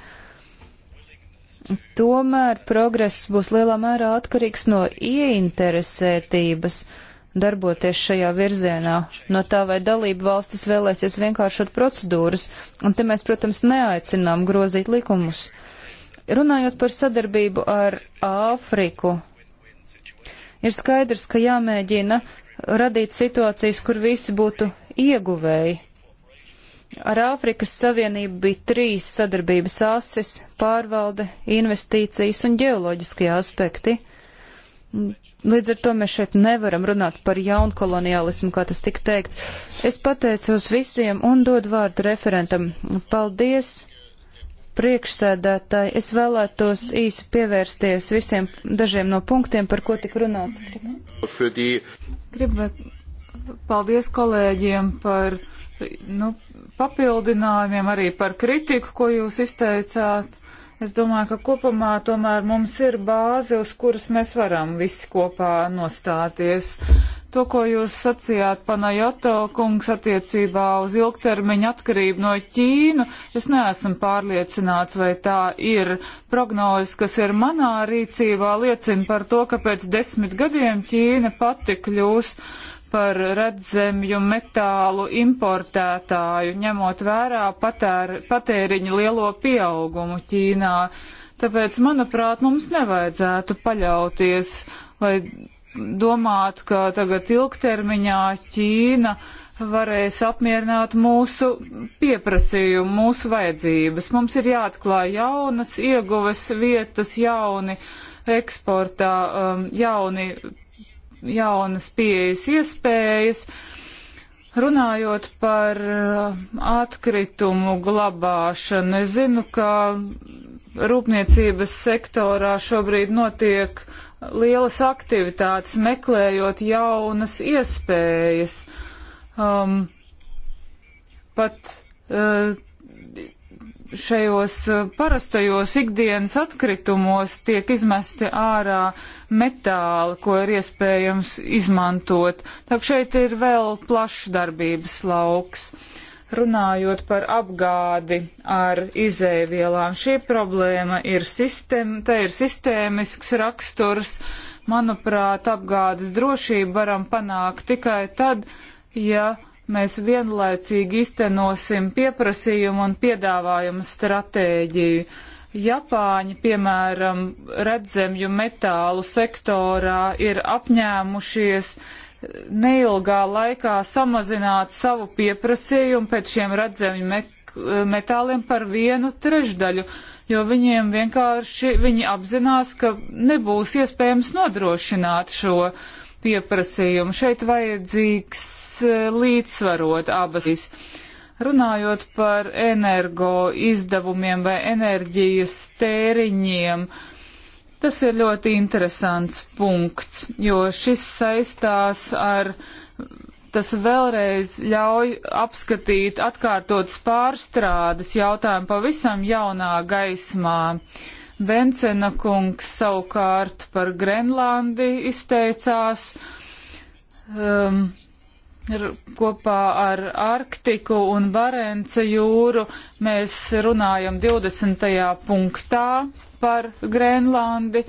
Tomēr progress būs lielā mērā atkarīgs no ieinteresētības. Uh, darboties šajā virzienā, no tā vai dalību valstis vēlēsies vienkāršot procedūras, un te mēs, protams, neaicinām grozīt likumus. Runājot par sadarbību ar Āfriku, ir skaidrs, ka jāmēģina radīt situācijas, kur visi būtu ieguvēji. Ar Āfrikas Savienību bija trīs sadarbības asis - pārvalde, investīcijas un ģeoloģiskie aspekti. Līdz ar to mēs šeit nevaram runāt par jaunkoloniālismu, kā tas tika teikts. Es pateicos visiem un dodu vārdu referentam. Paldies, priekšsēdētāji. Es vēlētos īsi pievērsties visiem dažiem no punktiem, par ko tik runāts. Gribu paldies kolēģiem par nu, papildinājumiem, arī par kritiku, ko jūs izteicāt. Es domāju, ka kopumā tomēr mums ir bāze, uz kuras mēs varam visi kopā nostāties. To, ko jūs sacījāt, Panajoto kungs, attiecībā uz ilgtermiņa atkarību no Ķīnu, es neesmu pārliecināts, vai tā ir prognozes, kas ir manā rīcībā, liecina par to, ka pēc desmit gadiem Ķīna pati kļūs par redzemju metālu importētāju, ņemot vērā patēr, patēriņu lielo pieaugumu Ķīnā. Tāpēc, manuprāt, mums nevajadzētu paļauties vai domāt, ka tagad ilgtermiņā Ķīna varēs apmierināt mūsu pieprasījumu, mūsu vajadzības. Mums ir jāatklāj jaunas ieguves vietas, jauni eksportā, um, jauni jaunas pieejas iespējas. Runājot par uh, atkritumu glabāšanu, es zinu, ka rūpniecības sektorā šobrīd notiek lielas aktivitātes, meklējot jaunas iespējas. Um, pat uh, šajos eh, parastajos ikdienas atkritumos tiek izmesti ārā metāli, ko ir iespējams izmantot. Tā šeit ir vēl plašs darbības lauks. Runājot par apgādi ar izēvielām, šī problēma ir, sistēma, ir sistēmisks raksturs. Manuprāt, apgādes drošību varam panākt tikai tad, ja mēs vienlaicīgi iztenosim pieprasījumu un piedāvājumu stratēģiju. Japāņi, piemēram, redzemju metālu sektorā ir apņēmušies neilgā laikā samazināt savu pieprasījumu pēc šiem redzemju met metāliem par vienu trešdaļu, jo viņiem vienkārši viņi apzinās, ka nebūs iespējams nodrošināt šo uh, pieprasījumu. Šeit vajadzīgs eh, līdzsvarot abas. Runājot par energo izdevumiem vai enerģijas tēriņiem, tas ir ļoti interesants punkts, jo šis saistās ar, tas vēlreiz ļauj apskatīt atkārtotas pārstrādes jautājumu pavisam jaunā gaismā. Uh, Bencena kungs savukārt par Grenlandi izteicās um, kopā ar Arktiku un Barenca jūru. Mēs runājam 20. punktā par Grenlandi.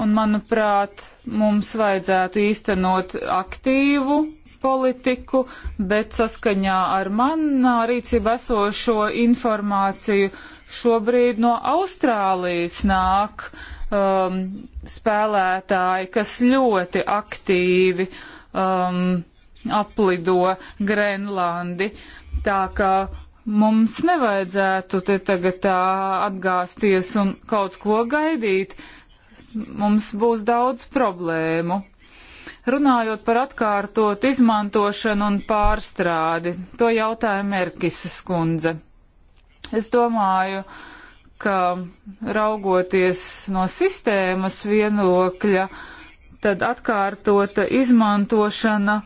Un, manuprāt, mums vajadzētu īstenot aktīvu politiku, bet saskaņā ar manā rīcībā esošo informāciju šobrīd no Austrālijas nāk um, spēlētāji, kas ļoti aktīvi um, aplido Grenlandi. Tā kā mums nevajadzētu te tagad tā atgāsties un kaut ko gaidīt. Mums būs daudz problēmu. Runājot par atkārtotu izmantošanu un pārstrādi, to jautāja Merkis skundze. Es domāju, ka raugoties no sistēmas vienokļa, tad atkārtota izmantošana,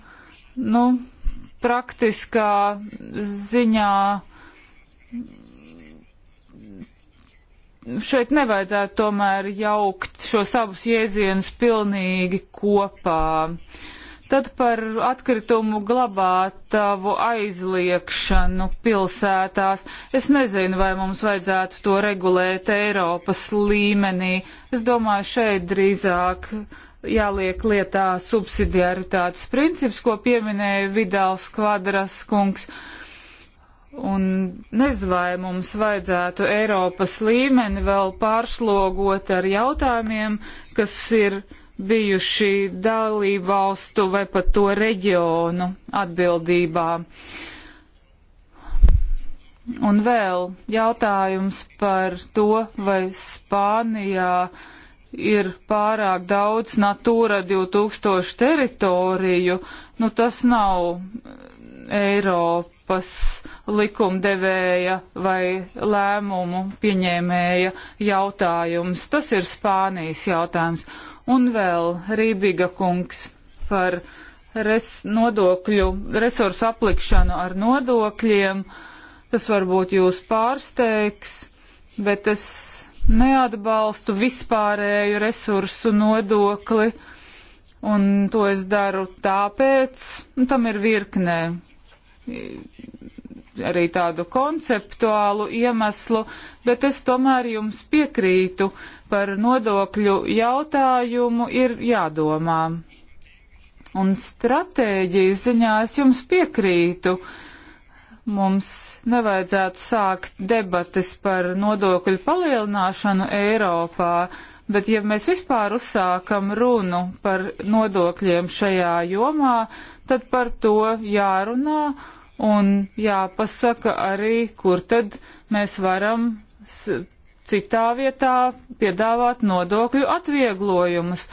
nu, praktiskā ziņā šeit nevajadzētu tomēr jaukt šo savus jēdzienus pilnīgi kopā. Tad par atkritumu glabātavu aizliekšanu pilsētās. Es nezinu, vai mums vajadzētu to regulēt Eiropas līmenī. Es domāju, šeit drīzāk jāliek lietā subsidiaritātes princips, ko pieminēja Vidāls Kvadras kungs. Uh, Un nezinu, vai mums vajadzētu Eiropas līmeni vēl pārslogot ar jautājumiem, kas ir bijuši dalību valstu vai pat to reģionu atbildībā. Un vēl jautājums par to, vai Spānijā ir pārāk daudz Natūra 2000 teritoriju. Nu, tas nav Eiropa Eiropas likumdevēja vai lēmumu pieņēmēja jautājums. Tas ir Spānijas jautājums. Un vēl Rībiga kungs par res, nodokļu, resursu aplikšanu ar nodokļiem. Tas varbūt jūs pārsteigs, bet es neatbalstu vispārēju resursu nodokli, un to es daru tāpēc, un tam ir virknē arī tādu konceptuālu iemeslu, bet es tomēr jums piekrītu par nodokļu jautājumu ir jādomā. Un stratēģijas ziņā es jums piekrītu. Mums nevajadzētu sākt debates par nodokļu palielināšanu Eiropā, bet ja mēs vispār uzsākam runu par nodokļiem šajā jomā, tad par to jārunā un jāpasaka arī, kur tad mēs varam citā vietā piedāvāt nodokļu atvieglojumus.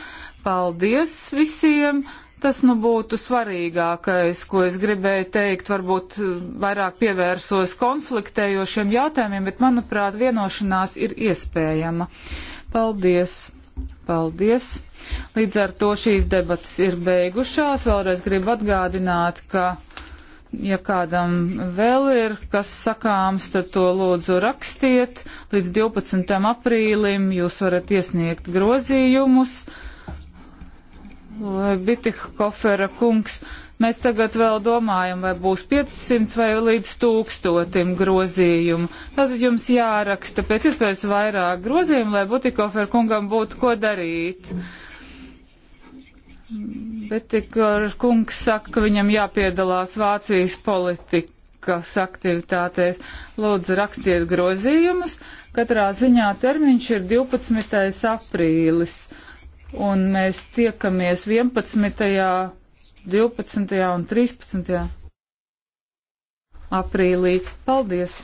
Paldies visiem! Tas nu būtu svarīgākais, ko es gribēju teikt, varbūt eh, vairāk pievērsos konfliktējošiem jautājumiem, bet manuprāt vienošanās ir iespējama. Paldies! Paldies! Līdz ar to šīs debatas ir beigušās. Vēlreiz gribu atgādināt, ka ja kādam vēl ir kas sakāms, tad to lūdzu rakstiet. Līdz 12. aprīlim jūs varat iesniegt grozījumus. Lai Bitika Kofera kungs, mēs tagad vēl domājam, vai būs 500 vai līdz 1000 grozījumu. Tātad jums jāraksta pēc iespējas vairāk grozījumu, lai Bitika Kofera kungam būtu ko darīt. Mm. Bet tik kungs saka, ka viņam jāpiedalās Vācijas politikas aktivitātēs. Lūdzu, rakstiet grozījumus. Katrā ziņā termiņš ir 12. aprīlis, un mēs tiekamies 11., 12. un 13. aprīlī. Paldies!